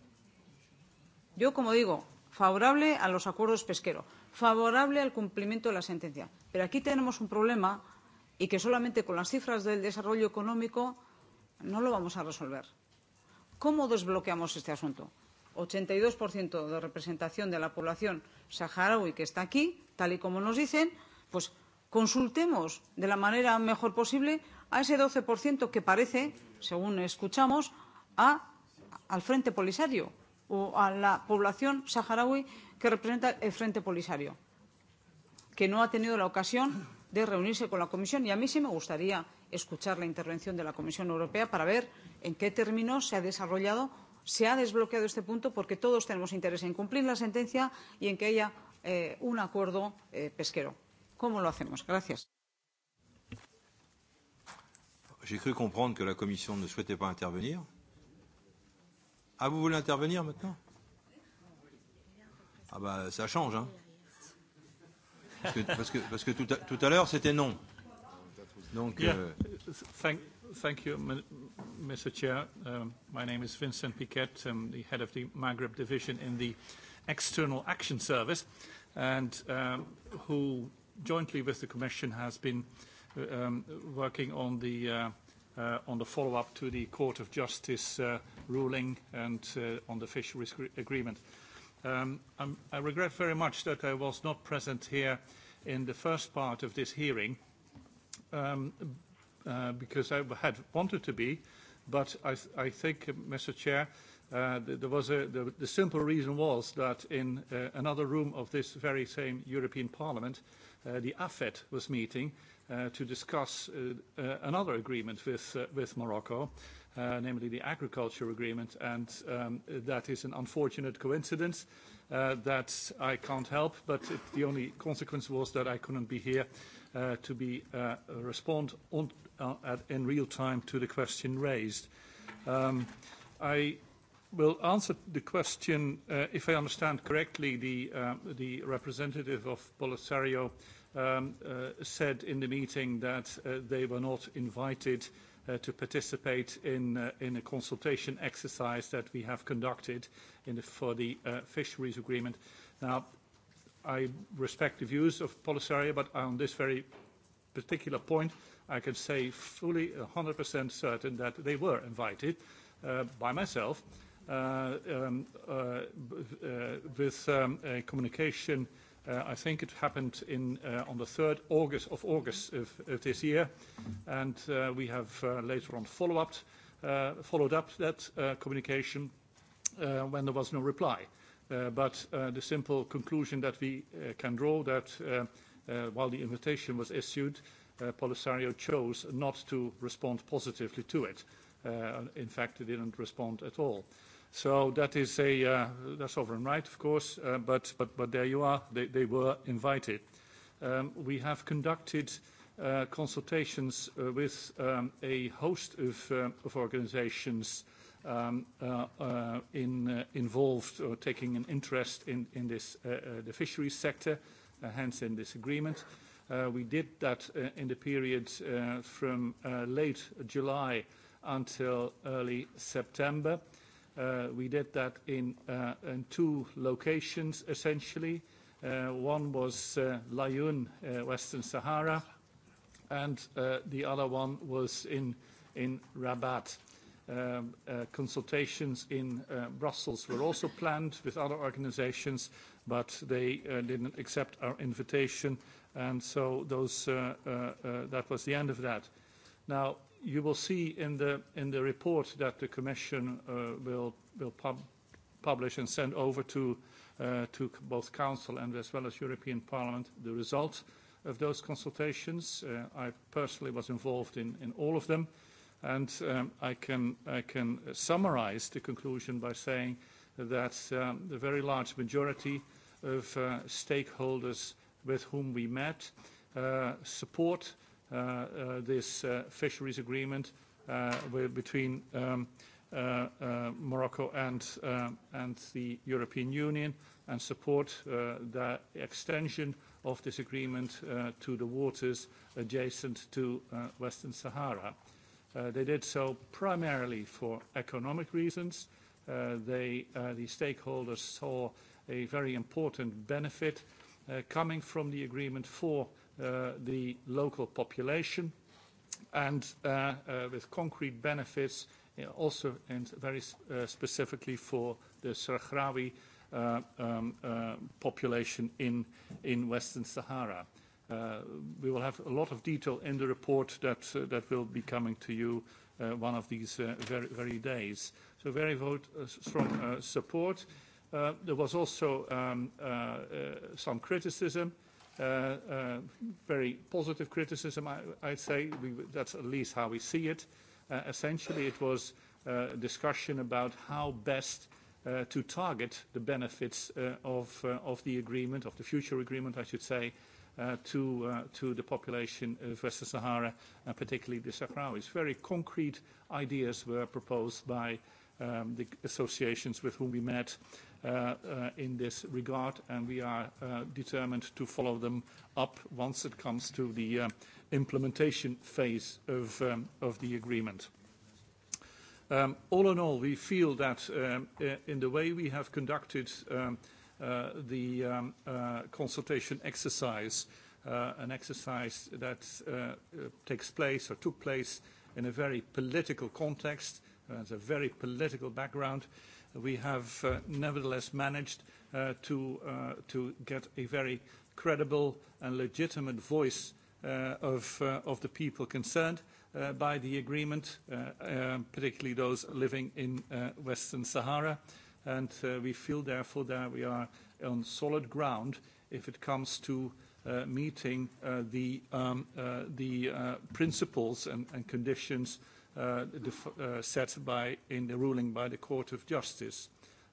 Yo, como digo, favorable a los acuerdos pesqueros, favorable al cumplimiento de la sentencia. Pero aquí tenemos un problema y que solamente con las cifras del desarrollo económico No lo vamos a resolver. ¿Cómo desbloqueamos este asunto? 82% de representación de la población saharaui que está aquí, tal y como nos dicen, pues consultemos de la manera mejor posible a ese 12% que parece, según escuchamos, a, al Frente Polisario o a la población saharaui que representa el Frente Polisario, que no ha tenido la ocasión de reunirse con la Comisión. Y a mí sí me gustaría escuchar la intervención de la Comisión Europea para ver en qué términos se ha desarrollado, se ha desbloqueado este punto, porque todos tenemos interés en cumplir la sentencia y en que haya eh, un acuerdo eh, pesquero. ¿Cómo lo hacemos? Gracias. J'ai cru comprendre que la Commission ne souhaitait pas intervenir. Ah, vous voulez intervenir maintenant Ah bah ça change, hein Parce que, parce que, parce que tout à, tout à l'heure, c'était non. Donc, yeah. euh... thank, thank you, Mr. Chair. Um, my name is Vincent Piquet. I'm the head of the Maghreb division in the External Action Service, and um, who jointly with the Commission has been uh, um, working on the uh, uh, on the follow-up to the Court of Justice uh, ruling and uh, on the fisheries agreement. Um, I'm, I regret very much that I was not present here in the first part of this hearing um, uh, because I had wanted to be, but I, th I think, uh, Mr. Chair, uh, th there was a, the, the simple reason was that in uh, another room of this very same European Parliament, uh, the AFET was meeting uh, to discuss uh, uh, another agreement with, uh, with Morocco, uh, namely the agriculture agreement, and um, that is an unfortunate coincidence uh, that I can't help, but it, the only consequence was that I couldn't be here Uh, to be uh, respond on, uh, at, in real time to the question raised. Um, I will answer the question, if I understand correctly, the, representative of Polisario um, said in the meeting that they were not invited to participate in, a consultation exercise that we have conducted for the fisheries agreement. Now, I respect the views of Polisario, but on this very particular point, I can say fully 100% certain that they were invited uh, by myself uh, um, uh, uh with um, a communication. Uh, I think it happened in, uh, on the 3rd August of August of, of this year, and we have later on follow-up, followed up that communication when there was no reply. Uh, but uh, the simple conclusion that we uh, can draw that while the invitation was issued, Polisario chose not to respond positively to it. in fact, they didn't respond at all. So that is a uh, that's sovereign right, of course, uh, but, but, but there you are. They, they were invited. Um, we have conducted uh, consultations uh, with um, a host of, um, of organizations Um, uh, uh, uh, involved or taking an interest in, this, the fisheries sector, hence in this agreement. we did that in the period from late July until early September. we did that in, two locations, essentially. one was Laayoune, Western Sahara, and the other one was in, in Rabat. Um, uh, consultations in uh, Brussels were also planned with other organizations, but they uh, didn't accept our invitation, and so those, that was the end of that. Now, you will see in the, in the report that the Commission will, will publish and send over to, to both Council and as well as European Parliament the result of those consultations. I personally was involved in, in all of them. And um, I, can, I can summarize the conclusion by saying that um, the very large majority of uh, stakeholders with whom we met uh, support uh, this fisheries agreement between um, Morocco and, and the European Union and support the extension of this agreement to the waters adjacent to Western Sahara. Uh, they did so primarily for economic reasons. Uh, they, uh, the stakeholders saw a very important benefit coming from the agreement for the local population and with concrete benefits also and very specifically for the Sahrawi um, population in, in Western Sahara. Uh, we will have a lot of detail in the report that, uh, will be coming to you uh, one of these very, days. So very vote, strong support. There was also um, some criticism, very positive criticism, I'd say. that's at least how we see it. Essentially, it was a discussion about how best to target the benefits of the agreement, of the future agreement, I should say, Uh, to, uh, to the population of Western Sahara, and particularly the Sahrawis. Very concrete ideas were proposed by um, the associations with whom we met uh, uh, in this regard, and we are uh, determined to follow them up once it comes to the uh, implementation phase of, um, of the agreement. Um, all in all, we feel that um, uh, in the way we have conducted um, – Uh, the um, uh, consultation exercise, uh, an exercise that takes place or took place in a very political context, has a very political background. We have nevertheless managed to, get a very credible and legitimate voice of, the people concerned by the agreement, um, particularly those living in Western Sahara and uh, we feel therefore that we are on solid ground if it comes to uh, meeting uh, the, um, principles and, conditions set by in the ruling by the Court of Justice.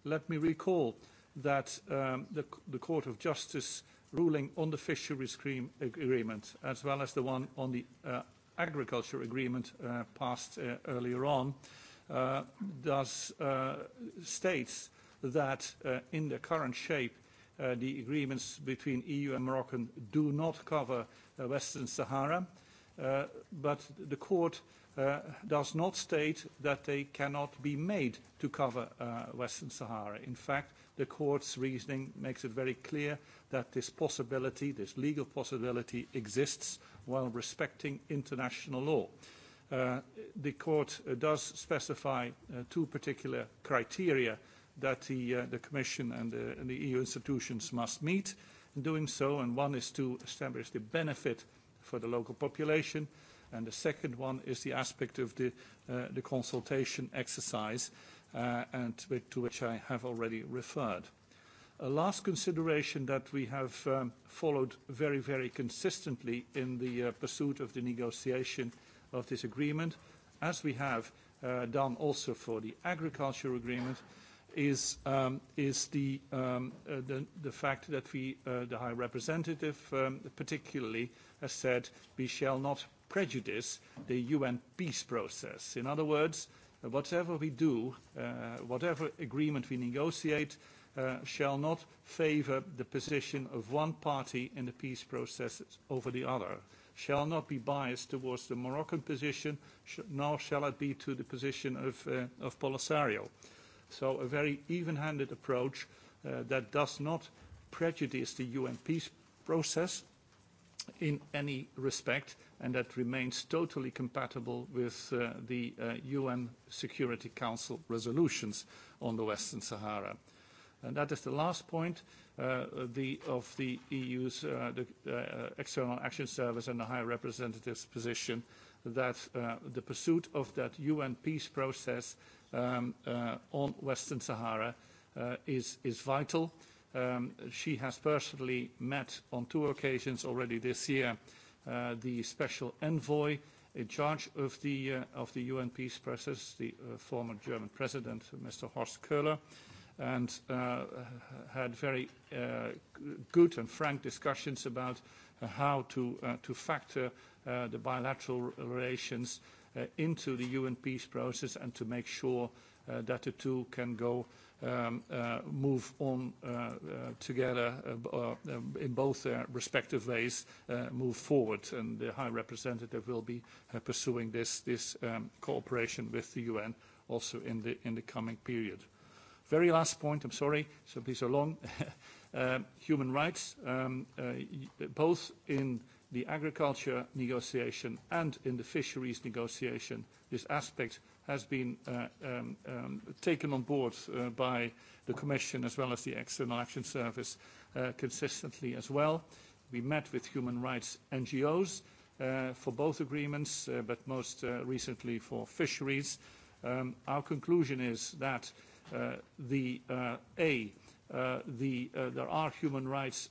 Let me recall that um, the, Court of Justice ruling on the fisheries agreement, as well as the one on the agriculture agreement passed earlier on, thus uh, uh, states that uh, in the current shape the agreements between EU and Moroccan do not cover uh, Western Sahara, but the court does not state that they cannot be made to cover Western Sahara. In fact, the court's reasoning makes it very clear that this possibility, this legal possibility, exists while respecting international law. Uh, the court does specify uh, two particular criteria that the, uh, the Commission and the, and the EU institutions must meet in doing so, and one is to establish the benefit for the local population, and the second one is the aspect of the, uh, the consultation exercise, uh, and to, to which I have already referred. A last consideration that we have um, followed very, very consistently in the uh, pursuit of the negotiation uh, of this agreement, as we have uh, done also for the agriculture agreement, is, um, is the, um, uh, the, the fact that we, uh, the High Representative um, particularly, has said we shall not prejudice the UN peace process. In other words, whatever we do, uh, whatever agreement we negotiate, uh, shall not favor the position of one party in the peace process over the other shall not be biased towards the Moroccan position, sh nor shall it be to the position of, uh, of Polisario. So a very even-handed approach uh, that does not prejudice the UN peace process in any respect and that remains totally compatible with uh, the uh, UN Security Council resolutions on the Western Sahara. And that is the last point uh, of the EU's uh, the, uh, External Action Service and the High Representative's position that the pursuit of that UN peace process um, on Western Sahara is, vital. Um, she has personally met on two occasions already this year the special envoy in charge of the, UN peace process, the former German president, Mr. Horst Köhler, and uh, had very uh, good and frank discussions about uh, how to, factor the bilateral relations into the UN peace process and to make sure that the two can go um, move on together in both their respective ways, move forward. And the High Representative will be pursuing this, um, cooperation with the UN also in the coming period. Very last point, I'm sorry, so be so long. human rights, um, uh, both in the agriculture negotiation and in the fisheries negotiation, this aspect has been uh, um, um, taken on board uh, by the Commission as well as the External Action Service consistently as well. We met with human rights NGOs for both agreements, but most recently for fisheries. our conclusion is that Uh, the uh, A, uh, the, there are human rights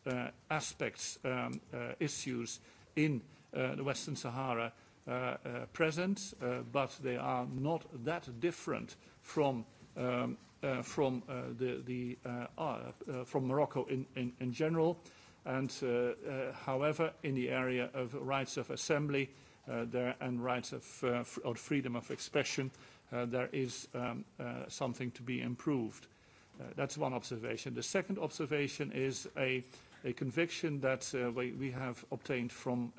aspects, um, issues in the Western Sahara present, but they are not that different from um, uh, from uh, the, the uh, uh, from Morocco in, in, in general, and uh, uh, however, in the area of rights of assembly uh, there and rights of uh, freedom of expression, Uh, there is um, uh, something to be improved. Uh, that's one observation. The second observation is a, conviction that we, have obtained from,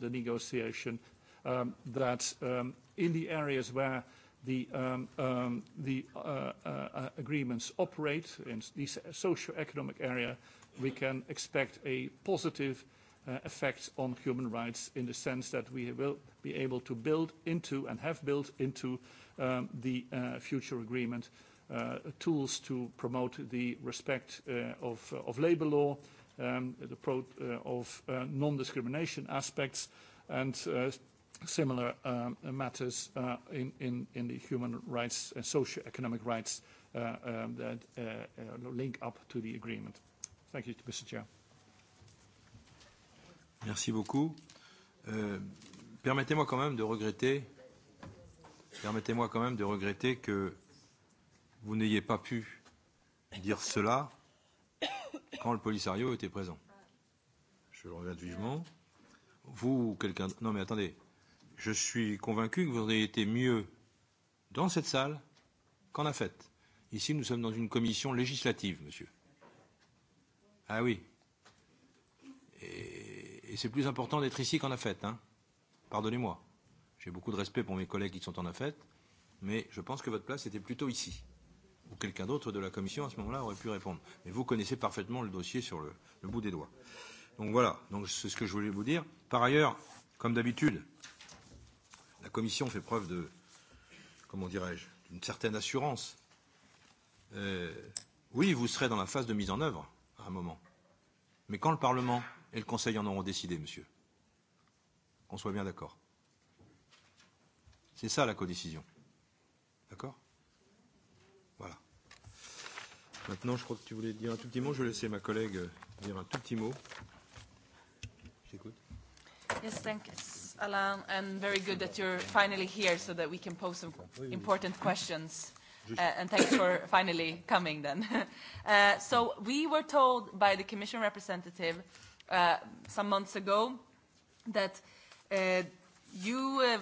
the negotiation um, that um, in the areas where the, agreements operate, in the socio-economic area, we can expect a positive effect on human rights in the sense that we will be able to build into and have built into Um, the uh, future agreement uh, tools to promote the respect uh, of, labor law, um, the pro of non-discrimination aspects, and similar um, matters in, the human rights and socioeconomic rights that link up to the agreement. Thank you, Mr. Chair. Merci beaucoup. Euh, permettez-moi quand même de regretter Permettez-moi quand même de regretter que vous n'ayez pas pu dire cela quand le Polisario était présent. Je le regrette vivement. Vous ou quelqu'un... Non mais attendez, je suis convaincu que vous auriez été mieux dans cette salle qu'en a fait. Ici, nous sommes dans une commission législative, monsieur. Ah oui. Et, et c'est plus important d'être ici qu'en a fait, hein. Pardonnez-moi. J'ai beaucoup de respect pour mes collègues qui sont en affaire, mais je pense que votre place était plutôt ici. Ou quelqu'un d'autre de la commission à ce moment-là aurait pu répondre. Mais vous connaissez parfaitement le dossier sur le, le bout des doigts. Donc voilà, donc c'est ce que je voulais vous dire. Par ailleurs, comme d'habitude, la commission fait preuve de, comment dirais-je, d'une certaine assurance. Euh, oui, vous serez dans la phase de mise en œuvre à un moment. Mais quand le Parlement et le Conseil en auront décidé, monsieur, qu'on soit bien d'accord. C'est ça la codécision. D'accord Voilà. Maintenant, je crois que tu voulais dire un tout petit mot. Je vais laisser ma collègue euh, dire un tout petit mot. J'écoute. Yes, you, Alain, and very good that you're finally here so that we can pose some important questions. Uh, and thanks for finally coming then. Uh, so we were told by the Commission representative uh, some months ago that uh, you uh,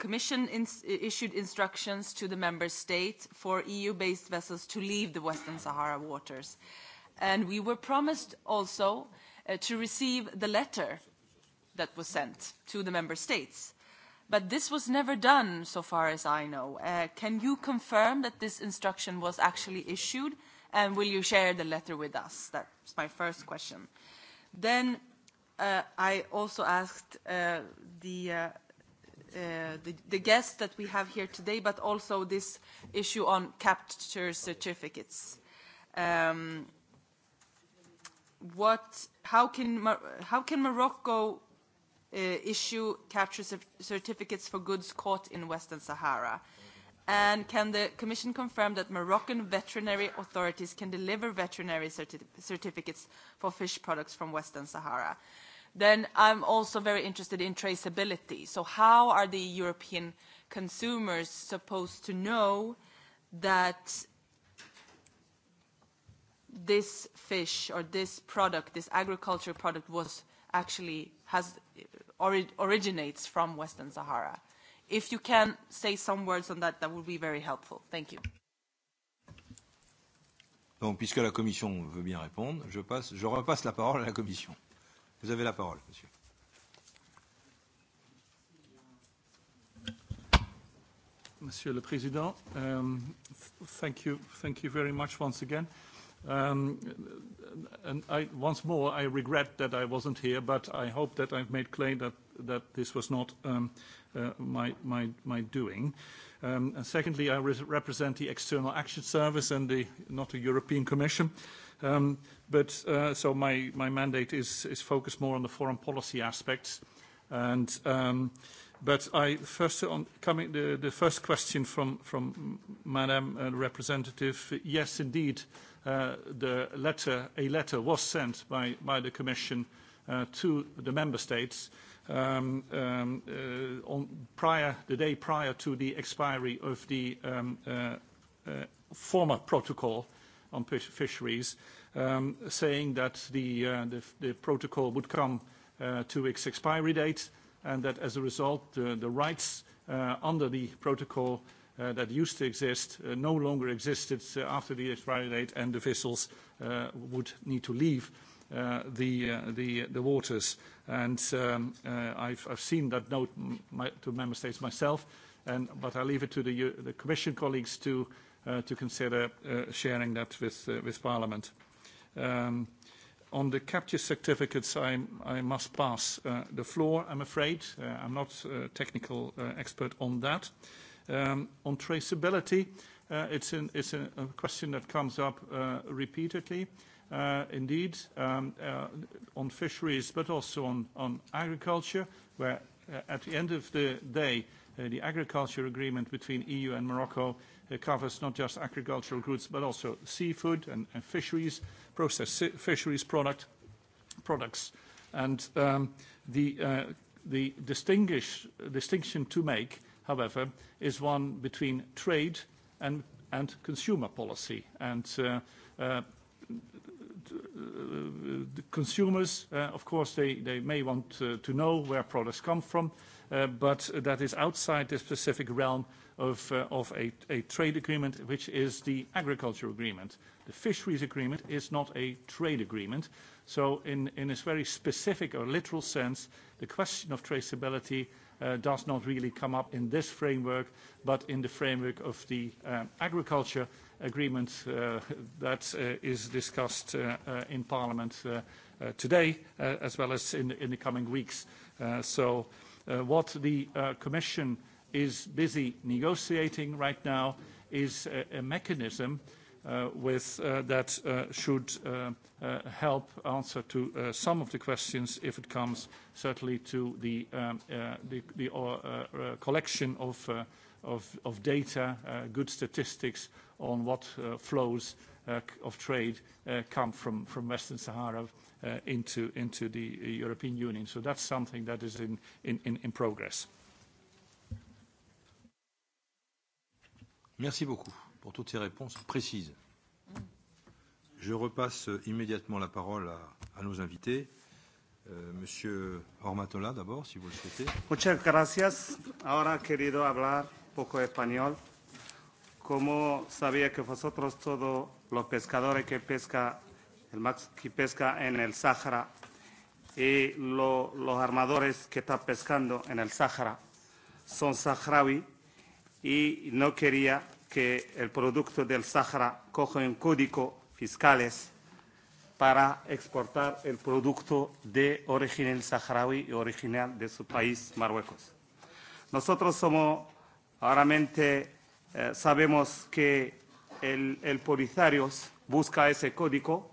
Commission ins issued instructions to the member state for EU-based vessels to leave the Western Sahara waters. And we were promised also uh, to receive the letter that was sent to the member states. But this was never done, so far as I know. Uh, can you confirm that this instruction was actually issued? And will you share the letter with us? That's my first question. Then uh, I also asked uh, the uh, Uh, the, the guests that we have here today, but also this issue on capture certificates. Um, what, how, can, how can Morocco uh, issue capture certificates for goods caught in Western Sahara? And can the Commission confirm that Moroccan veterinary authorities can deliver veterinary certi certificates for fish products from Western Sahara? Then I'm also very interested in traceability. So how are the European consumers supposed to know that this fish or this product, this agriculture product was actually has or originates from Western Sahara? If you can say some words on that, that would be very helpful. Thank you. Donc, puisque la Commission veut bien répondre, je, passe, je repasse la parole à la Commission. Vous avez la parole, monsieur. Monsieur le Président, um, thank you, thank you very much once again. Um, and I, once more, I regret that I wasn't here, but I hope that I've made clear that, that this was not um, uh, my, my, my doing. Um, and secondly, I re represent the External Action Service and the, not the European Commission. Um, uh, so my, mandate is, focused more on the foreign policy aspects. Um, but I first on coming the, the first question from Madam uh, Representative, yes, indeed, uh, the letter a letter was sent by the Commission to the member states um, on prior the day prior to the expiry of the former protocol on fisheries, um, saying that uh, the, the, protocol would come uh, to its expiry date, and that as a result, the, rights uh, under the protocol that used to exist no longer existed after the expiry date, and the vessels would need to leave. the, the, waters. And um, I've, seen that note to member states myself, but I leave it to the, the Commission colleagues to Uh, to consider uh, sharing that with, uh, with Parliament. Um, on the capture certificates, I, must pass the floor, I'm afraid. I'm not a technical expert on that. Um, on traceability, it's, it's a, question that comes up repeatedly. indeed, um, on fisheries, but also on, on agriculture, where at the end of the day, Uh, the agriculture agreement between EU and Morocco uh, covers not just agricultural goods, but also seafood and, and fisheries, processed fisheries product, products. And um, the, uh, the distinguish, distinction to make, however, is one between trade and, and consumer policy. And uh, uh, the consumers, uh, of course, they, they may want to, uh, to know where products come from Uh, but that is outside the specific realm of, uh, a, trade agreement, which is the agriculture agreement. The fisheries agreement is not a trade agreement. So in, this very specific or literal sense, the question of traceability uh, does not really come up in this framework, but in the framework of the agriculture agreement that is discussed in Parliament today, as well as in, the coming weeks. so. Uh, what the uh, Commission is busy negotiating right now is a, mechanism uh, with that should help answer to some of the questions if it comes certainly to the, um, the, collection of, of data, good statistics on what flows Uh, of trade uh, come from, Western Sahara uh, into, the European Union. So that's something that is in, progress. Merci beaucoup pour toutes ces réponses précises. Je repasse euh, immédiatement la parole à, nos invités. Euh, monsieur Ormatola, d'abord, si vous le souhaitez. Muchas gracias. Ahora, he querido hablar poco español como sabía que vosotros todos los pescadores que pesca, el max que pesca en el Sahara y lo, los armadores que están pescando en el Sahara son saharaui y no quería que el producto del Sahara coja un código fiscales para exportar el producto de origen saharaui y original de su país, Marruecos. Nosotros somos realmente Eh, sabemos que el, el Polisario busca ese código,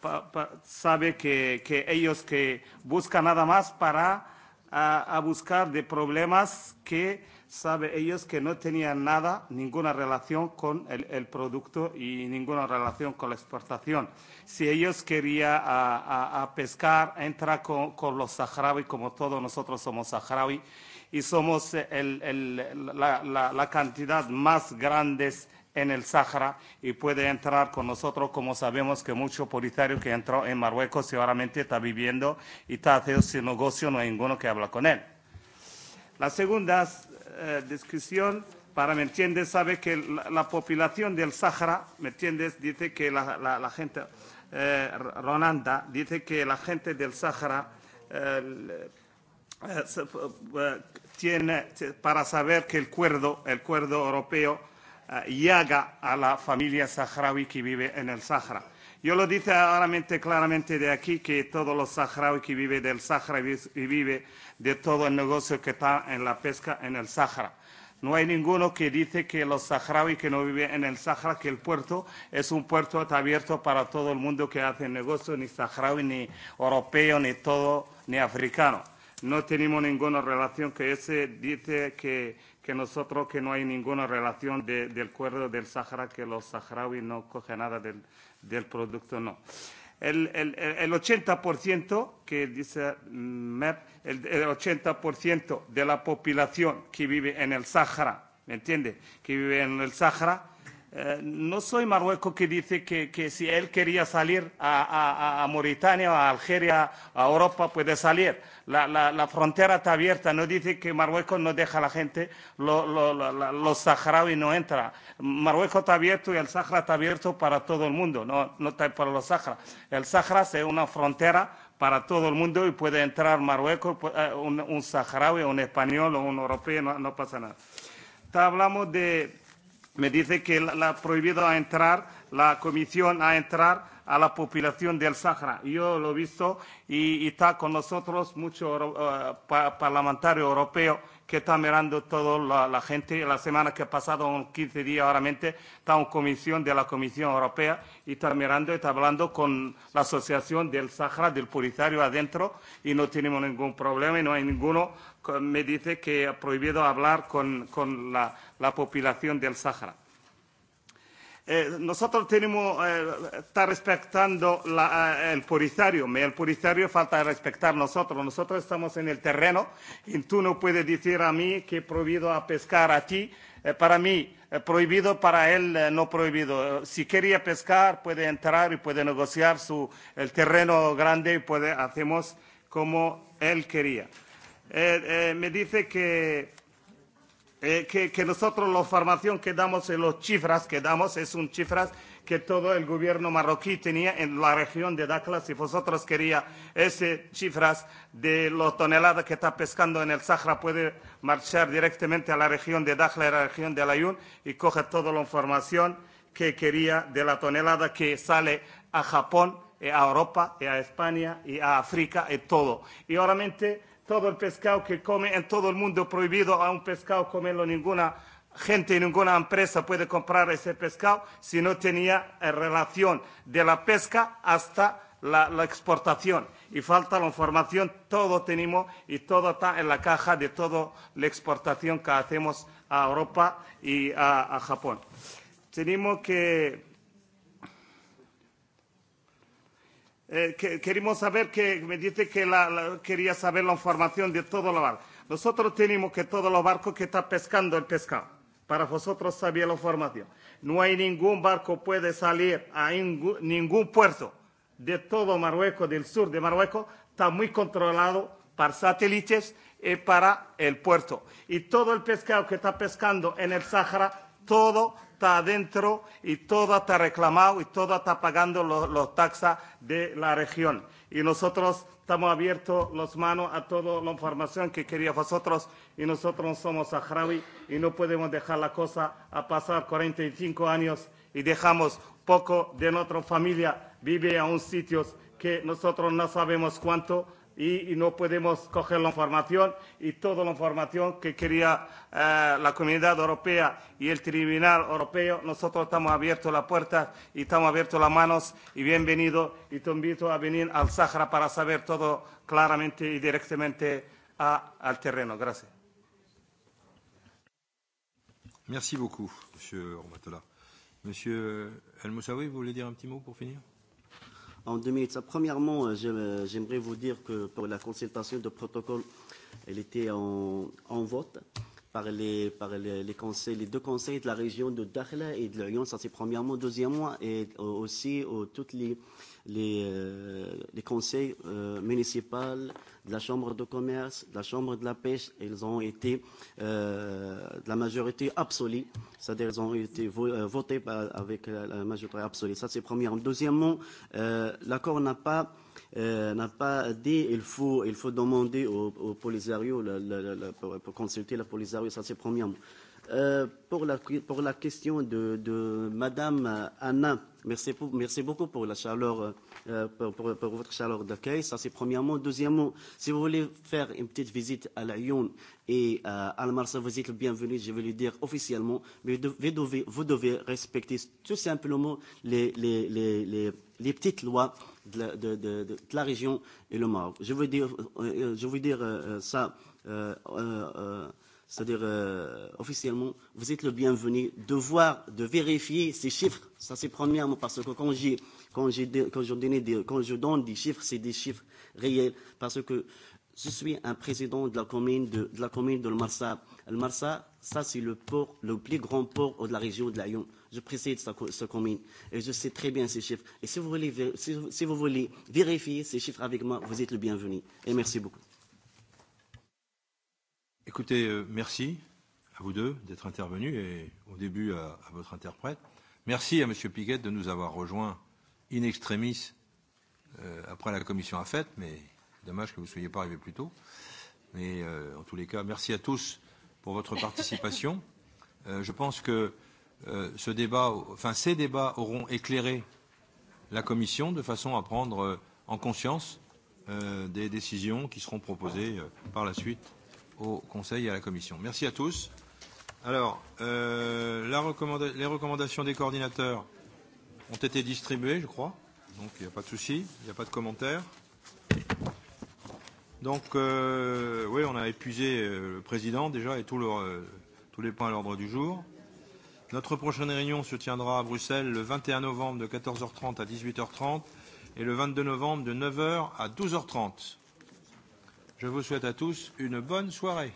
pa, pa, sabe que, que ellos que buscan nada más para a, a buscar de problemas que sabe ellos que no tenían nada, ninguna relación con el, el producto y ninguna relación con la exportación. Si ellos querían a, a, a pescar, entra con, con los saharauis, como todos nosotros somos saharauis, y somos el, el, la, la, la cantidad más grande en el Sahara y puede entrar con nosotros, como sabemos que mucho polisario que entró en Marruecos y ahora está viviendo y está haciendo su negocio, no hay ninguno que habla con él. La segunda eh, discusión, para me entiendes, sabe que la, la población del Sahara, me entiendes, dice que la, la, la gente, eh, Ronanda, dice que la gente del Sahara eh, eh, eh tiene, eh, para saber que el cuerdo, el cuerdo europeo eh, llega a la familia saharaui que vive en el Sahara. Yo lo dice claramente, claramente de aquí que todos los saharaui que vive del Sahara y vive de todo el negocio que está en la pesca en el Sahara. No hay ninguno que dice que los saharauis que no viven en el Sahara, que el puerto es un puerto abierto para todo el mundo que hace negocio, ni saharaui, ni europeo, ni todo, ni africano no tenemos ninguna relación, que ese dice que, que nosotros que no hay ninguna relación de, del cuerdo del Sahara, que los saharauis no cogen nada del, del producto, no. El, el, el 80% que dice mm, MEP, el, el 80% de la población que vive en el Sahara, ¿me entiende? Que vive en el Sahara, Eh, no soy Marruecos que dice que, que si él quería salir a, a, a Mauritania, a Algeria, a Europa, puede salir. La, la, la frontera está abierta. No dice que Marruecos no deja a la gente, los lo, lo, lo, lo saharauis no entra. Marruecos está abierto y el Sahara está abierto para todo el mundo, no, no está para los Sahara. El Sahara es una frontera para todo el mundo y puede entrar Marruecos, eh, un, un saharaui, un español o un europeo, no, no pasa nada. Está, hablamos de me dice que la ha prohibido a entrar, la comisión a entrar a la población del Sahara. Yo lo he visto y, y está con nosotros mucho uh, pa, parlamentario europeo que está mirando toda la, la gente. La semana que ha pasado, 15 días ahora, mente, está en comisión de la Comisión Europea y está mirando, está hablando con la Asociación del Sahara, del Purisario adentro y no tenemos ningún problema y no hay ninguno que me dice que ha prohibido hablar con, con la, la población del Sahara. Eh, nosotros tenemos, eh, está respetando la, eh, el polisario, el polisario falta respetar nosotros, nosotros estamos en el terreno y tú no puedes decir a mí que he prohibido a pescar a ti, eh, para mí eh, prohibido, para él eh, no prohibido. Eh, si quería pescar puede entrar y puede negociar su, el terreno grande y puede, hacemos como él quería. Eh, eh, me dice que eh, que, que nosotros la formación que damos, eh, las cifras que damos, es un cifras que todo el gobierno marroquí tenía en la región de Dakla. Si vosotros quería ese cifras de los toneladas que está pescando en el Sahara, puede marchar directamente a la región de Dakla, a la región de Layún, y coge toda la información que quería de la tonelada que sale a Japón, y eh, a Europa, y eh, a España, y a África, y todo. Y obviamente todo el pescado que come en todo el mundo prohibido a un pescado comerlo ninguna gente, ninguna empresa puede comprar ese pescado si no tenía eh, relación de la pesca hasta la, la exportación. Y falta la información, todo tenemos y todo está en la caja de toda la exportación que hacemos a Europa y a, a Japón. Tenemos que Eh, que, queremos saber que me dice que la, la, quería saber la información de todos los barcos. Nosotros tenemos que todos los barcos que están pescando el pescado. Para vosotros sabía la información. No hay ningún barco puede salir a ingu, ningún puerto de todo Marruecos, del sur de Marruecos, está muy controlado por satélites y eh, para el puerto. Y todo el pescado que está pescando en el Sahara, todo está adentro y todo está reclamado y todo está pagando los, los taxas de la región. Y nosotros estamos abiertos las manos a toda la información que quería vosotros y nosotros somos saharaui y no podemos dejar la cosa a pasar 45 años y dejamos poco de nuestra familia vive a un sitio que nosotros no sabemos cuánto y, y no podemos coger la información y toda la información que quería eh, la Comunidad Europea y el Tribunal Europeo. Nosotros estamos abiertos las puertas y estamos abiertos las manos y bienvenido y te invito a venir al Sahara para saber todo claramente y directamente a, al terreno. Gracias. Merci beaucoup, Monsieur Ormatola. Monsieur El Moussaoui, vous voulez dire un petit mot pour finir en deux minutes. Premièrement, euh, euh, j'aimerais vous dire que pour la consultation de protocole, elle était en, en vote par les, par les, les, conseils, les deux conseils de la région de Dakhla et de l'Orient. Ça, c'est premièrement. Deuxièmement, et aussi aux, toutes les, les, euh, les conseils euh, municipaux de la Chambre de commerce, de la Chambre de la pêche. Ils ont été euh, de la majorité absolue, c'est-à-dire ils ont été vo euh, votés par, avec la, euh, la majorité absolue. Ça, c'est premièrement. Deuxièmement, euh, l'accord n'a pas Euh, euh, n'a pas dit il faut, il faut demander au, au Polisario, le, le, le, pour, pour consulter le Polisario, ça c'est premièrement. Euh, pour, la, pour la question de, de Madame Anna, merci, pour, merci beaucoup pour la chaleur, euh, pour, pour, pour votre chaleur d'accueil. Ça, c'est premièrement. Deuxièmement, si vous voulez faire une petite visite à Lyon et euh, à la Marsa, vous êtes le bienvenu, je vais le dire officiellement. Mais vous devez, vous devez respecter tout simplement les, les, les, les, les petites lois de la, de, de, de, de la région et le Maroc. Je veux dire, euh, je veux dire euh, euh, ça, euh, euh, c'est-à-dire euh, officiellement, vous êtes le bienvenu de voir, de vérifier ces chiffres. Ça c'est premièrement parce que quand j'ai quand, quand, je des, quand je donne des chiffres, c'est des chiffres réels parce que je suis un président de la commune de, de la commune de le Marsa. Le Marsa, ça c'est le port, le plus grand port de la région de l'Aïon. Je précède sa, sa commune et je sais très bien ces chiffres. Et si vous, voulez, si, si vous voulez vérifier ces chiffres avec moi, vous êtes le bienvenu. Et merci beaucoup. Écoutez, euh, merci à vous deux d'être intervenus et au début à, à votre interprète. Merci à M. Piguet de nous avoir rejoints in extremis euh, après la commission a fait, mais dommage que vous ne soyez pas arrivé plus tôt. Mais euh, en tous les cas, merci à tous pour votre participation. Euh, je pense que Euh, ce débat, enfin ces débats auront éclairé la Commission de façon à prendre euh, en conscience euh, des décisions qui seront proposées euh, par la suite au Conseil et à la Commission. Merci à tous. Alors, euh, la recommanda les recommandations des coordinateurs ont été distribuées, je crois. Donc, il n'y a pas de souci, il n'y a pas de commentaires. Donc, euh, oui, on a épuisé euh, le président déjà et tout le, euh, tous les points à l'ordre du jour. Notre prochaine réunion se tiendra à Bruxelles le 21 novembre de 14h30 à 18h30 et le 22 novembre de 9h à 12h30. Je vous souhaite à tous une bonne soirée.